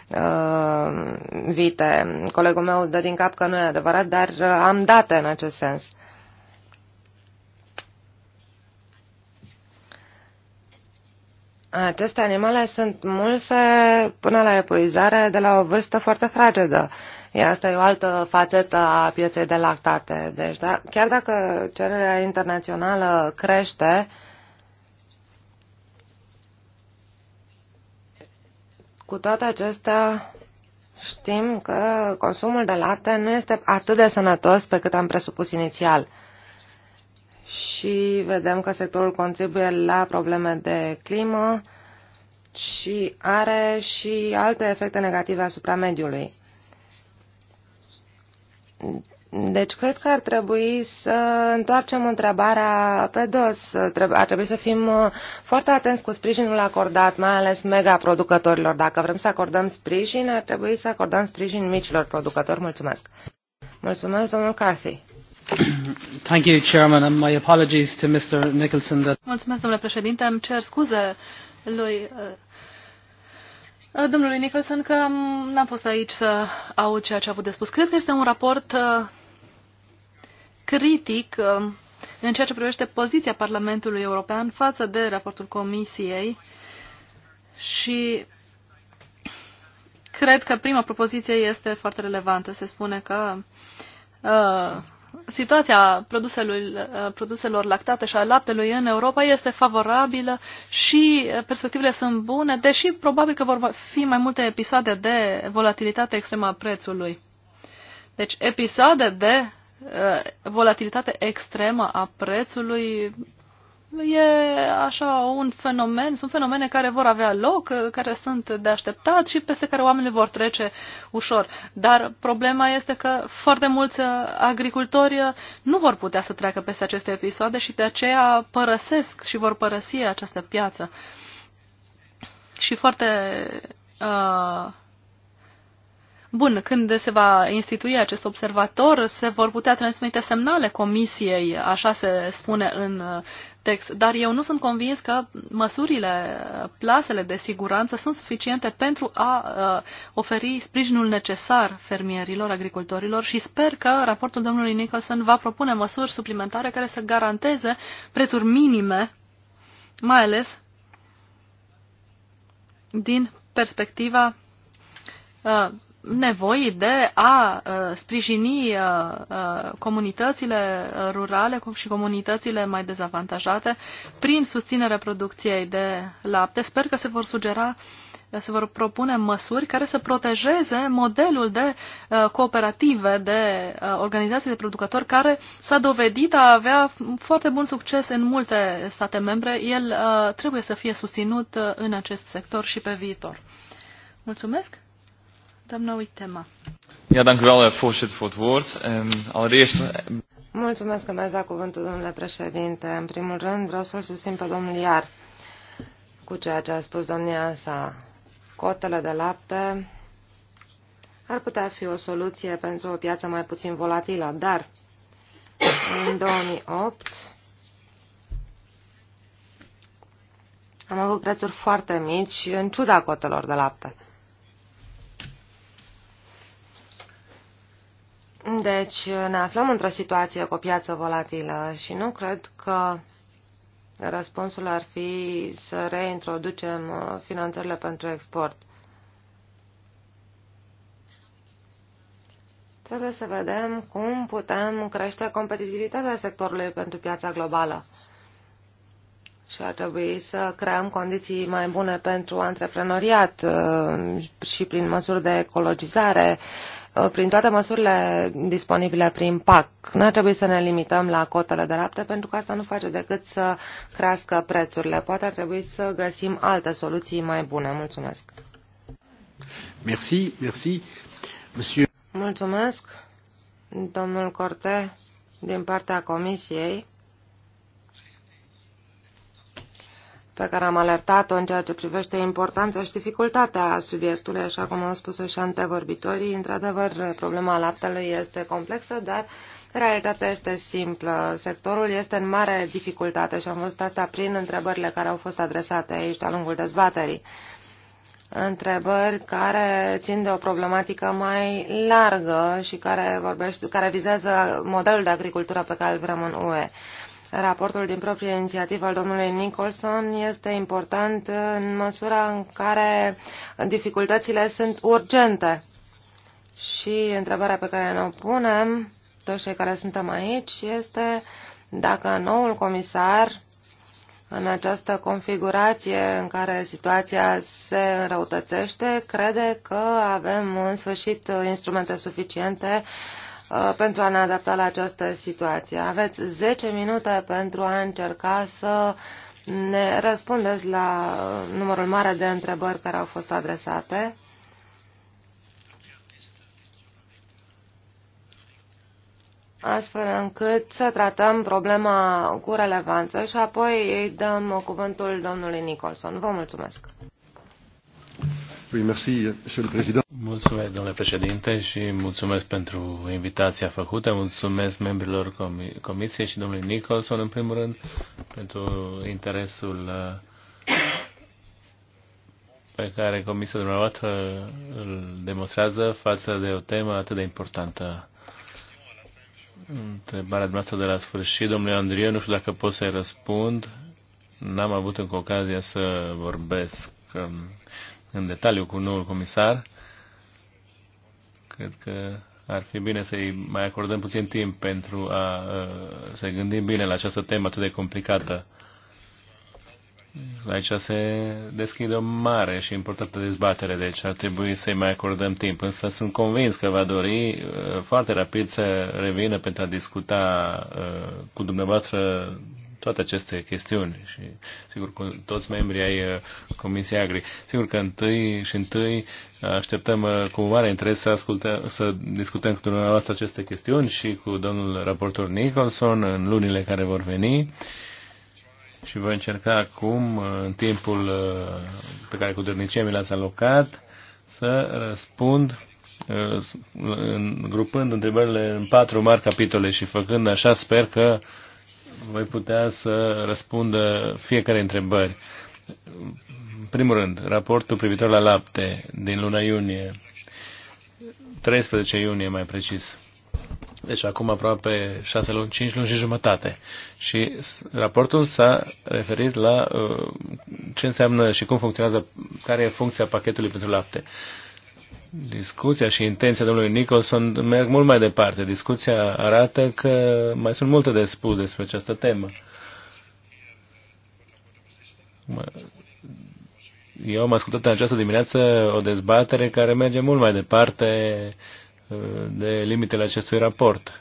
uh, vite. Colegul meu dă din cap că nu e adevărat, dar uh, am date în acest sens. Aceste animale sunt mulse până la epuizare de la o vârstă foarte fragedă. Uh, Asta e o altă fațetă a pieței de lactate. Deci, da, chiar dacă cererea internațională crește, cu toate acestea, Știm că consumul de lapte nu este atât de sănătos pe cât am presupus inițial. Și vedem că sectorul contribuie la probleme de climă și are și alte efecte negative asupra mediului. Deci cred că ar trebui să întoarcem întrebarea pe dos. Ar trebui să fim uh, foarte atenți cu sprijinul acordat, mai ales mega producătorilor. Dacă vrem să acordăm sprijin, ar trebui să acordăm sprijin micilor producători. Mulțumesc. Mulțumesc, domnul Carthy. Thank you, Chairman, and my apologies to Mr. Nicholson. That... Mulțumesc, domnule președinte. Îmi cer scuze lui uh, Uh, domnului Nicholson că n-am fost aici să aud ceea ce a avut de spus. Cred că este un raport uh, critic uh, în ceea ce privește poziția Parlamentului European față de raportul Comisiei și cred că prima propoziție este foarte relevantă. Se spune că uh, situația produselor, uh, produselor lactate și a laptelui în Europa este favorabilă și perspectivele sunt bune, deși probabil că vor fi mai multe episoade de volatilitate extremă a prețului. Deci episoade de uh, volatilitate extremă a prețului e așa un fenomen, sunt fenomene care vor avea loc, care sunt de așteptat și peste care oamenii vor trece ușor. Dar problema este că foarte mulți agricultori nu vor putea să treacă peste aceste episoade și de aceea părăsesc și vor părăsi această piață. Și foarte uh, Bun, când se va institui acest observator, se vor putea transmite semnale comisiei, așa se spune în uh, text, dar eu nu sunt convins că măsurile, plasele de siguranță sunt suficiente pentru a uh, oferi sprijinul necesar fermierilor, agricultorilor și sper că raportul domnului Nicholson va propune măsuri suplimentare care să garanteze prețuri minime, mai ales din perspectiva uh, nevoi de a uh, sprijini uh, uh, comunitățile rurale și comunitățile mai dezavantajate prin susținerea producției de lapte. Sper că se vor sugera se vor propune măsuri care să protejeze modelul de cooperative, de organizații de producători, care s-a dovedit a avea foarte bun succes în multe state membre. El trebuie să fie susținut în acest sector și pe viitor. Mulțumesc! Ja, dank u wel, eh, voorzitter, voor het woord. Um, allereerst... Eh, Mulțumesc că mi-ați dat cuvântul, domnule președinte. În primul rând, vreau să-l susțin pe domnul Iar cu ceea ce a spus domnia sa. Cotele de lapte ar putea fi o soluție pentru o piață mai puțin volatilă, dar în 2008 am avut prețuri foarte mici în ciuda cotelor de lapte. Deci ne aflăm într-o situație cu o piață volatilă și nu cred că răspunsul ar fi să reintroducem uh, finanțările pentru export. Trebuie să vedem cum putem crește competitivitatea sectorului pentru piața globală. Și ar trebui să creăm condiții mai bune pentru antreprenoriat uh, și prin măsuri de ecologizare, Uh, prin toate măsurile disponibile prin PAC. Nu ar trebui să ne limităm la cotele de lapte, pentru că asta nu face decât să crească prețurile. Poate ar trebui să găsim alte soluții mai bune. Mulțumesc. Merci, merci. Monsieur... Mulțumesc, domnul Corte, din partea Comisiei. pe care am alertat-o în ceea ce privește importanța și dificultatea subiectului, așa cum au spus-o și antevorbitorii. Într-adevăr, problema laptelui este complexă, dar realitatea este simplă. Sectorul este în mare dificultate și am văzut asta prin întrebările care au fost adresate aici de-a lungul dezbaterii. Întrebări care țin de o problematică mai largă și care, vorbește, care vizează modelul de agricultură pe care îl vrem în UE raportul din proprie inițiativă al domnului Nicholson este important în măsura în care dificultățile sunt urgente. Și întrebarea pe care ne-o punem, toți cei care suntem aici, este dacă noul comisar, în această configurație în care situația se înrăutățește, crede că avem în sfârșit instrumente suficiente uh, Uh, pentru a ne adapta la această situație. Aveți 10 minute pentru a încerca să ne răspundeți la uh, numărul mare de întrebări care au fost adresate. astfel încât să tratăm problema cu relevanță și apoi îi dăm cuvântul domnului Nicholson. Vă mulțumesc! Oui, merci, monsieur le président. Mulțumesc, domnule președinte, și mulțumesc pentru invitația făcută. Mulțumesc membrilor comi- comisiei și domnului Nicholson, în primul rând, pentru interesul uh, pe care comisia dumneavoastră îl demonstrează față de o temă atât de importantă. Întrebarea dumneavoastră de la sfârșit, domnule Andrie, nu știu dacă pot să-i răspund. N-am avut încă ocazia să vorbesc um, în detaliu cu noul comisar. Cred că ar fi bine să-i mai acordăm puțin timp pentru a uh, se gândi bine la această temă atât de complicată. Aici se deschide o mare și importantă dezbatere, deci ar trebui să-i mai acordăm timp. Însă sunt convins că va dori uh, foarte rapid să revină pentru a discuta uh, cu dumneavoastră toate aceste chestiuni și, sigur, cu toți membrii ai uh, Comisiei Agri. Sigur că întâi și întâi uh, așteptăm uh, cu mare interes să, ascultăm, să discutăm cu dumneavoastră aceste chestiuni și cu domnul raportor Nicholson în lunile care vor veni și voi încerca acum, în timpul pe care cu dărnicie mi l-ați alocat, să răspund grupând întrebările în patru mari capitole și făcând așa, sper că voi putea să răspundă fiecare întrebări. În primul rând, raportul privitor la lapte din luna iunie, 13 iunie mai precis. Deci acum aproape 6 luni, 5 luni și jumătate. Și raportul s-a referit la uh, ce înseamnă și cum funcționează, care e funcția pachetului pentru lapte. Uh, discuția și intenția domnului Nicholson merg mult mai departe. Discuția arată că mai sunt multe de spus despre această temă. Eu am ascultat în această dimineață o dezbatere care merge mult mai departe uh, de limitele acestui raport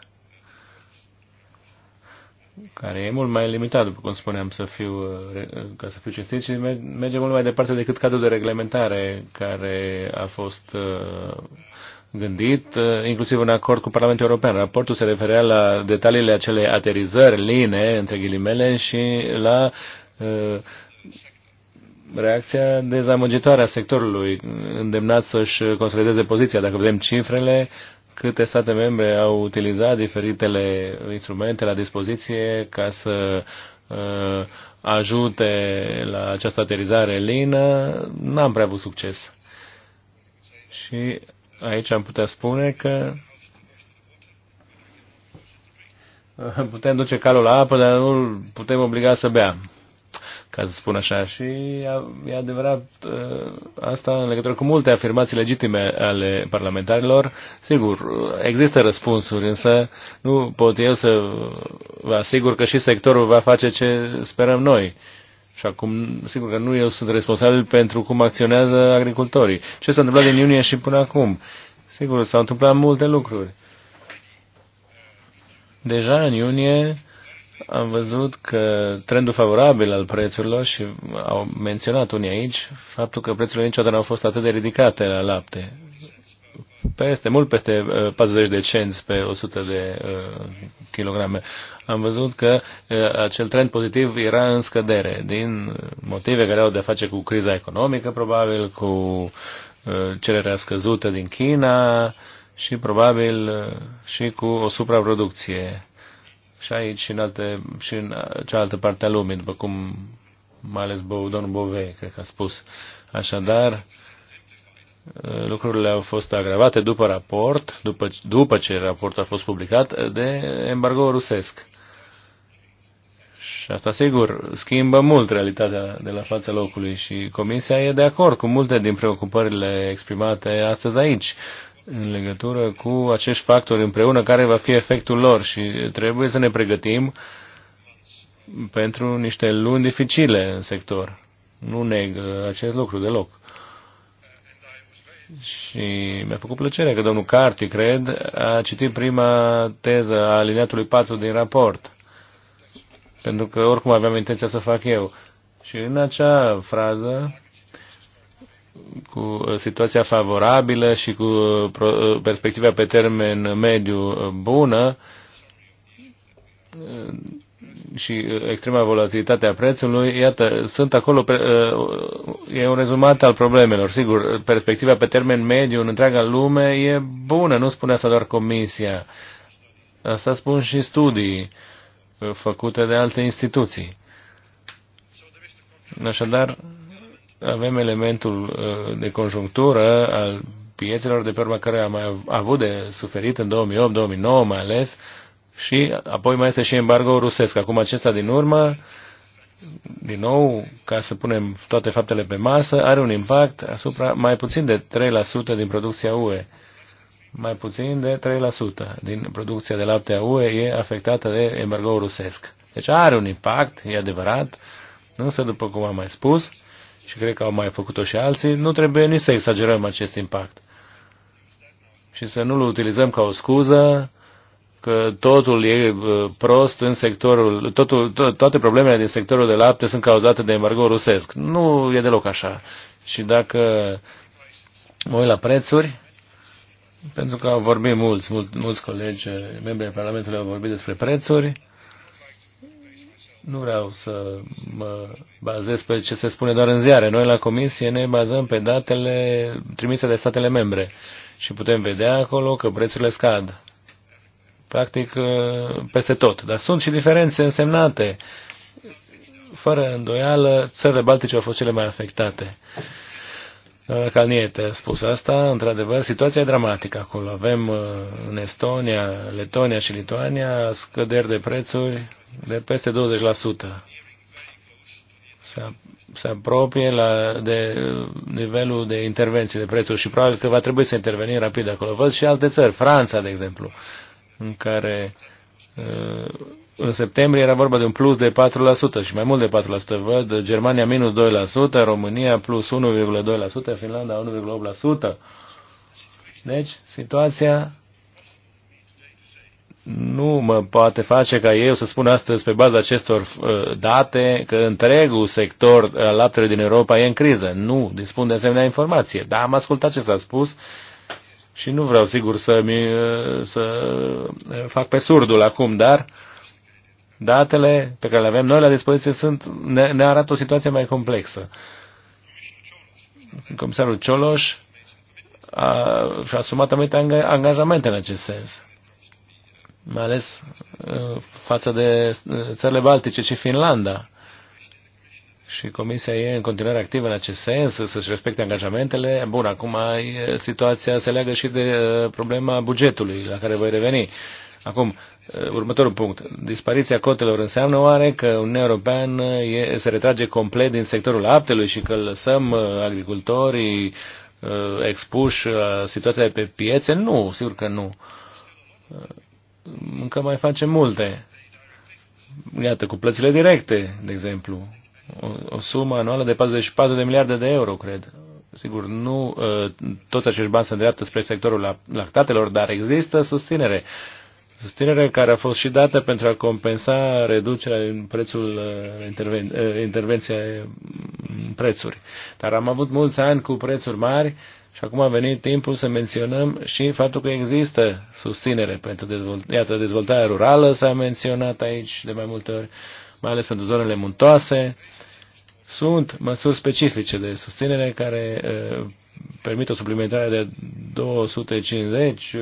care e mult mai limitat, după cum spuneam, să fiu, uh, ca să fiu cinstit și merge mult mai departe decât cadrul de reglementare care a fost uh, gândit, uh, inclusiv în acord cu Parlamentul European. Raportul se referea la detaliile acelei aterizări line, între ghilimele, și la reacția dezamăgitoare a sectorului, îndemnat să-și consolideze poziția. Dacă vedem cifrele, câte state membre au utilizat diferitele instrumente la dispoziție ca să uh, ajute la această aterizare lină, n-am prea avut succes. Și aici am putea spune că uh, putem duce calul la apă, dar nu putem obliga să bea ca să spun așa. Și e adevărat ă, asta în legătură cu multe afirmații legitime ale parlamentarilor. Sigur, există răspunsuri, însă nu pot eu să vă asigur că și sectorul va face ce sperăm noi. Și acum, sigur că nu eu sunt responsabil pentru cum acționează agricultorii. Ce s-a întâmplat din iunie și până acum? Sigur, s-au întâmplat multe lucruri. Deja în iunie am văzut că trendul favorabil al prețurilor și au menționat unii aici faptul că prețurile niciodată nu au fost atât de ridicate la lapte. Peste, mult peste 40 uh, de cenți pe 100 de uh, kilograme. Am văzut că uh, acel trend pozitiv era în scădere din motive care au de face cu criza economică, probabil, cu uh, cererea scăzută din China și probabil uh, și cu o supraproducție și aici și în, alte, și în cealaltă parte a lumii, după cum mai ales domnul Bove, cred că a spus. Așadar, lucrurile au fost agravate după raport, după, după ce raportul a fost publicat, de embargo rusesc. Și asta, sigur, schimbă mult realitatea de la fața locului și Comisia e de acord cu multe din preocupările exprimate astăzi aici în legătură cu acești factori împreună, care va fi efectul lor și trebuie să ne pregătim pentru niște luni dificile în sector. Nu neg uh, acest lucru deloc. Și mi-a făcut plăcere că domnul Carti, cred, a citit prima teză a aliniatului 4 din raport. Pentru că oricum aveam intenția să fac eu. Și în acea frază cu uh, situația favorabilă și cu uh, uh, perspectiva pe termen mediu bună și extrema volatilitate a prețului, iată, sunt acolo, e un rezumat al problemelor. Sigur, perspectiva pe termen mediu în întreaga lume e bună, nu spune asta doar Comisia. Asta spun și studii făcute de alte instituții. Așadar, avem elementul uh, de conjunctură al piețelor de pe urma care am mai avut de suferit în 2008-2009 mai ales și apoi mai este și embargo rusesc. Acum acesta din urmă, din nou, ca să punem toate faptele pe masă, are un impact asupra mai puțin de 3% din producția UE. Mai puțin de 3% din producția de lapte a UE e afectată de embargo rusesc. Deci are un impact, e adevărat, însă, după cum am mai spus, și cred că au mai făcut-o și alții, nu trebuie nici să exagerăm acest impact. Și să nu-l utilizăm ca o scuză că totul e uh, prost în sectorul, totul, to toate problemele din sectorul de lapte sunt cauzate de embargo rusesc. Nu e deloc așa. Și dacă mă uit la prețuri, pentru că au vorbit mulți, mulți, mulți colegi, membrii Parlamentului au vorbit despre prețuri, nu vreau să mă bazez pe ce se spune doar în ziare. Noi la comisie ne bazăm pe datele trimise de statele membre și putem vedea acolo că prețurile scad. Practic ă, peste tot. Dar sunt și diferențe însemnate. Fără îndoială, țările baltice au fost cele mai afectate. Calniete a spus asta, într-adevăr, situația e dramatică acolo. Avem uh, în Estonia, Letonia și Lituania scăderi de prețuri de peste 20%. Se, se apropie la, de uh, nivelul de intervenții de prețuri și probabil că va trebui să intervenim rapid acolo. Văd și alte țări, Franța, de exemplu, în care uh, în septembrie era vorba de un plus de 4% și mai mult de 4%. Văd Germania minus 2%, România plus 1,2%, Finlanda 1,8%. Deci, situația nu mă poate face ca eu să spun astăzi pe baza acestor uh, date că întregul sector al laptelui din Europa e în criză. Nu dispun de asemenea informație. Dar am ascultat ce s-a spus și nu vreau, sigur, să, mi, să fac pe surdul acum, dar datele pe care le avem noi la dispoziție sunt, ne, ne arată o situație mai complexă. Comisarul Cioloș a, și-a asumat anumite angajamente în acest sens, mai ales uh, față de uh, țările Baltice și Finlanda și Comisia e în continuare activă în acest sens, să-și respecte angajamentele. Bun, acum situația se leagă și de problema bugetului, la care voi reveni. Acum, următorul punct. Dispariția cotelor înseamnă oare că Uniunea Europeană e, se retrage complet din sectorul laptelui și că lăsăm agricultorii expuși situația pe piețe? Nu, sigur că nu. Încă mai facem multe. Iată, cu plățile directe, de exemplu o, o sumă anuală de 44 de miliarde de euro, cred. Sigur, nu ă, toți acești bani se îndreaptă spre sectorul lactatelor, dar există susținere. Susținere care a fost și dată pentru a compensa reducerea în prețul ă, interven, ă, intervenției în prețuri. Dar am avut mulți ani cu prețuri mari și acum a venit timpul să menționăm și faptul că există susținere pentru dezvolt, iată, dezvoltarea rurală, s-a menționat aici de mai multe ori, mai ales pentru zonele muntoase sunt măsuri specifice de susținere care permit o suplimentare de 250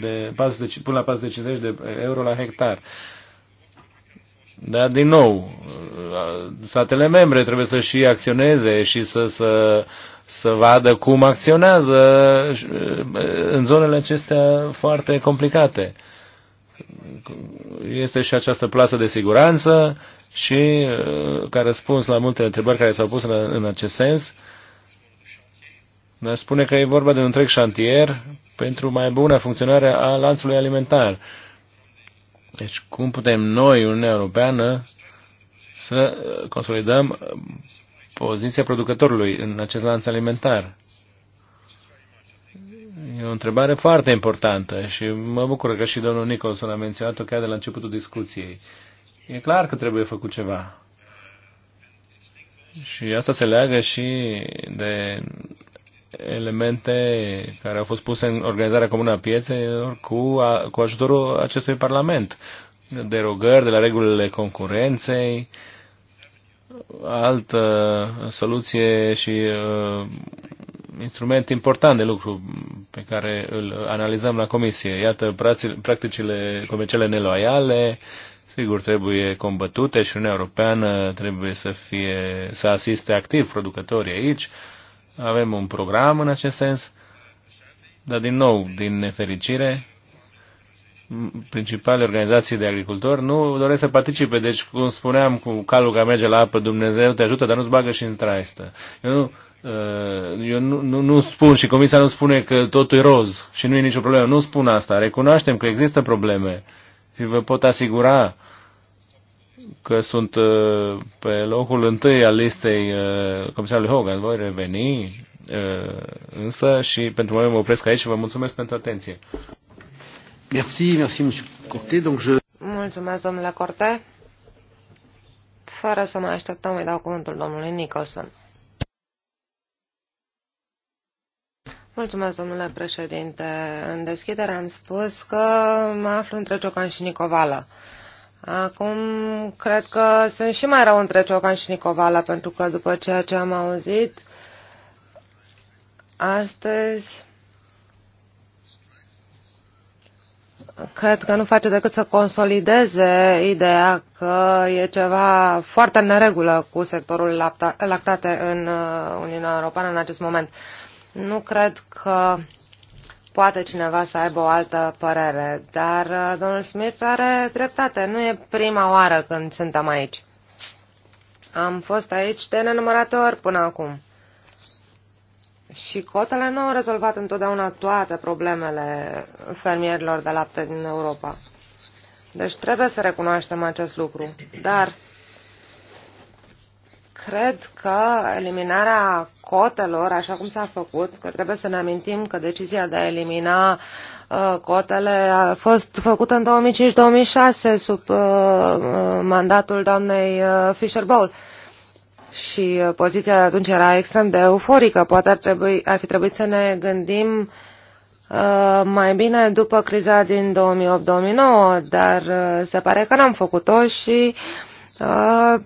de 400, până la 450 de euro la hectar. Dar, din nou, statele membre trebuie să și acționeze și să, să, să vadă cum acționează în zonele acestea foarte complicate. Este și această plasă de siguranță și uh, ca răspuns la multe întrebări care s-au pus în, în acest sens, ne spune că e vorba de un întreg șantier pentru mai bună funcționare a lanțului alimentar. Deci cum putem noi, Uniunea Europeană, să consolidăm poziția producătorului în acest lanț alimentar? E o întrebare foarte importantă și mă bucur că și domnul Nicholson a menționat-o chiar de la începutul discuției. Uh, E clar că trebuie făcut ceva. Și asta se leagă și de elemente care au fost puse în organizarea comună a pieței cu, a, cu ajutorul acestui Parlament. Derogări de la regulile concurenței, altă soluție și uh, instrument important de lucru pe care îl analizăm la comisie. Iată practicile comerciale neloiale, sigur, trebuie combătute și Uniunea Europeană trebuie să, fie, să asiste activ producătorii aici. Avem un program în acest sens, dar din nou, din nefericire, principale organizații de agricultori nu doresc să participe. Deci, cum spuneam, cu calul care merge la apă, Dumnezeu te ajută, dar nu-ți bagă și în traistă. Eu nu, uh, eu nu, nu, nu spun și Comisia nu spune că totul e roz și nu e nicio problemă. Nu spun asta. Recunoaștem că există probleme. Uh, și vă pot asigura că sunt uh, pe locul întâi al listei uh, comisarului Hogan. Voi reveni uh, însă și pentru moment mă opresc aici și vă mulțumesc pentru atenție. Merci, merci, monsieur Corte. Donc je... Mulțumesc, domnule Corte. Fără să mai așteptăm, îi dau cuvântul domnului Nicholson. Mulțumesc, domnule președinte. În deschidere am spus că mă aflu între Ciocan și Nicovală. Acum, cred că sunt și mai rău între Ciocan și Nicovală, pentru că după ceea ce am auzit astăzi, cred că nu face decât să consolideze ideea că e ceva foarte neregulă cu sectorul lactate în uh, Uniunea Europeană în acest moment. Nu cred că poate cineva să aibă o altă părere, dar uh, domnul Smith are dreptate. Nu e prima oară când suntem aici. Am fost aici de nenumărate ori până acum. Și cotele nu au rezolvat întotdeauna toate problemele fermierilor de lapte din Europa. Deci trebuie să recunoaștem acest lucru. Dar cred că eliminarea cotelor, așa cum s-a făcut, că trebuie să ne amintim că decizia de a elimina uh, cotele a fost făcută în 2005-2006 sub uh, uh, mandatul doamnei Fisher Bowl și poziția de atunci era extrem de euforică. Poate ar, trebui, ar fi trebuit să ne gândim mai bine după criza din 2008-2009, dar se pare că n-am făcut-o și uh, Uh,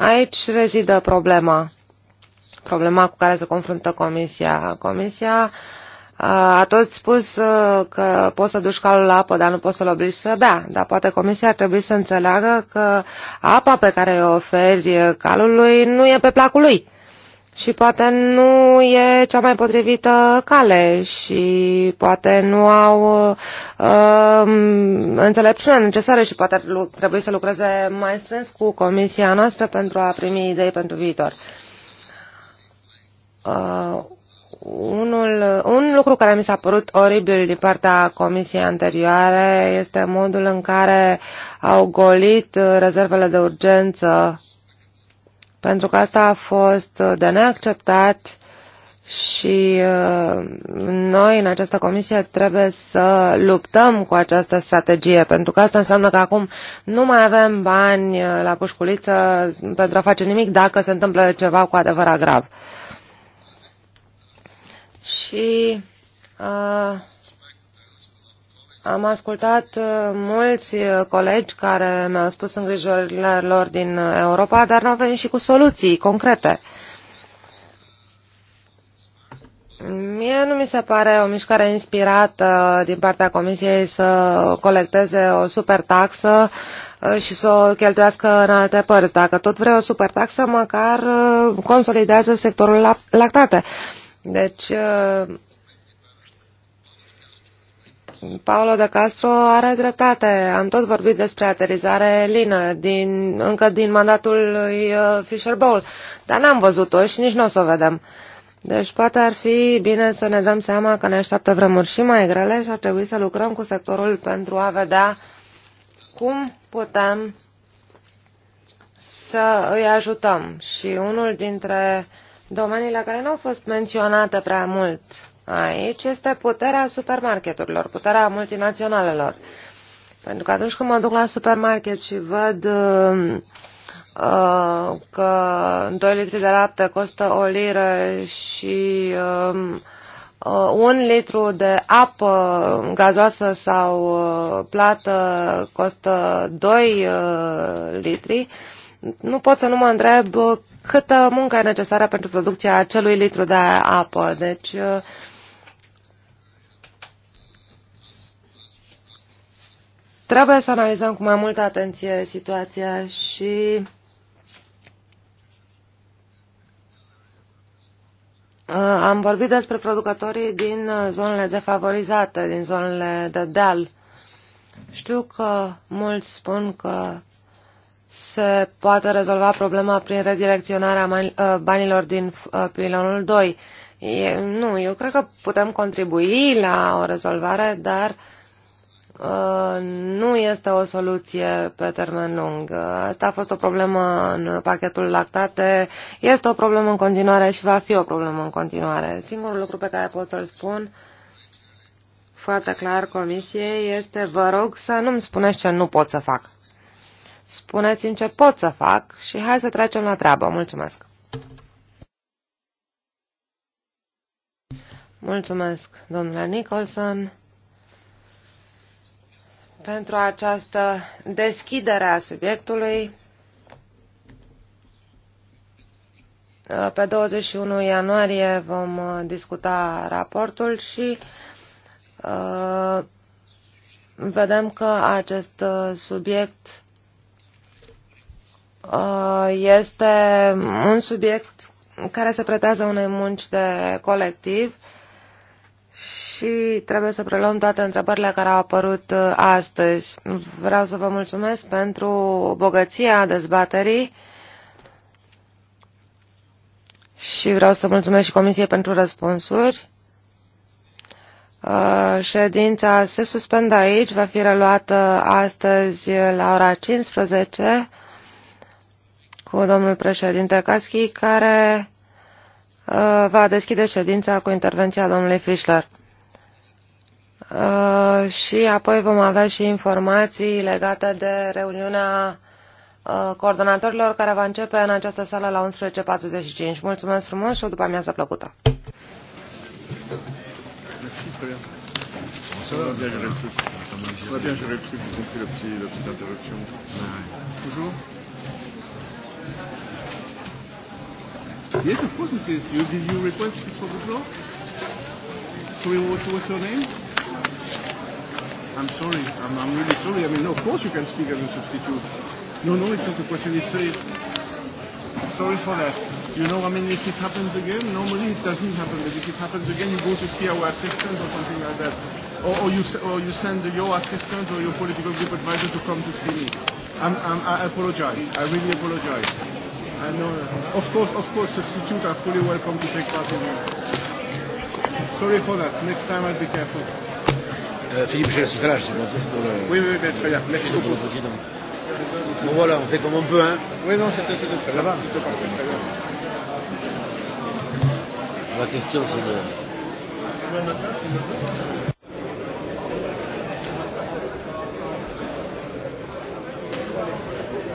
aici rezidă problema, problema cu care se confruntă Comisia. Comisia uh, a tot spus uh, că poți să duci calul la apă, dar nu poți să-l obligi să bea. Dar poate comisia ar trebui să înțeleagă că apa pe care o oferi calului nu e pe placul lui. Și poate nu e cea mai potrivită cale și poate nu au uh, înțelepciunea necesară și poate trebuie să lucreze mai strâns cu comisia noastră pentru a primi idei pentru viitor. Uh, unul, un lucru care mi s-a părut oribil din partea comisiei anterioare este modul în care au golit uh, rezervele de urgență uh, pentru că asta a fost uh, de neacceptat și uh, noi în această comisie trebuie să luptăm cu această strategie, pentru că asta înseamnă că acum nu mai avem bani uh, la pușculiță pentru a face nimic dacă se întâmplă ceva cu adevărat grav. Și uh, am ascultat uh, mulți uh, colegi care mi-au spus îngrijorile lor din uh, Europa, dar nu au venit și cu soluții concrete. Mie nu mi se pare o mișcare inspirată din partea Comisiei să colecteze o supertaxă și să o cheltuiască în alte părți. Dacă tot vrea o supertaxă, măcar consolidează sectorul lactate. Deci Paolo de Castro are dreptate. Am tot vorbit despre aterizare lină din, încă din mandatul lui uh, Fisher Bowl, dar n-am văzut-o și nici nu o să o vedem. Deci poate ar fi bine să ne dăm seama că ne așteaptă vremuri și mai grele și ar trebui să lucrăm cu sectorul pentru a vedea cum putem să îi ajutăm. Și unul dintre domeniile care nu au fost menționate prea mult aici este puterea supermarketurilor, puterea multinaționalelor. Pentru că atunci când mă duc la supermarket și văd uh, uh, că 2 litri de lapte costă o liră și uh, uh, un litru de apă gazoasă sau uh, plată costă 2 uh, litri, nu pot să nu mă întreb câtă muncă e necesară pentru producția acelui litru de apă. Deci uh, Trebuie să analizăm cu mai multă atenție situația și uh, am vorbit despre producătorii din zonele defavorizate, din zonele de deal. Știu că mulți spun că se poate rezolva problema prin redirecționarea uh, banilor din uh, pilonul 2. Nu, eu cred că putem contribui la o rezolvare, dar uh, Uh, nu este o soluție pe termen lung. Asta a fost o problemă în pachetul lactate, este o problemă în continuare și va fi o problemă în continuare. Singurul lucru pe care pot să-l spun foarte clar comisiei este vă rog să nu-mi spuneți ce nu pot să fac. Spuneți-mi ce pot să fac și hai să trecem la treabă. Mulțumesc! Mulțumesc, domnule Nicholson pentru această deschidere a subiectului. Pe 21 ianuarie vom uh, discuta raportul și uh, vedem că acest uh, subiect este un subiect care se pretează unei munci de colectiv uh, și trebuie să preluăm toate întrebările care au apărut uh, astăzi. Vreau să vă mulțumesc pentru bogăția dezbaterii și vreau să mulțumesc și Comisiei pentru răspunsuri. Uh, ședința se suspendă aici, va fi reluată astăzi la ora 15 cu domnul președinte Caschi, care uh, va deschide ședința cu intervenția domnului Fischler. Uh, și apoi vom avea și informații legate de reuniunea uh, coordonatorilor care va începe în această sală la 11.45. Mulțumesc frumos și o după amiază plăcută. Yes, of course it is. You, did you request for the floor? So what's your name I'm sorry. I'm, I'm really sorry. I mean, of course you can speak as a substitute. No, no, it's not a question. It's a, uh, sorry for that. You know, I mean, if it happens again, normally it doesn't happen. But if it happens again, you go to see our assistant or something like that. Or, or, you, or you send your assistant or your political group advisor to come to see me. I'm, I'm, I apologize. I really apologize. I know. Of course, of course, substitute are fully welcome to take part in it. Sorry for that. Next time I'll be careful. Euh, Philippe, je laisse là, je sais pas pour le... Oui, oui, très bien. Merci beaucoup. président. Bon voilà, on fait comme on peut, hein. Oui, non, c'était très bien. Ça va La question, c'est de... Thank you.